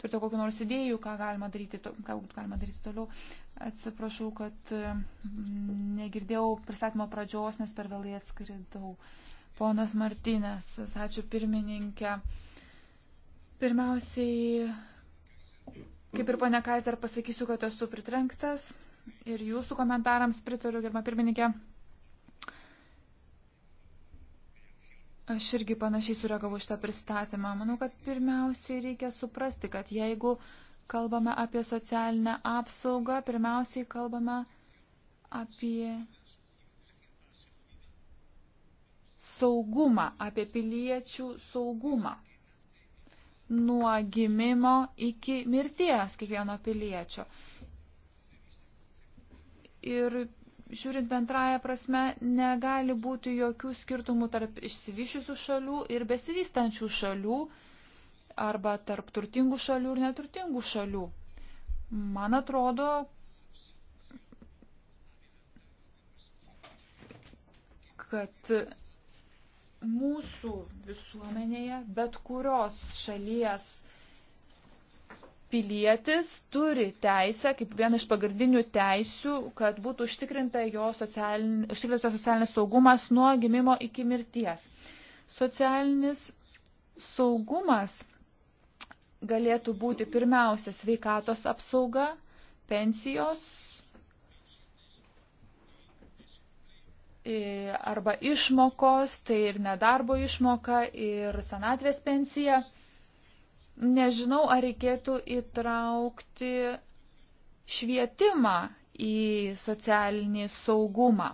turite kokiu nors idėjų, ką galima daryti, ką galima daryti toliau. Atsiprašau, kad mm, negirdėjau pristatymo pradžios, nes per vėlai atskridau. Ponas Martinės, ačiū pirmininkė. Pirmiausiai, kaip ir ponia Kaiser, pasakysiu, kad esu pritrenktas ir jūsų komentarams pritariu, germa pirmininkė. Aš irgi panašiai sureagavau šitą pristatymą. Manau, kad pirmiausiai reikia suprasti, kad jeigu kalbame apie socialinę apsaugą, pirmiausiai kalbame apie saugumą, apie piliečių saugumą nuo gimimo iki mirties kiekvieno piliečio. Ir žiūrint bendrają prasme, negali būti jokių skirtumų tarp išsivyšiusių šalių ir besivystančių šalių arba tarp turtingų šalių ir neturtingų šalių. Man atrodo, kad Mūsų visuomenėje bet kurios šalies pilietis turi teisę, kaip vieną iš pagrindinių teisių, kad būtų užtikrinta jo socialin, socialinis saugumas nuo gimimo iki mirties. Socialinis saugumas galėtų būti pirmiausia sveikatos apsauga, pensijos arba išmokos, tai ir nedarbo išmoka, ir senatvės pensija. Nežinau, ar reikėtų įtraukti švietimą į socialinį saugumą.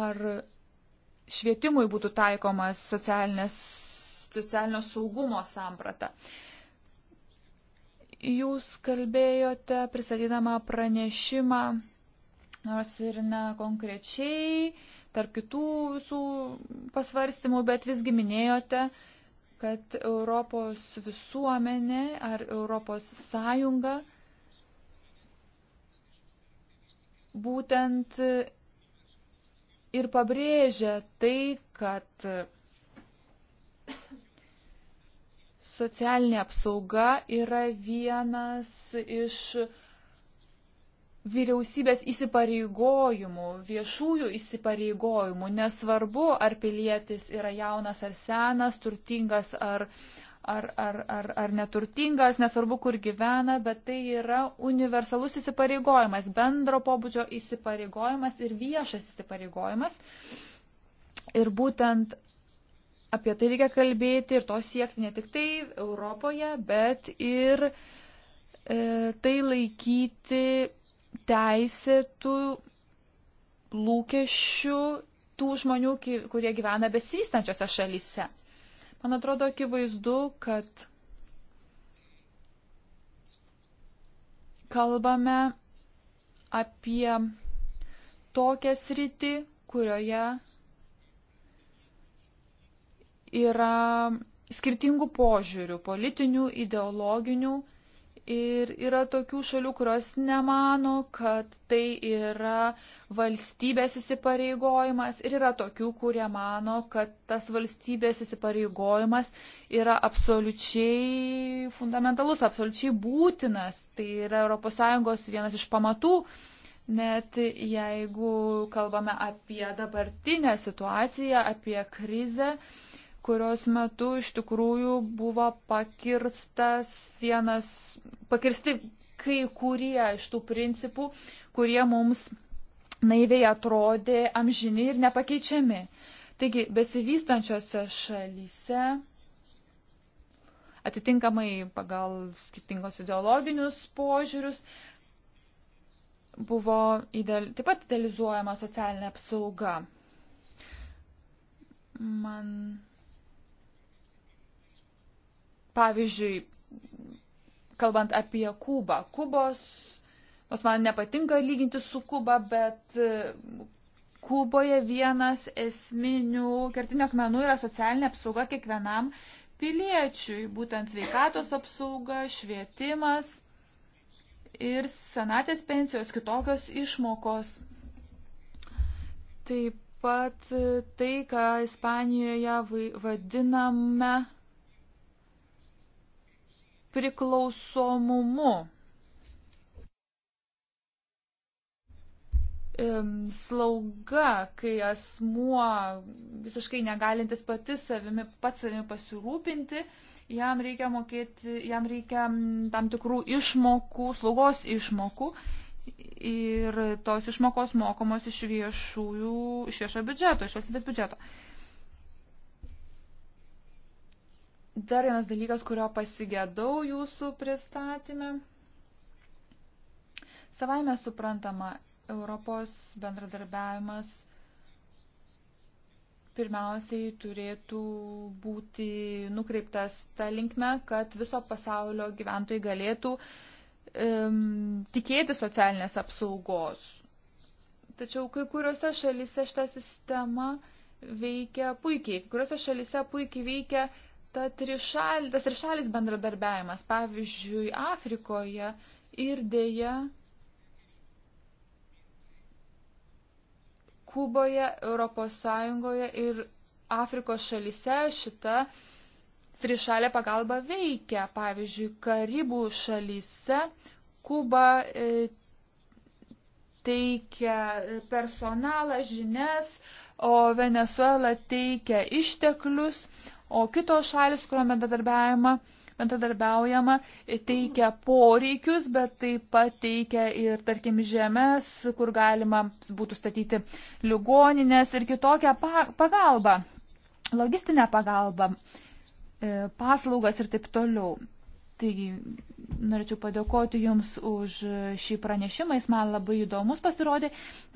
Ar švietimui būtų taikomas socialinio saugumo samprata? Uh, Jūs kalbėjote, pristatydama pranešimą, nors ir ne konkrečiai, tarp kitų visų pasvarstymų, bet visgi minėjote, kad Europos visuomenė ar Europos sąjunga būtent ir pabrėžia tai, kad Socialinė apsauga yra vienas iš vyriausybės įsipareigojimų, viešųjų įsipareigojimų, nesvarbu, ar pilietis yra jaunas ar senas, turtingas ar, ar, ar, ar, ar neturtingas, nesvarbu, kur gyvena, bet tai yra universalus įsipareigojimas, bendro pobūdžio įsipareigojimas ir viešas įsipareigojimas. Ir būtent apie tai reikia kalbėti ir to siekti ne tik tai Europoje, bet ir e, tai laikyti teisėtų lūkesčių tų žmonių, kurie gyvena besivystančiose šalyse. Man atrodo akivaizdu, kad kalbame apie tokią sritį, kurioje yra skirtingų požiūrių - politinių, ideologinių. Ir yra tokių šalių, kurios nemano, kad tai yra valstybės įsipareigojimas. Ir yra tokių, kurie mano, kad tas valstybės įsipareigojimas yra absoliučiai fundamentalus, absoliučiai būtinas. Tai yra ES vienas iš pamatų. Net jeigu kalbame apie dabartinę situaciją, apie krizę, kurios metu iš tikrųjų buvo pakirstas vienas, pakirsti kai kurie iš tų principų, kurie mums naiviai atrodė amžini ir nepakeičiami. Taigi, besivystančiose šalyse atitinkamai pagal skirtingos ideologinius požiūrius buvo ideal, taip pat idealizuojama socialinė apsauga. Man Pavyzdžiui, kalbant apie Kubą. Kubos, nors man nepatinka lyginti su Kuba, bet e, Kuboje vienas esminių kertinių akmenų yra socialinė apsauga kiekvienam piliečiui, būtent sveikatos apsauga, švietimas ir senatės pensijos kitokios išmokos. Taip pat e, tai, ką Ispanijoje vadiname priklausomumu. slauga, kai asmuo visiškai negalintis pati savimi, pats savimi pasirūpinti, jam reikia mokėti, jam reikia tam tikrų išmokų, slaugos išmokų. Ir tos išmokos mokomos iš viešųjų, iš viešo biudžeto, iš valstybės biudžeto. Uh, Dar vienas dalykas, kurio pasigėdau jūsų pristatymę. Savaime suprantama, Europos bendradarbiavimas pirmiausiai turėtų būti nukreiptas tą linkmę, kad viso pasaulio gyventojai galėtų um, tikėti socialinės apsaugos. Tačiau kai kuriuose šalise šita sistema veikia puikiai, kai kuriuose šalise puikiai veikia uh, ta trišal, tas trišalis bendradarbiavimas, pavyzdžiui, Afrikoje ir dėja Kuboje, ES ir Afrikos šalise šita trišalė pagalba veikia. Pavyzdžiui, Karibų šalise Kuba e, teikia personalą, žinias, o Venezuela teikia išteklius, o kitos šalis, su kuriuo bendradarbiavimą bendradarbiaujama, teikia poreikius, bet taip pat teikia ir, tarkim, žemės, kur galima būtų statyti ligoninės ir kitokią pagalbą, logistinę pagalbą, e, paslaugas ir taip toliau. Taigi, norėčiau padėkoti Jums už šį pranešimą, jis man labai įdomus pasirodė,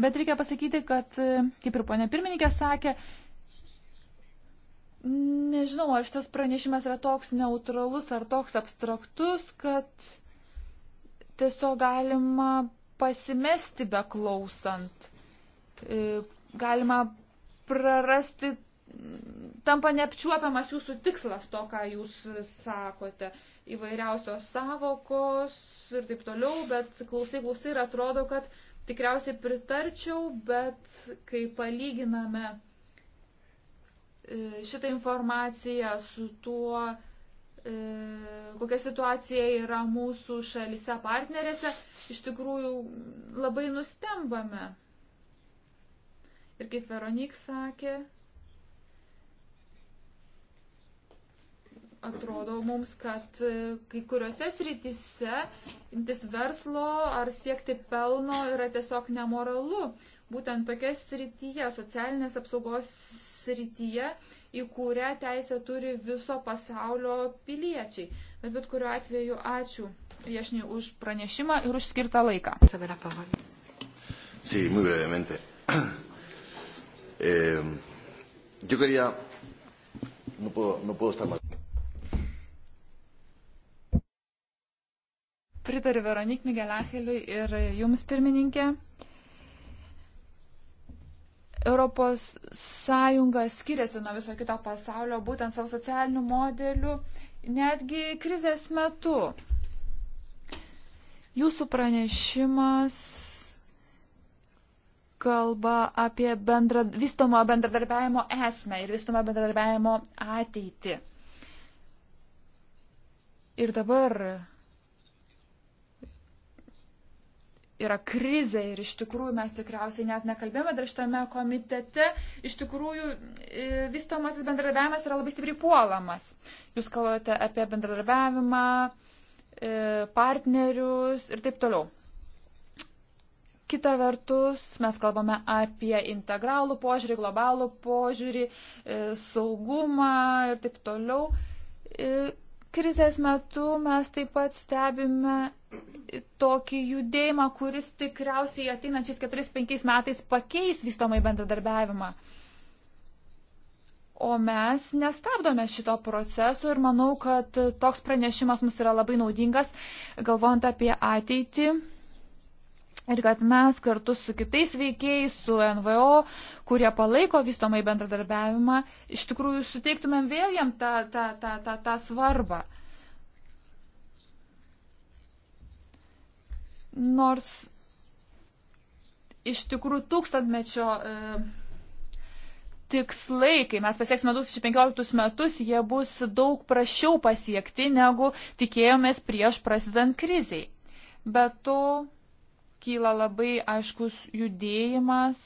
bet reikia pasakyti, kad, e, kaip ir ponė pirmininkė sakė, Nežinau, ar šitas pranešimas yra toks neutralus ar toks abstraktus, kad tiesiog galima pasimesti be klausant. E, galima prarasti, tampa neapčiuopiamas jūsų tikslas to, ką jūs sakote. Įvairiausios savokos ir taip toliau, bet klausai, klausai ir atrodo, kad tikriausiai pritarčiau, bet kai palyginame E, šitą informaciją su tuo, e, kokia situacija yra mūsų šalise partnerėse, iš tikrųjų labai nustembame. Ir kaip Veronik sakė, atrodo mums, kad e, kai kuriuose srityse imtis verslo ar siekti pelno yra tiesiog nemoralu. Būtent tokia srityje socialinės apsaugos srityje, į kurią teisę turi viso pasaulio piliečiai. Bet bet kuriuo atveju ačiū viešniui už pranešimą ir už skirtą laiką. Sí, muy brevemente. [CLEARS THROAT] Eh, yo quería. No puedo, no puedo estar mal. Pritariu Veronik Migelacheliui ir jums pirmininkė. Europos Sąjunga skiriasi nuo viso kito pasaulio būtent savo socialinių modelių, netgi krizės metu. Jūsų pranešimas kalba apie bendra, vystomo bendradarbiavimo esmę ir vystomo bendradarbiavimo ateitį. Ir dabar yra krizė ir iš tikrųjų mes tikriausiai net nekalbėjome dar šitame komitete, iš tikrųjų e, vystomasis bendradarbiavimas yra labai stipriai puolamas. Jūs kalbate apie bendradarbiavimą, e, partnerius ir taip toliau. Kita vertus, mes kalbame apie integralų požiūrį, globalų požiūrį, e, saugumą ir taip toliau. Krizės metu mes taip pat stebime tokį judėjimą, kuris tikriausiai ateinančiais 4-5 metais pakeis vystomai bendradarbiavimą. O mes nestabdome šito proceso ir manau, kad toks pranešimas mums yra labai naudingas, galvojant apie ateitį. Ir kad mes kartu su kitais veikėjais, su NVO, kurie palaiko vystomai bendradarbiavimą, iš tikrųjų suteiktumėm vėl jam tą, tą, tą, tą, tą svarbą. Ta Nors iš tikrųjų tūkstantmečio e, tikslai, kai mes pasieksime 2015 metus, jie bus daug prašiau pasiekti, negu tikėjomės prieš prasidant kriziai. Be to kyla labai aiškus judėjimas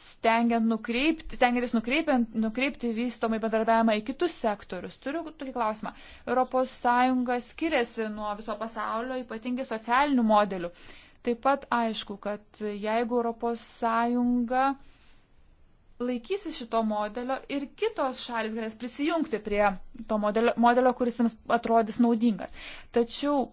stengiant nukreipti, stengiantis nukreipti vystomai bendarbiavimą į kitus sektorius. Turiu tokį klausimą. ES skiriasi nuo viso pasaulio, ypatingai socialinių modelių. Taip pat aišku, kad jeigu ES laikysis šito modelio ir kitos šalis galės prisijungti prie to modelio, modelio kuris jums atrodys naudingas. Tačiau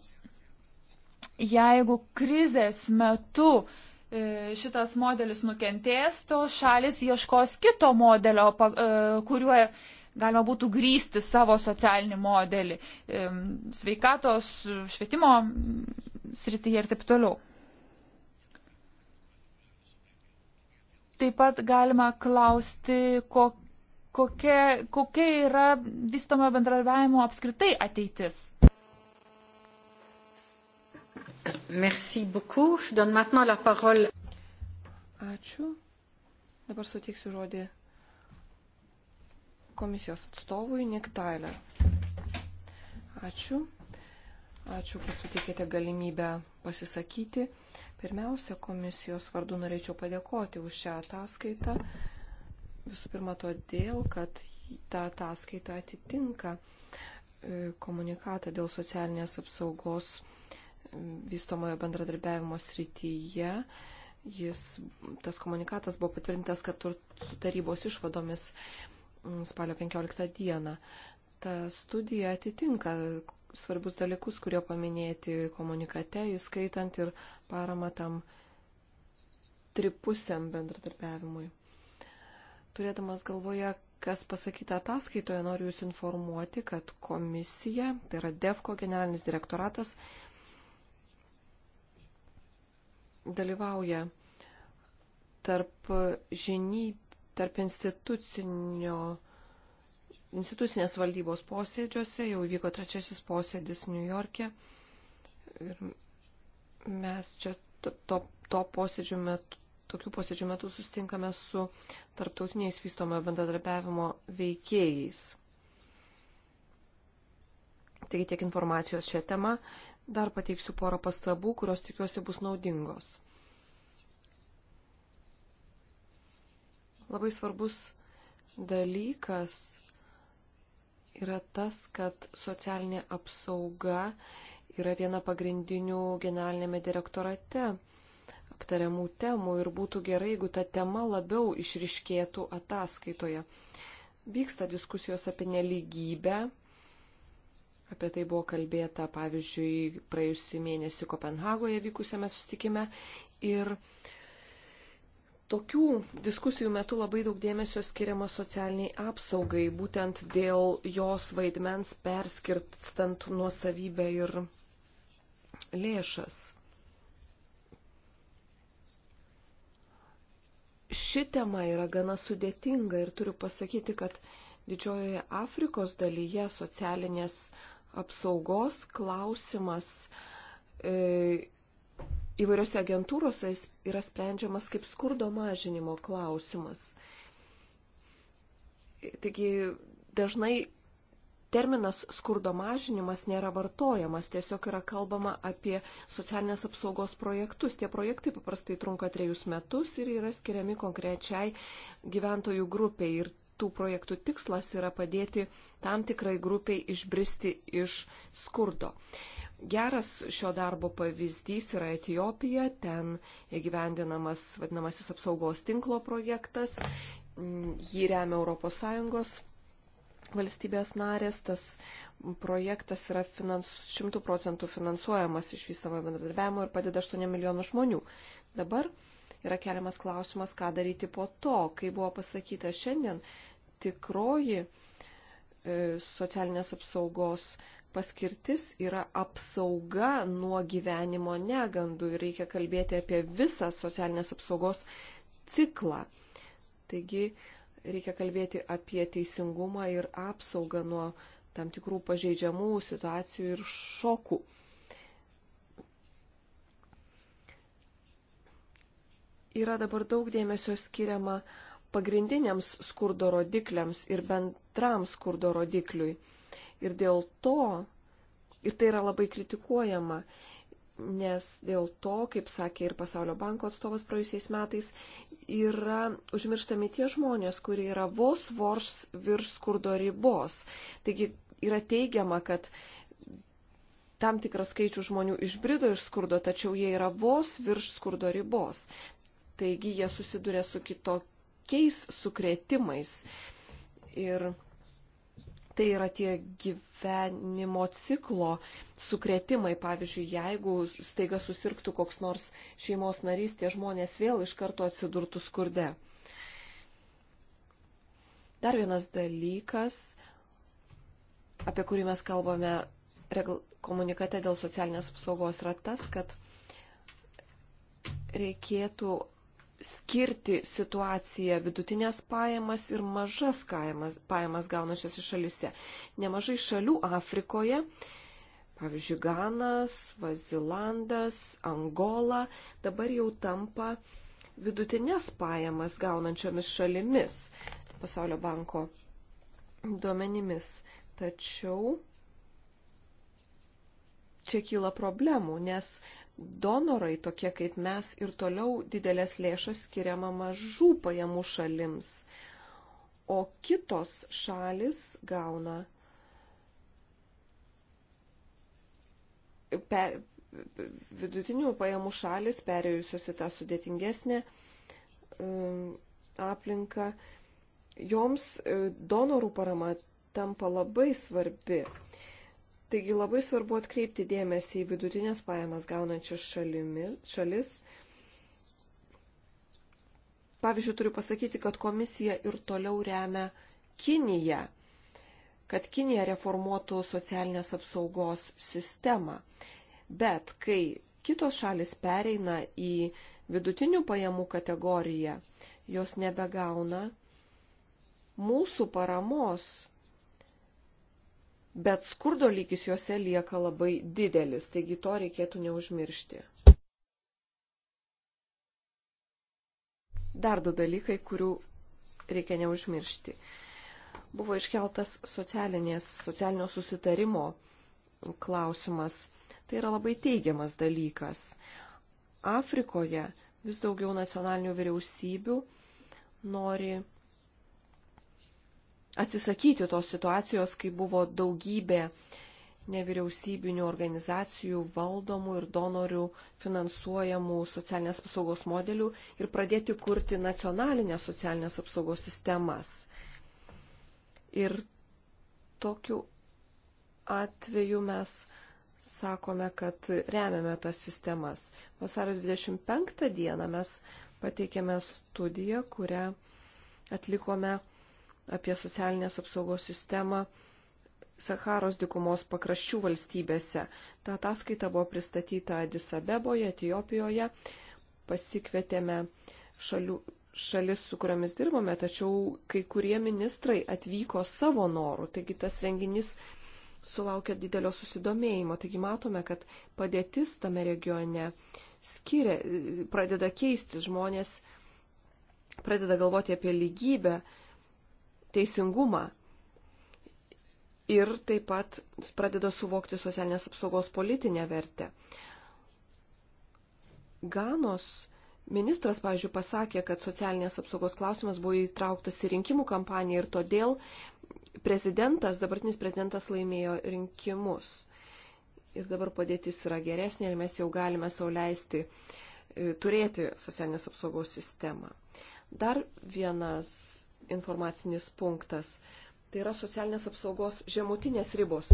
jeigu krizės metu uh, E, šitas modelis nukentės, to šalis ieškos kito modelio, e, kuriuo galima būtų grįsti savo socialinį modelį e, sveikatos, švietimo srityje ir taip toliau. Taip pat galima klausti, kokia, kokia yra vystomo bendradarbiavimo apskritai ateitis. Merci beaucoup. Je donne maintenant la parole. Ačiū. Dabar suteiksiu žodį komisijos atstovui Nick Tyler. Ačiū. Ačiū, kad suteikėte galimybę pasisakyti. Pirmiausia, komisijos vardu norėčiau padėkoti už šią ataskaitą. Visų pirma, todėl, kad ta ataskaita atitinka e, komunikatą dėl socialinės apsaugos vystomojo bendradarbiavimo srityje. Jis, tas komunikatas buvo patvirtintas, kad su tarybos išvadomis mm, spalio 15 dieną. Ta studija atitinka svarbus dalykus, kurie paminėti komunikate, įskaitant ir paramą tam tripusiam bendradarbiavimui. Turėdamas galvoje, kas pasakyta ataskaitoje, noriu Jūs informuoti, kad komisija, tai yra DEFCO generalinis direktoratas, dalyvauja tarp žiny, tarp institucinio, institucinės valdybos posėdžiuose, jau įvyko trečiasis posėdis New York'e. Ir mes čia to, to, to posėdžių metu, tokių posėdžių metu sustinkame su tarptautiniais vystomo bendradarbiavimo veikėjais. Taigi tiek informacijos šią temą. Dar pateiksiu porą pastabų, kurios tikiuosi bus naudingos. Labai svarbus dalykas yra tas, kad socialinė apsauga yra viena pagrindinių generalinėme direktorate aptariamų temų ir būtų gerai, jeigu ta tema labiau išriškėtų ataskaitoje. Vyksta diskusijos apie neligybę, Apie tai buvo kalbėta, pavyzdžiui, praėjusį mėnesį Kopenhagoje vykusiame sustikime. Ir tokių diskusijų metu labai daug dėmesio skiriama socialiniai apsaugai, būtent dėl jos vaidmens perskirstant nuosavybę ir lėšas. Ši tema yra gana sudėtinga ir turiu pasakyti, kad didžiojoje Afrikos dalyje socialinės apsaugos klausimas e, įvairiose agentūrose yra sprendžiamas kaip skurdo mažinimo klausimas. Taigi dažnai terminas skurdo mažinimas nėra vartojamas, tiesiog yra kalbama apie socialinės apsaugos projektus. Tie projektai paprastai trunka trejus metus ir yra skiriami konkrečiai gyventojų grupiai. Ir tų projektų tikslas yra padėti tam tikrai grupiai išbristi iš skurdo. Geras šio darbo pavyzdys yra Etijopija, ten įgyvendinamas vadinamasis apsaugos tinklo projektas, jį remia ES valstybės narės, tas projektas yra finans, 100 procentų finansuojamas iš vystamo bendradarbiavimo ir padeda 8 milijonų žmonių. Dabar yra keliamas klausimas, ką daryti po to, kai buvo pasakyta šiandien, tikroji e, socialinės apsaugos paskirtis yra apsauga nuo gyvenimo negandų ir reikia kalbėti apie visą socialinės apsaugos ciklą. Taigi reikia kalbėti apie teisingumą ir apsaugą nuo tam tikrų pažeidžiamų situacijų ir šokų. Yra dabar daug dėmesio skiriama uh, pagrindiniams skurdo rodikliams ir bendram skurdo rodikliui. Ir dėl to, ir tai yra labai kritikuojama, nes dėl to, kaip sakė ir Pasaulio banko atstovas praėjusiais metais, yra užmirštami tie žmonės, kurie yra vos vors virš skurdo ribos. Taigi yra teigiama, kad tam tikras skaičius žmonių išbrido iš skurdo, tačiau jie yra vos virš skurdo ribos. Taigi jie susiduria su kitokiu sunkiais sukretimais. Ir tai yra tie gyvenimo ciklo sukretimai. Pavyzdžiui, jeigu staiga susirgtų koks nors šeimos narys, tie žmonės vėl iš karto atsidurtų skurde. Dar vienas dalykas, apie kurį mes kalbame komunikate dėl socialinės apsaugos, yra tas, kad reikėtų skirti situaciją vidutinės pajamas ir mažas kaimas, pajamas gaunačiose šalise. Nemažai šalių Afrikoje, pavyzdžiui, Ganas, Vazilandas, Angola, dabar jau tampa vidutinės pajamas gaunančiomis šalimis pasaulio banko duomenimis. Tačiau čia kyla problemų, nes donorai, tokie kaip mes, ir toliau didelės lėšas skiriama mažų pajamų šalims, o kitos šalis gauna per, vidutinių pajamų šalis, perėjusios į tą sudėtingesnę um, aplinką, joms uh, donorų parama tampa labai svarbi. Taigi labai svarbu atkreipti dėmesį į vidutinės pajamas gaunančias šalimis, šalis. Pavyzdžiui, turiu pasakyti, kad komisija ir toliau remia Kiniją, kad Kinija reformuotų socialinės apsaugos sistemą. Bet kai kitos šalis pereina į vidutinių pajamų kategoriją, jos nebegauna mūsų paramos bet skurdo lygis juose lieka labai didelis, taigi to reikėtų neužmiršti. Dar du dalykai, kurių reikia neužmiršti. Buvo iškeltas socialinio susitarimo klausimas. Tai yra labai teigiamas dalykas. Afrikoje vis daugiau nacionalinių vyriausybių nori atsisakyti tos situacijos, kai buvo daugybė nevyriausybinių organizacijų valdomų ir donorių finansuojamų socialinės apsaugos modelių ir pradėti kurti nacionalinę socialinės apsaugos sistemas. Ir tokiu atveju mes sakome, kad remiame tas sistemas. Vasario 25 dieną mes pateikėme studiją, kurią atlikome apie socialinės apsaugos sistemą Saharos dikumos pakraščių valstybėse. Ta ataskaita buvo pristatyta Adisabeboje, Etijopijoje. Pasikvietėme šalių, šalis, su kuriamis dirbome, tačiau kai kurie ministrai atvyko savo norų. Taigi tas renginys sulaukė didelio susidomėjimo. Taigi matome, kad padėtis tame regione skiria, pradeda keistis žmonės, pradeda galvoti apie lygybę, teisingumą ir taip pat pradeda suvokti socialinės apsaugos politinę vertę. Ganos ministras, pavyzdžiui, pasakė, kad socialinės apsaugos klausimas buvo įtrauktas į rinkimų kampaniją ir todėl prezidentas, dabartinis prezidentas laimėjo rinkimus. Ir dabar padėtis yra geresnė ir mes jau galime sauliaisti e, turėti socialinės apsaugos sistemą. Dar vienas informacinis punktas. Tai yra socialinės apsaugos žemutinės ribos.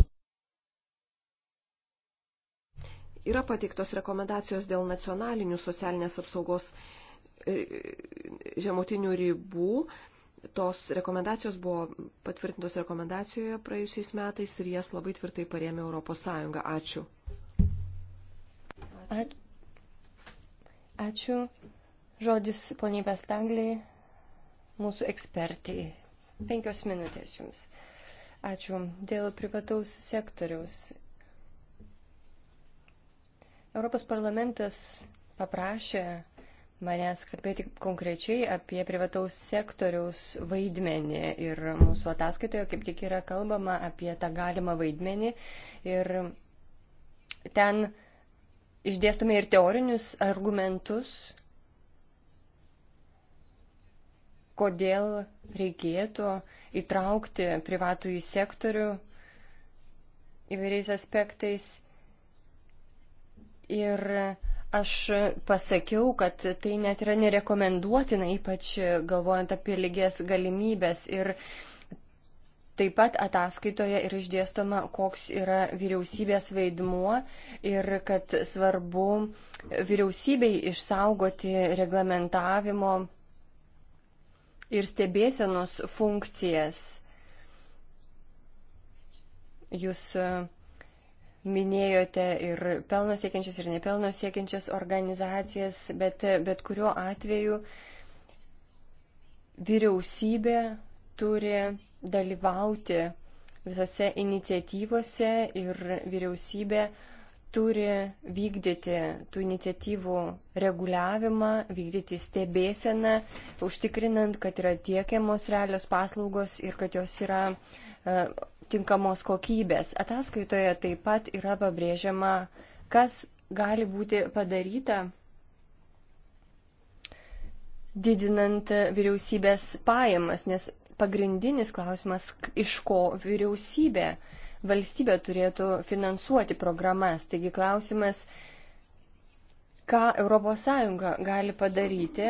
Yra pateiktos rekomendacijos dėl nacionalinių socialinės apsaugos e, žemutinių ribų. Tos rekomendacijos buvo patvirtintos rekomendacijoje praėjusiais metais ir jas labai tvirtai parėmė ES. Ačiū. Ačiū. Ačiū. Žodis poniai Vestangliai mūsų ekspertai. Penkios minutės jums. Ačiū. Dėl privataus sektoriaus. Europos parlamentas paprašė manęs kalbėti konkrečiai apie privataus sektoriaus vaidmenį. Ir mūsų ataskaitoje kaip tik yra kalbama apie tą galimą vaidmenį. Ir ten išdėstume ir teorinius argumentus, kodėl reikėtų įtraukti privatų į sektorių įvairiais aspektais. Ir aš pasakiau, kad tai net yra nerekomenduotina, ypač galvojant apie lygės galimybės. Ir taip pat ataskaitoje yra išdėstoma, koks yra vyriausybės vaidmuo ir kad svarbu vyriausybei išsaugoti reglamentavimo ir stebėsenos funkcijas. Jūs e, minėjote ir pelno siekiančias, ir nepelno siekiančias organizacijas, bet, e, bet kuriuo atveju vyriausybė turi dalyvauti visose iniciatyvose ir vyriausybė uh, turi vykdyti tų iniciatyvų reguliavimą, vykdyti stebėseną, užtikrinant, kad yra tiekiamos realios paslaugos ir kad jos yra e, tinkamos kokybės. Ataskaitoje taip pat yra pabrėžiama, kas gali būti padaryta didinant vyriausybės pajamas, nes pagrindinis klausimas, iš ko vyriausybė uh, valstybė turėtų finansuoti programas. Taigi klausimas, ką ES gali padaryti,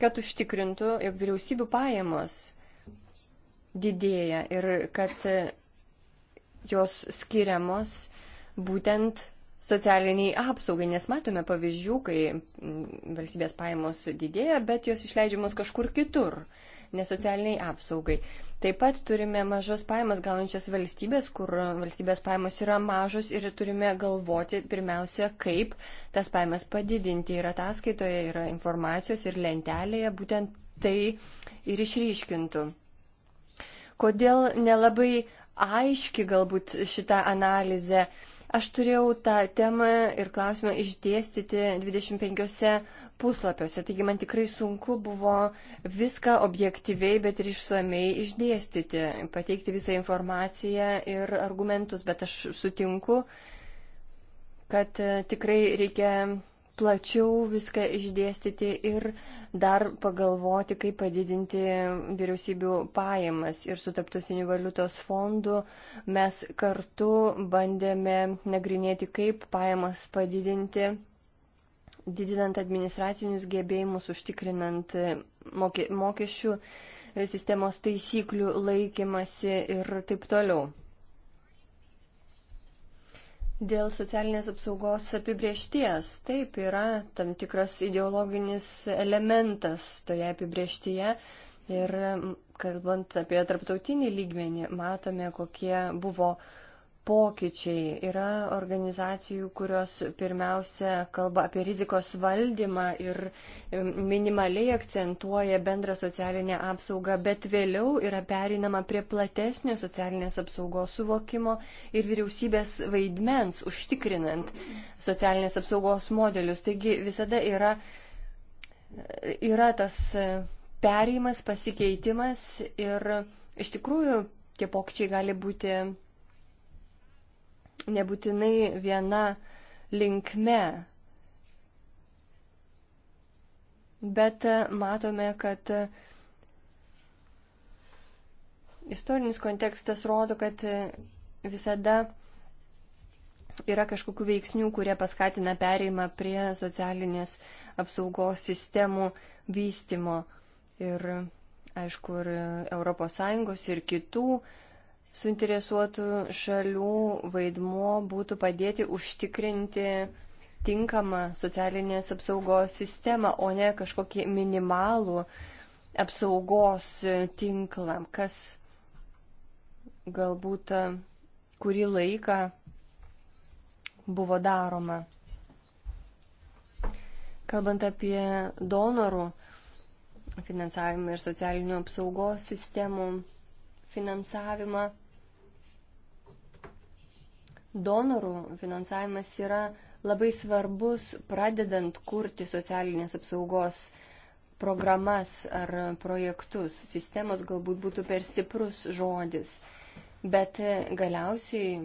kad užtikrintų, jog vyriausybių pajamos didėja ir kad jos skiriamos būtent socialiniai apsaugai, nes matome pavyzdžių, kai valstybės pajamos didėja, bet jos išleidžiamos kažkur kitur nesocialiniai apsaugai. Taip pat turime mažas pajamas gaunančias valstybės, kur valstybės pajamos yra mažos ir turime galvoti pirmiausia, kaip tas pajamas padidinti. Ir ataskaitoje yra informacijos ir lentelėje būtent tai ir išryškintų. Kodėl nelabai aiški galbūt šitą analizę Aš turėjau tą temą ir klausimą išdėstyti 25 puslapiuose, taigi man tikrai sunku buvo viską objektyviai, bet ir išsamei išdėstyti, pateikti visą informaciją ir argumentus, bet aš sutinku, kad e, tikrai reikia plačiau viską išdėstyti ir dar pagalvoti, kaip padidinti vyriausybių pajamas. Ir su Tarptautiniu valiutos fondu mes kartu bandėme nagrinėti, kaip pajamas padidinti, didinant administracinius gebėjimus, užtikrinant mokesčių sistemos taisyklių laikymasi ir taip toliau. Dėl socialinės apsaugos apibriešties. Taip yra tam tikras ideologinis elementas toje apibrieštyje. Ir kalbant apie tarptautinį lygmenį, matome, kokie buvo uh, pokyčiai. Yra organizacijų, kurios pirmiausia kalba apie rizikos valdymą ir minimaliai akcentuoja bendrą socialinę apsaugą, bet vėliau yra perinama prie platesnio socialinės apsaugos suvokimo ir vyriausybės vaidmens užtikrinant socialinės apsaugos modelius. Taigi visada yra, yra tas e, perėjimas, pasikeitimas ir iš tikrųjų tie pokyčiai gali būti nebūtinai viena linkme. Bet e, matome, kad e, istorinis kontekstas rodo, kad e, visada yra kažkokių veiksnių, kurie paskatina pereimą prie socialinės apsaugos sistemų vystimo. Ir aišku, ir ES ir kitų suinteresuotų šalių vaidmuo būtų padėti užtikrinti tinkamą socialinės apsaugos sistemą, o ne kažkokį minimalų apsaugos tinklą, kas galbūt e, kurį laiką buvo daroma. Kalbant apie donorų finansavimą ir socialinių apsaugos sistemų finansavimą, Donorų finansavimas yra labai svarbus, pradedant kurti socialinės apsaugos programas ar projektus. Sistemos galbūt būtų per stiprus žodis, bet galiausiai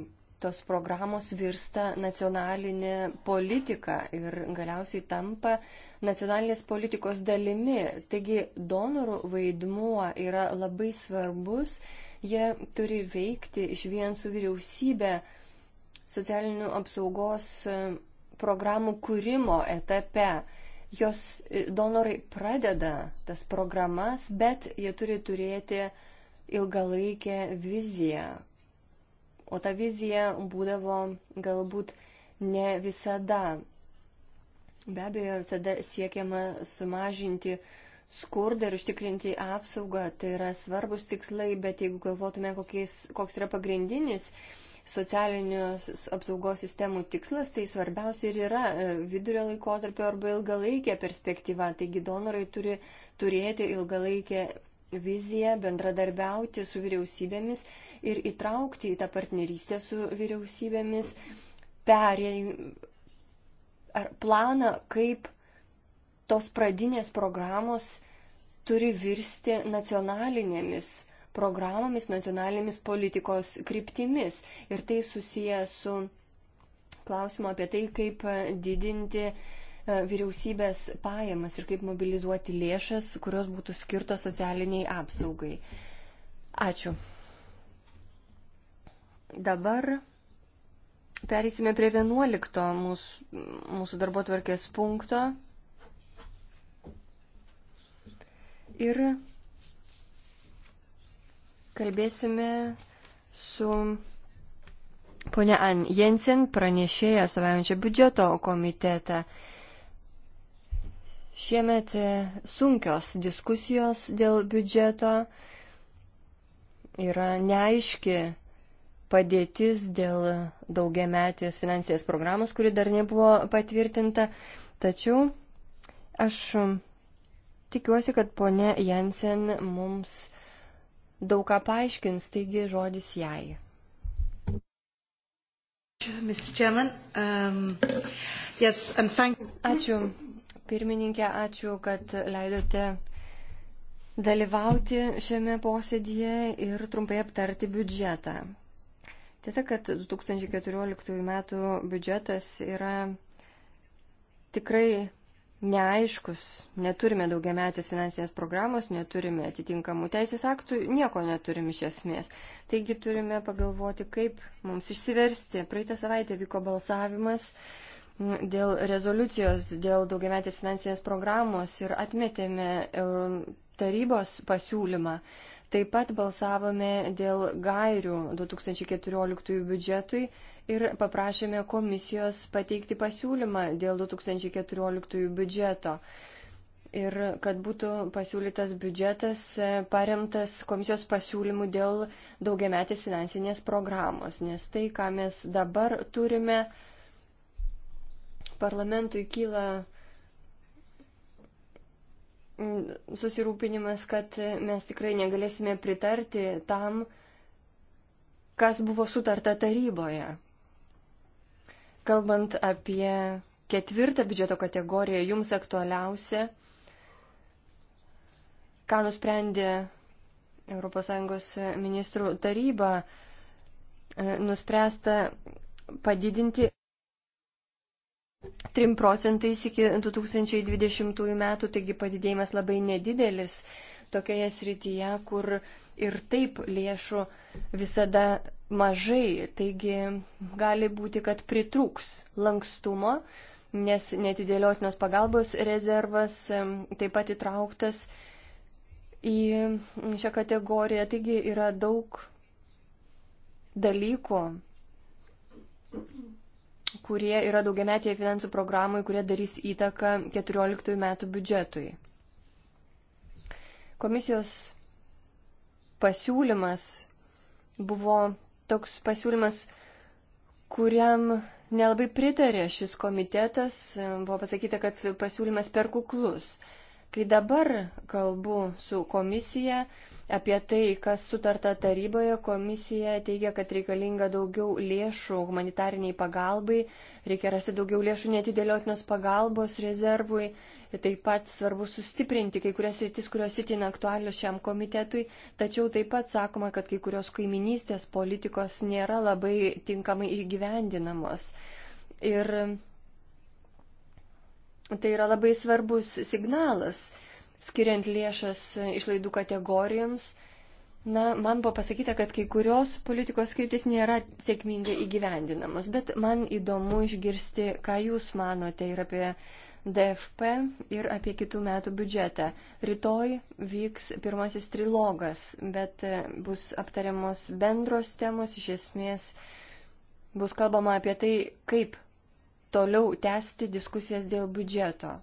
tos programos virsta nacionalinė politika ir galiausiai tampa nacionalinės politikos dalimi. Taigi donorų vaidmuo yra labai svarbus, jie turi veikti iš vien su vyriausybė socialinių apsaugos e, programų kūrimo etape. Jos e, donorai pradeda tas programas, bet jie turi turėti ilgalaikę viziją. O ta vizija būdavo galbūt ne visada. Be abejo, visada siekiama sumažinti skurdą ir užtikrinti apsaugą. Tai yra svarbus tikslai, bet jeigu galvotume, kokiais, koks yra pagrindinis socialinius apsaugos sistemų tikslas, tai svarbiausia ir yra e, vidurio laikotarpio arba ilgalaikė perspektyva. Taigi donorai turi turėti ilgalaikę viziją, bendradarbiauti su vyriausybėmis ir įtraukti į tą partnerystę su vyriausybėmis perėjai ar planą, kaip tos pradinės programos turi virsti nacionalinėmis programomis, nacionalinėmis politikos kryptimis. Ir tai susiję su klausimu apie tai, kaip didinti e, vyriausybės pajamas ir kaip mobilizuoti lėšas, kurios būtų skirtos socialiniai apsaugai. Ačiū. Dabar Perėsime prie 11 mūsų, mūsų darbo tvarkės punkto. Ir kalbėsime su ponia An Jensen, pranešėja savaiminčio biudžeto komitetą. Šiemet e, sunkios diskusijos dėl biudžeto yra neaiški padėtis dėl daugiametės finansinės programos, kuri dar nebuvo patvirtinta. Tačiau aš tikiuosi, kad ponia Jensen mums daug ką paaiškins, taigi žodis jai. Um, ačiū, pirmininkė, ačiū, kad leidote dalyvauti šiame posėdėje ir trumpai aptarti biudžetą. Tiesa, kad 2014 m. biudžetas yra tikrai neaiškus, neturime daugiametės finansinės programos, neturime atitinkamų teisės aktų, nieko neturime iš esmės. Taigi turime pagalvoti, kaip mums išsiversti. Praeitą savaitę vyko balsavimas dėl rezoliucijos, dėl daugiametės finansinės programos ir atmetėme tarybos pasiūlymą. Taip pat balsavome dėl gairių 2014 biudžetui ir paprašėme komisijos pateikti pasiūlymą dėl 2014 biudžeto. Ir kad būtų pasiūlytas biudžetas e, paremtas komisijos pasiūlymų dėl daugiametės finansinės programos, nes tai, ką mes dabar turime, parlamentui kyla mm, susirūpinimas, kad mes tikrai negalėsime pritarti tam, kas buvo sutarta taryboje. Kalbant apie ketvirtą biudžeto kategoriją, jums aktualiausia, ką nusprendė ES ministrų taryba, e, nuspręsta padidinti 3 procentais iki 2020 metų, taigi padidėjimas labai nedidelis tokioje srityje, kur ir taip lėšų visada mažai, taigi gali būti, kad pritrūks lankstumo, nes netidėliotinos pagalbos rezervas taip pat įtrauktas į šią kategoriją. Taigi yra daug dalykų, kurie yra daugiametėje finansų programai, kurie darys įtaką 14 metų biudžetui. Komisijos pasiūlymas buvo toks pasiūlymas, kuriam nelabai pritarė šis komitetas. Buvo pasakyta, kad pasiūlymas per kuklus. Kai dabar kalbu su komisija, apie tai, kas sutarta taryboje. Komisija teigia, kad reikalinga daugiau lėšų humanitariniai pagalbai, reikia rasti daugiau lėšų netidėliotinos pagalbos rezervui. Taip pat svarbu sustiprinti kai kurias rytis, kurios itin aktualios šiam komitetui, tačiau taip pat sakoma, kad kai kurios kaiminystės politikos nėra labai tinkamai įgyvendinamos. Ir Tai yra labai svarbus signalas skiriant lėšas išlaidų kategorijoms. Na, man buvo pasakyta, kad kai kurios politikos kryptis nėra sėkmingai įgyvendinamos, bet man įdomu išgirsti, ką Jūs manote ir apie DFP, ir apie kitų metų biudžetą. Rytoj vyks pirmasis trilogas, bet e, bus aptariamos bendros temos, iš esmės bus kalbama apie tai, kaip toliau tęsti diskusijas dėl biudžeto.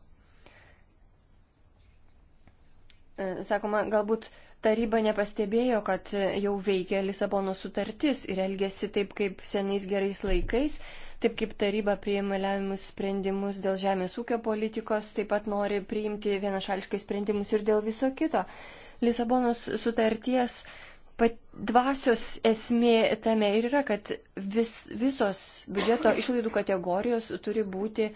sakoma, galbūt taryba nepastebėjo, kad jau veikia Lisabono sutartis ir elgėsi taip kaip senais gerais laikais, taip kaip taryba priima lemiamus sprendimus dėl žemės ūkio politikos, taip pat nori priimti vienašališkai sprendimus ir dėl viso kito. Lisabonos sutarties uh, Pat dvasios esmė tame ir yra, kad vis, visos biudžeto išlaidų kategorijos turi būti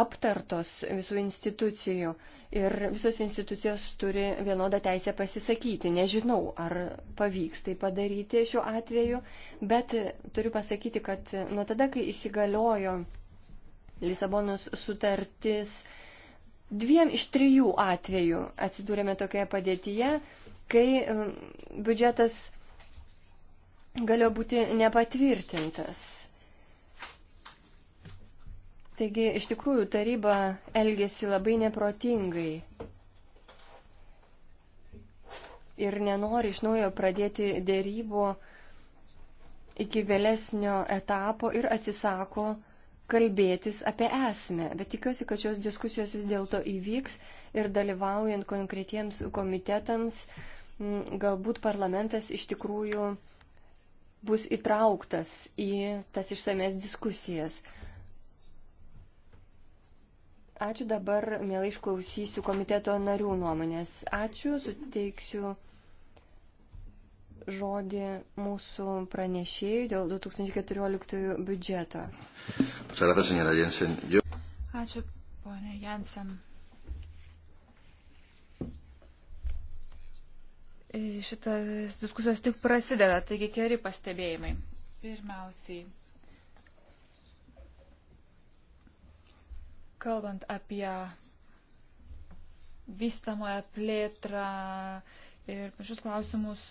aptartos visų institucijų ir visos institucijos turi vienodą teisę pasisakyti. Nežinau, ar pavyks tai padaryti šiuo atveju, bet turiu pasakyti, kad nuo tada, kai įsigaliojo Lisabonos sutartis, dviem iš trijų atvejų atsidūrėme tokioje padėtyje kai biudžetas galėjo būti nepatvirtintas. Taigi, iš tikrųjų, taryba elgėsi labai neprotingai ir nenori iš naujo pradėti dėrybų iki vėlesnio etapo ir atsisako kalbėtis apie esmę. Bet tikiuosi, kad šios diskusijos vis dėlto įvyks ir dalyvaujant konkretiems komitetams uh, Mm, galbūt parlamentas iš tikrųjų bus įtrauktas į tas išsames diskusijas. Ačiū dabar, mielai išklausysiu komiteto narių nuomonės. Ačiū, suteiksiu žodį mūsų pranešėjui dėl 2014 biudžeto. Ačiū, ponė Jensen. E, šitas diskusijos tik prasideda, taigi keli pastebėjimai. Pirmiausiai, kalbant apie vystamoją plėtrą ir pačius klausimus,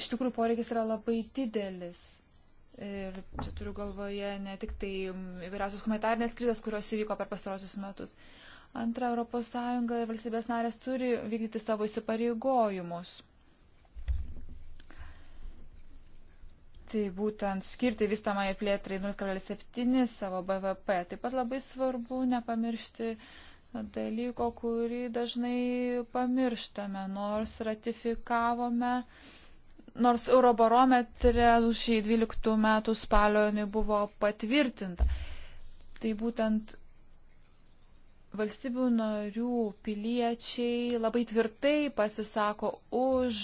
iš tikrųjų poreikis yra labai didelis. Ir čia turiu galvoje ne tik tai įvairiausios humanitarnės krizės, kurios įvyko per pastarosius metus. Antra, ES ir valstybės narės turi vykdyti savo įsipareigojimus. Tai būtent skirti vystamai plėtrai 0,7 savo BVP. Taip pat labai svarbu nepamiršti dalyko, kurį dažnai pamirštame, nors ratifikavome, nors Eurobarometre už šį 12 metų spalio jinai buvo patvirtinta. Tai būtent valstybių narių piliečiai labai tvirtai pasisako už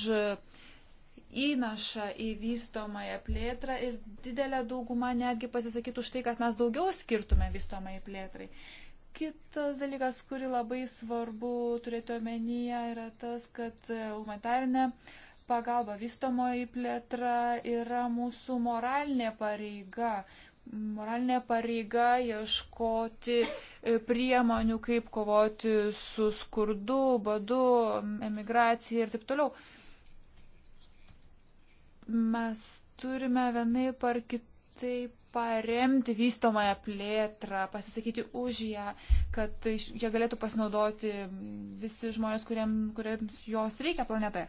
įnašą į vystomąją plėtrą ir didelė dauguma netgi pasisakytų už tai, kad mes daugiau skirtume vystomąją plėtrai. Kitas dalykas, kurį labai svarbu turėti omenyje, yra tas, kad humanitarinė pagalba vystomoji plėtra yra mūsų moralinė pareiga, moralinė pareiga ieškoti e, priemonių, kaip kovoti su skurdu, badu, emigracija ir taip toliau. Mes turime vienai par kitaip paremti vystomąją plėtrą, pasisakyti už ją, kad jie galėtų pasinaudoti visi žmonės, kuriems, kuriems jos reikia planetoje.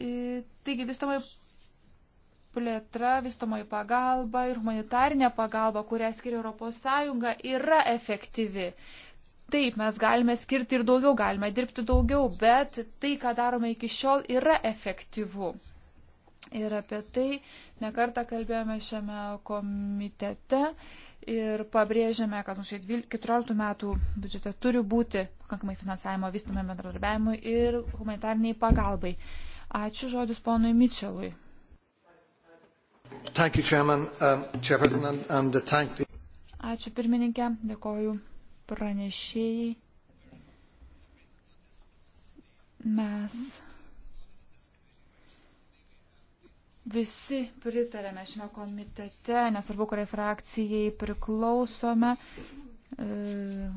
E, taigi vystomai plėtra, vystomoji pagalba ir humanitarinė pagalba, kurią skiria ES, yra efektyvi. Taip, mes galime skirti ir daugiau, galime dirbti daugiau, bet tai, ką darome iki šiol, yra efektyvu. Ir apie tai nekartą kalbėjome šiame komitete ir pabrėžėme, kad nuo 2014 metų biudžete turi būti pakankamai finansavimo vystamai bendradarbiavimui ir humanitarniai pagalbai. Ačiū žodis ponui Mičelui. Thank you, Chairman, um, Chairperson, and, and uh, thank the... Ačiū pirmininkė, dėkoju pranešėjai. Mes visi pritarėme šiame komitete, nesvarbu, kuriai frakcijai priklausome. E,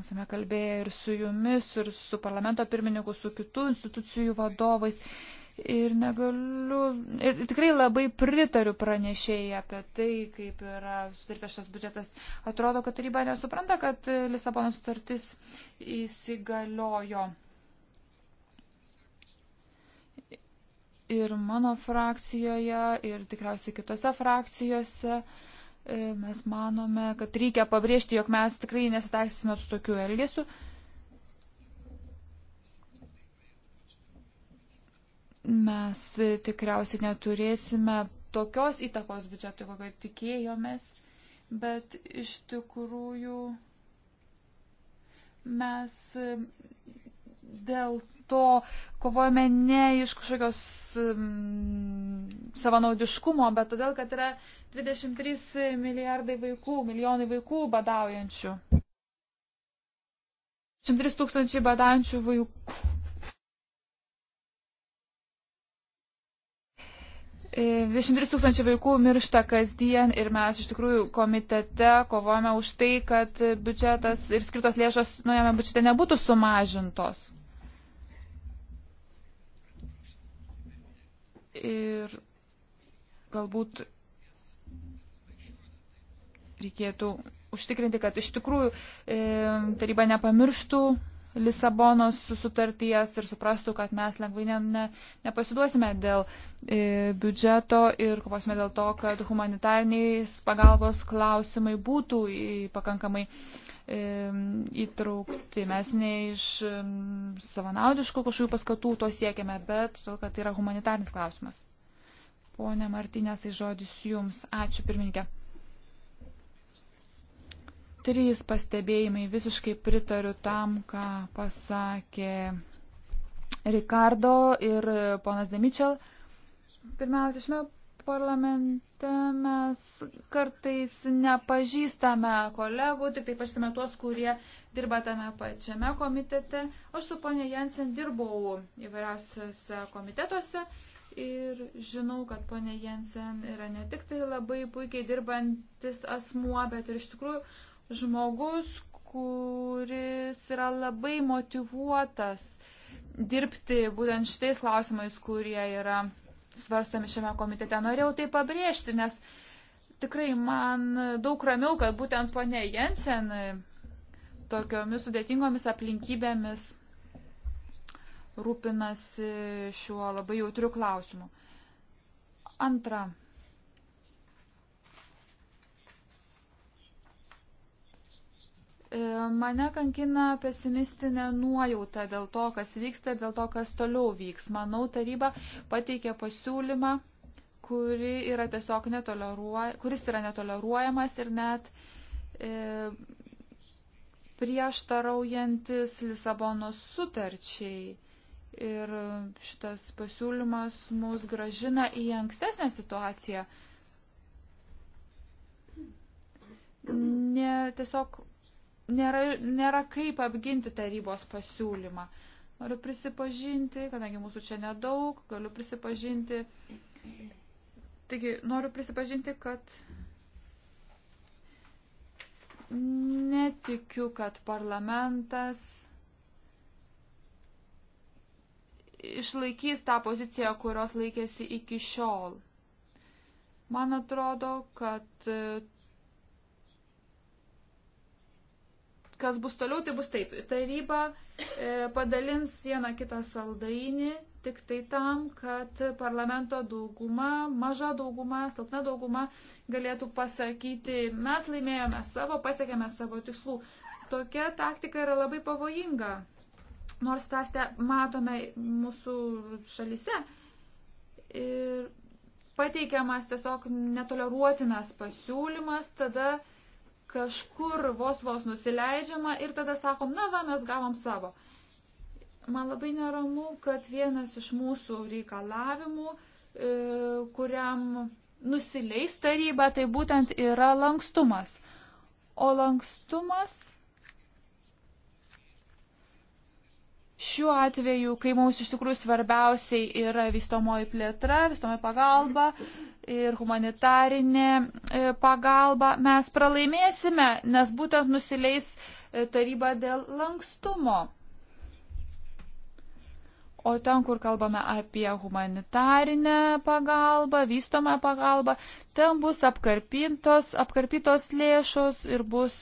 esame kalbėję ir su jumis, ir su parlamento pirmininku, su kitų institucijų vadovais ir negaliu, ir tikrai labai pritariu pranešėjai apie tai, kaip yra sudarytas šis biudžetas. Atrodo, kad taryba nesupranta, kad Lisabono sutartis įsigaliojo. Ir mano frakcijoje, ir tikriausiai kitose frakcijose e, mes manome, kad reikia pabrėžti, jog mes tikrai nesitaiksime su tokiu elgesiu. mes tikriausiai neturėsime tokios įtakos biudžetui, kokią tikėjomės, bet iš tikrųjų mes dėl to kovojame ne iš kažkokios um, savanaudiškumo, bet todėl, kad yra 23 milijardai vaikų, milijonai vaikų badaujančių. 103 tūkstančiai badaujančių vaikų. 23 tūkstančių vaikų miršta kasdien ir mes iš tikrųjų komitete kovojame už tai, kad biudžetas ir skirtos lėšos nuėjame biudžete nebūtų sumažintos. Ir galbūt reikėtų užtikrinti, kad iš tikrųjų e, taryba nepamirštų Lisabonos sutarties ir suprastų, kad mes lengvai ne, ne, nepasiduosime dėl e, biudžeto ir kovosime dėl to, kad humanitarniais pagalbos klausimai būtų pakankamai e, įtraukti. Mes ne iš e, savanaudiškų kažkokių paskatų to siekiame, bet to, kad tai yra humanitarnis klausimas. Pone Martinės, tai žodis jums. Ačiū pirmininkė. Trys pastebėjimai, visiškai pritariu tam, ką pasakė Ricardo ir ponas Demičel. Pirmiausia, šiame parlamente mes kartais nepažįstame kolegų, tik tai pažįstame tuos, kurie dirba tame pačiame komitete. Aš su ponė Jensen dirbau įvairiausiose komitetuose ir žinau, kad ponė Jensen yra ne tik tai labai puikiai dirbantis asmuo, bet ir iš tikrųjų žmogus, kuris yra labai motivuotas dirbti būtent šitais klausimais, kurie yra svarstami šiame komitete. Norėjau tai pabrėžti, nes tikrai man daug ramiau, kad būtent ponė Jensen tokiomis sudėtingomis aplinkybėmis rūpinasi šiuo labai jautriu klausimu. Antra, E, mane kankina pesimistinė nuojauta dėl to, kas vyksta ir dėl to, kas toliau vyks. Manau, taryba pateikė pasiūlymą, kuri yra tiesiog kuris yra netoleruojamas ir net e, prieštaraujantis Lisabonos sutarčiai. Ir šitas pasiūlymas mus gražina į ankstesnę situaciją. Ne, tiesiog nėra, nėra kaip apginti tarybos pasiūlymą. Noriu prisipažinti, kadangi mūsų čia nedaug, galiu prisipažinti. Taigi, noriu prisipažinti, kad netikiu, kad parlamentas išlaikys tą poziciją, kurios laikėsi iki šiol. Man atrodo, kad kas bus toliau, tai bus taip. Taryba e, padalins vieną kitą saldainį tik tai tam, kad parlamento dauguma, maža dauguma, silpna dauguma galėtų pasakyti, mes laimėjome savo, pasiekėme savo tikslų. Tokia taktika yra labai pavojinga. Nors tą matome mūsų šalise. Ir pateikiamas tiesiog netoleruotinas pasiūlymas, tada kažkur vos vos nusileidžiama ir tada sakom, na va, mes gavom savo. Man labai neramu, kad vienas iš mūsų reikalavimų, e, kuriam nusileis taryba, tai būtent yra lankstumas. O lankstumas šiuo atveju, kai mums iš tikrųjų svarbiausiai yra vystomoji plėtra, vystomoji pagalba, ir humanitarinė e, pagalba, mes pralaimėsime, nes būtent nusileis e, taryba dėl lankstumo. O ten, kur kalbame apie humanitarinę pagalbą, vystomą pagalbą, ten bus apkarpintos, apkarpytos lėšos ir bus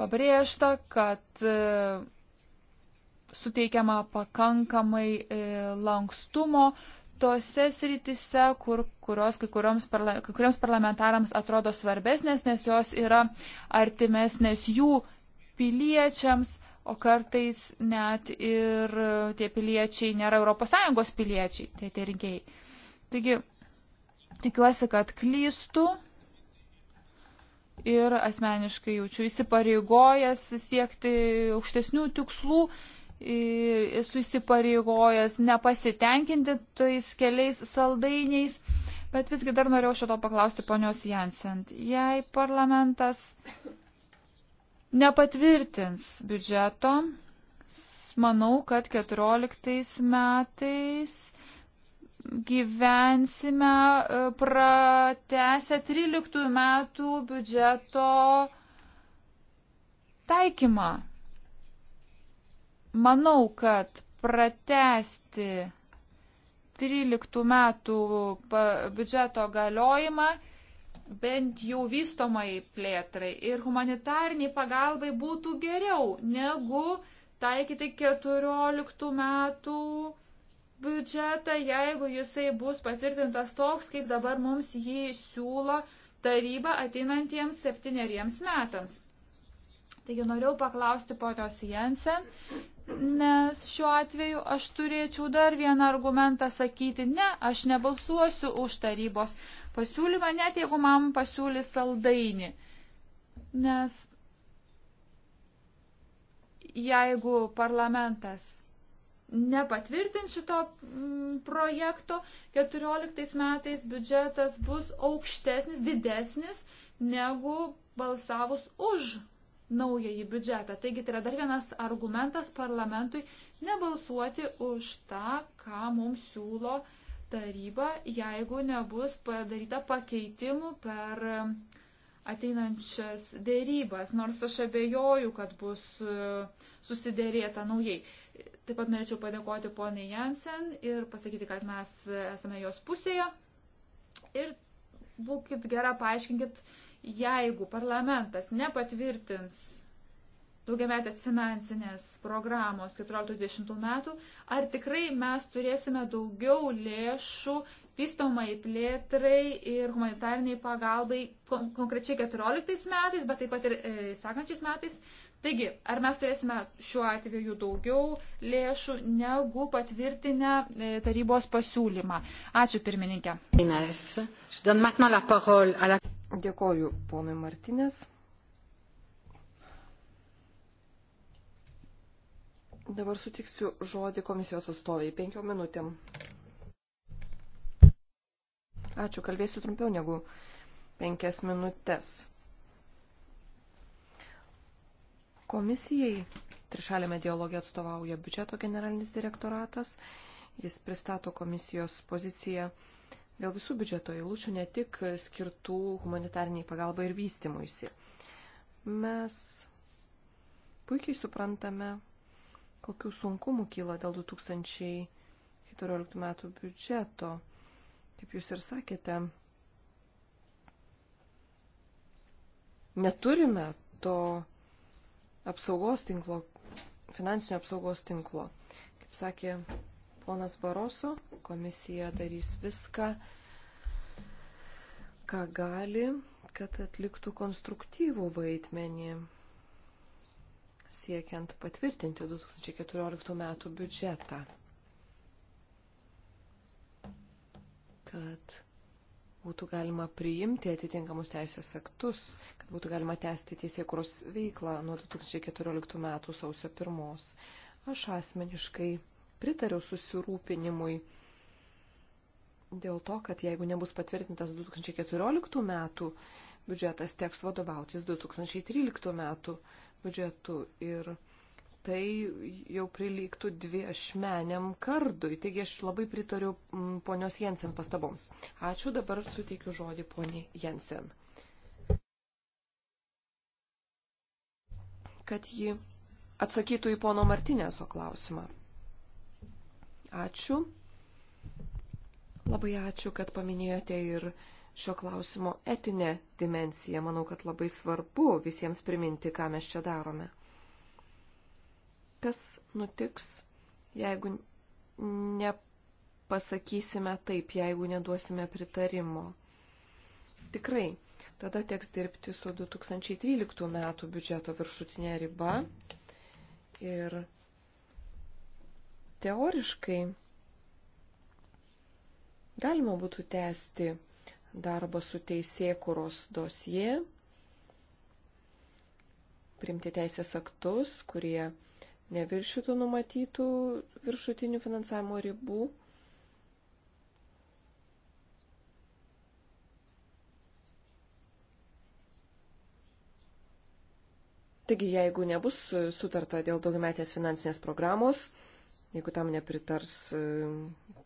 pabrėžta, kad e, suteikiama pakankamai lankstumo, tose sritise, kur, kurios kai, parla, kai kuriems parlamentarams atrodo svarbesnės, nes jos yra artimesnės jų piliečiams, o kartais net ir tie piliečiai nėra ES piliečiai, tai tie rinkėjai. Taigi, tikiuosi, kad klystu ir asmeniškai jaučiu įsipareigojęs siekti aukštesnių tikslų esu įsipareigojęs nepasitenkinti tais keliais saldainiais, bet visgi dar norėjau šito paklausti ponios Jansent. Jei parlamentas nepatvirtins biudžeto, manau, kad 14 metais gyvensime e, pratęsę 13 metų biudžeto taikymą. Manau, kad pratesti 13 metų biudžeto galiojimą bent jau vystomai plėtrai ir humanitarniai pagalbai būtų geriau negu taikyti 14 metų biudžetą, jeigu jisai bus patvirtintas toks, kaip dabar mums jį siūlo taryba ateinantiems septyneriems metams. Taigi norėjau paklausti ponios Jensen, nes šiuo atveju aš turėčiau dar vieną argumentą sakyti, ne, aš nebalsuosiu už tarybos pasiūlymą, net jeigu man pasiūlys saldainį. Nes jeigu parlamentas nepatvirtins šito mm, projekto, 14 metais biudžetas bus aukštesnis, didesnis negu balsavus už naująjį biudžetą. Taigi tai yra dar vienas argumentas parlamentui nebalsuoti už tą, ką mums siūlo taryba, jeigu nebus padaryta pakeitimų per ateinančias dėrybas, nors aš abejoju, kad bus e, susidėrėta naujai. Taip pat norėčiau padėkoti poniai Jansen ir pasakyti, kad mes esame jos pusėje. Ir būkite gera, paaiškinkit, Jeigu parlamentas nepatvirtins daugiametės finansinės programos 14-20 metų, ar tikrai mes turėsime daugiau lėšų vystomai plėtrai ir humanitariniai pagalbai kon konkrečiai 14 metais, bet taip pat ir e, sekančiais metais. Taigi, ar mes turėsime šiuo atveju daugiau lėšų negu patvirtinę e, tarybos pasiūlymą? Ačiū pirmininkė. Ines, Dėkoju ponui Martinės. Dabar sutiksiu žodį komisijos atstoviai penkiom minutėm. Ačiū, kalbėsiu trumpiau negu penkias minutės. Komisijai trišalėme dialogė atstovauja biudžeto generalinis direktoratas. Jis pristato komisijos poziciją dėl visų biudžeto eilučių, ne tik skirtų humanitariniai pagalbai ir vystimuisi. Mes puikiai suprantame, kokių sunkumų kyla dėl 2014 metų biudžeto. Kaip jūs ir sakėte, neturime to apsaugos tinklo, finansinio apsaugos tinklo. Kaip sakė ponas Baroso, komisija darys viską, ką gali, kad atliktų konstruktyvų vaidmenį siekiant patvirtinti 2014 metų biudžetą. Kad būtų galima priimti atitinkamus teisės aktus, kad būtų galima tęsti teisėkuros veiklą nuo 2014 metų sausio 1. Aš asmeniškai pritariu susirūpinimui dėl to, kad jeigu nebus patvirtintas 2014 metų biudžetas, teks vadovautis 2013 metų biudžetu. Ir tai jau prilygtų dviešmeniam kardui. Taigi aš labai pritariu mm, ponios Jensen pastaboms. Ačiū, dabar suteikiu žodį poniai Jensen. Kad ji atsakytų į pono Martinėso klausimą. Ačiū. Labai ačiū, kad paminėjote ir šio klausimo etinę dimensiją. Manau, kad labai svarbu visiems priminti, ką mes čia darome. Kas nutiks, jeigu nepasakysime taip, jeigu neduosime pritarimo? Tikrai, tada teks dirbti su 2013 metų biudžeto viršutinė riba ir Teoriškai galima būtų tęsti darbą su teisėkuros dosie, primti teisės aktus, kurie neviršytų numatytų viršutinių finansavimo ribų. Taigi, jeigu nebus sutarta dėl daugiametės finansinės programos, Jeigu tam nepritars e,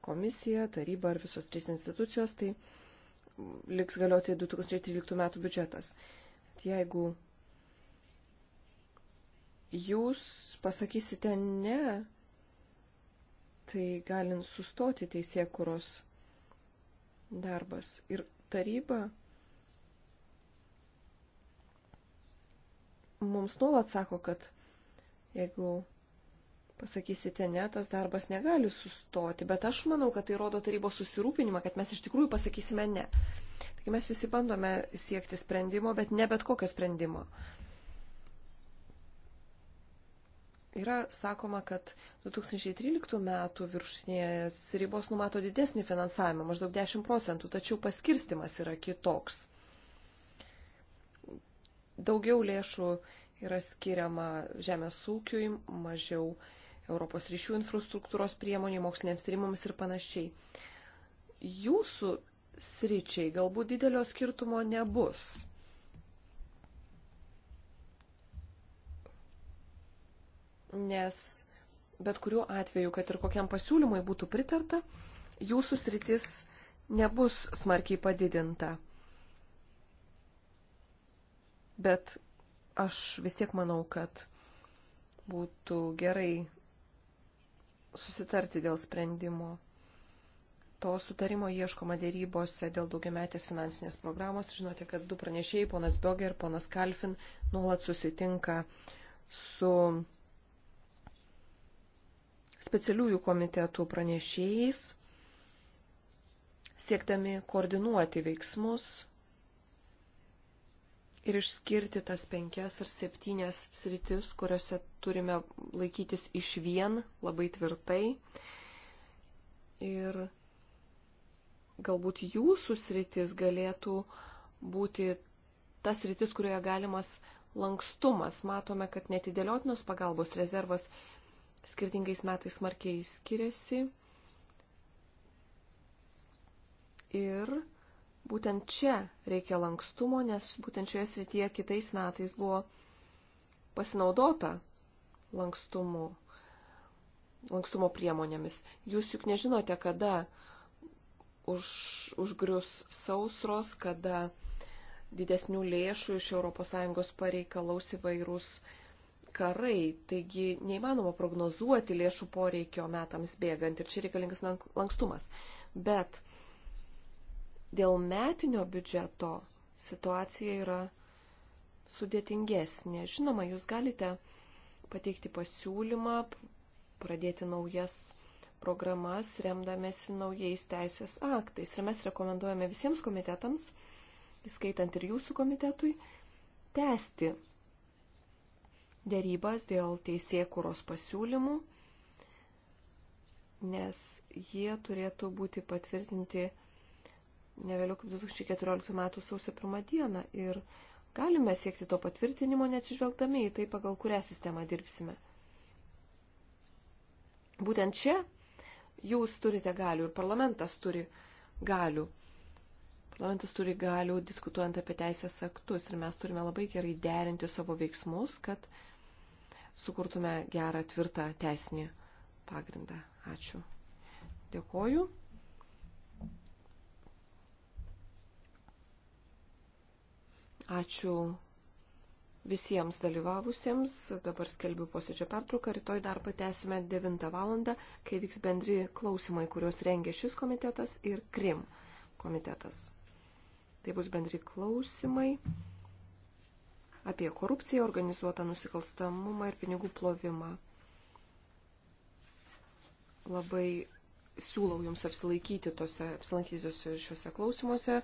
komisija, taryba ar visos trys institucijos, tai liks galioti 2013 metų biudžetas. Jeigu jūs pasakysite ne, tai galint sustoti teisėkuros darbas. Ir taryba mums nuolat sako, kad jeigu pasakysite, ne, tas darbas negali sustoti, bet aš manau, kad tai rodo tarybos susirūpinimą, kad mes iš tikrųjų pasakysime ne. Taigi mes visi bandome siekti sprendimo, bet ne bet kokio sprendimo. Yra sakoma, kad 2013 metų viršutinės ribos numato didesnį finansavimą, maždaug 10 procentų, tačiau paskirstimas yra kitoks. Daugiau lėšų yra skiriama žemės ūkiui, mažiau Europos ryšių infrastruktūros priemonė, moksliniams tyrimams ir panašiai. Jūsų sričiai galbūt didelio skirtumo nebus. Nes bet kuriuo atveju, kad ir kokiam pasiūlymui būtų pritarta, jūsų sritis nebus smarkiai padidinta. Bet aš vis tiek manau, kad būtų gerai susitarti dėl sprendimo. To sutarimo ieškoma dėrybose dėl daugiametės finansinės programos. Žinote, kad du pranešėjai, ponas Bioger ir ponas Kalfin, nuolat susitinka su specialiųjų komitetų pranešėjais, siekdami koordinuoti veiksmus ir išskirti tas penkias ar septynias sritis, kuriuose turime laikytis iš vien labai tvirtai. Ir galbūt jūsų sritis galėtų būti tas sritis, kurioje galimas lankstumas. Matome, kad netidėliotinos pagalbos rezervas skirtingais metais smarkiai skiriasi. Ir Būtent čia reikia lankstumo, nes būtent šioje srityje kitais metais buvo pasinaudota lankstumu, lankstumo priemonėmis. Jūs juk nežinote, kada už, užgrius sausros, kada didesnių lėšų iš ES pareikalaus įvairūs karai, taigi neįmanoma prognozuoti lėšų poreikio metams bėgant ir čia reikalingas lankstumas. Bet Dėl metinio biudžeto situacija yra sudėtingesnė. Žinoma, jūs galite pateikti pasiūlymą, pradėti naujas programas, remdamėsi naujais teisės aktais. Ir mes rekomenduojame visiems komitetams, įskaitant ir jūsų komitetui, tęsti dėrybas dėl teisėkuros pasiūlymų, nes jie turėtų būti patvirtinti ne vėliau kaip 2014 m. sausio 1 dieną ir galime siekti to patvirtinimo neatsižvelgdami į tai, pagal kurią sistemą dirbsime. Būtent čia jūs turite galių ir parlamentas turi galių. Parlamentas turi galių diskutuojant apie teisės aktus ir mes turime labai gerai derinti savo veiksmus, kad sukurtume gerą, tvirtą teisinį pagrindą. Ačiū. Dėkoju. Ačiū visiems dalyvavusiems. Dabar skelbiu posėdžio pertrauką. Rytoj darbą tęsime 9 val. kai vyks bendri klausimai, kuriuos rengia šis komitetas ir Krim komitetas. Tai bus bendri klausimai apie korupciją, organizuotą nusikalstamumą ir pinigų plovimą. Labai siūlau Jums apsilaikyti tose, apsilankyti šiuose klausimuose.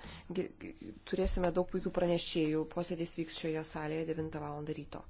Turėsime daug puikių pranešėjų. Posėdis vyks šioje salėje 9 val. ryto.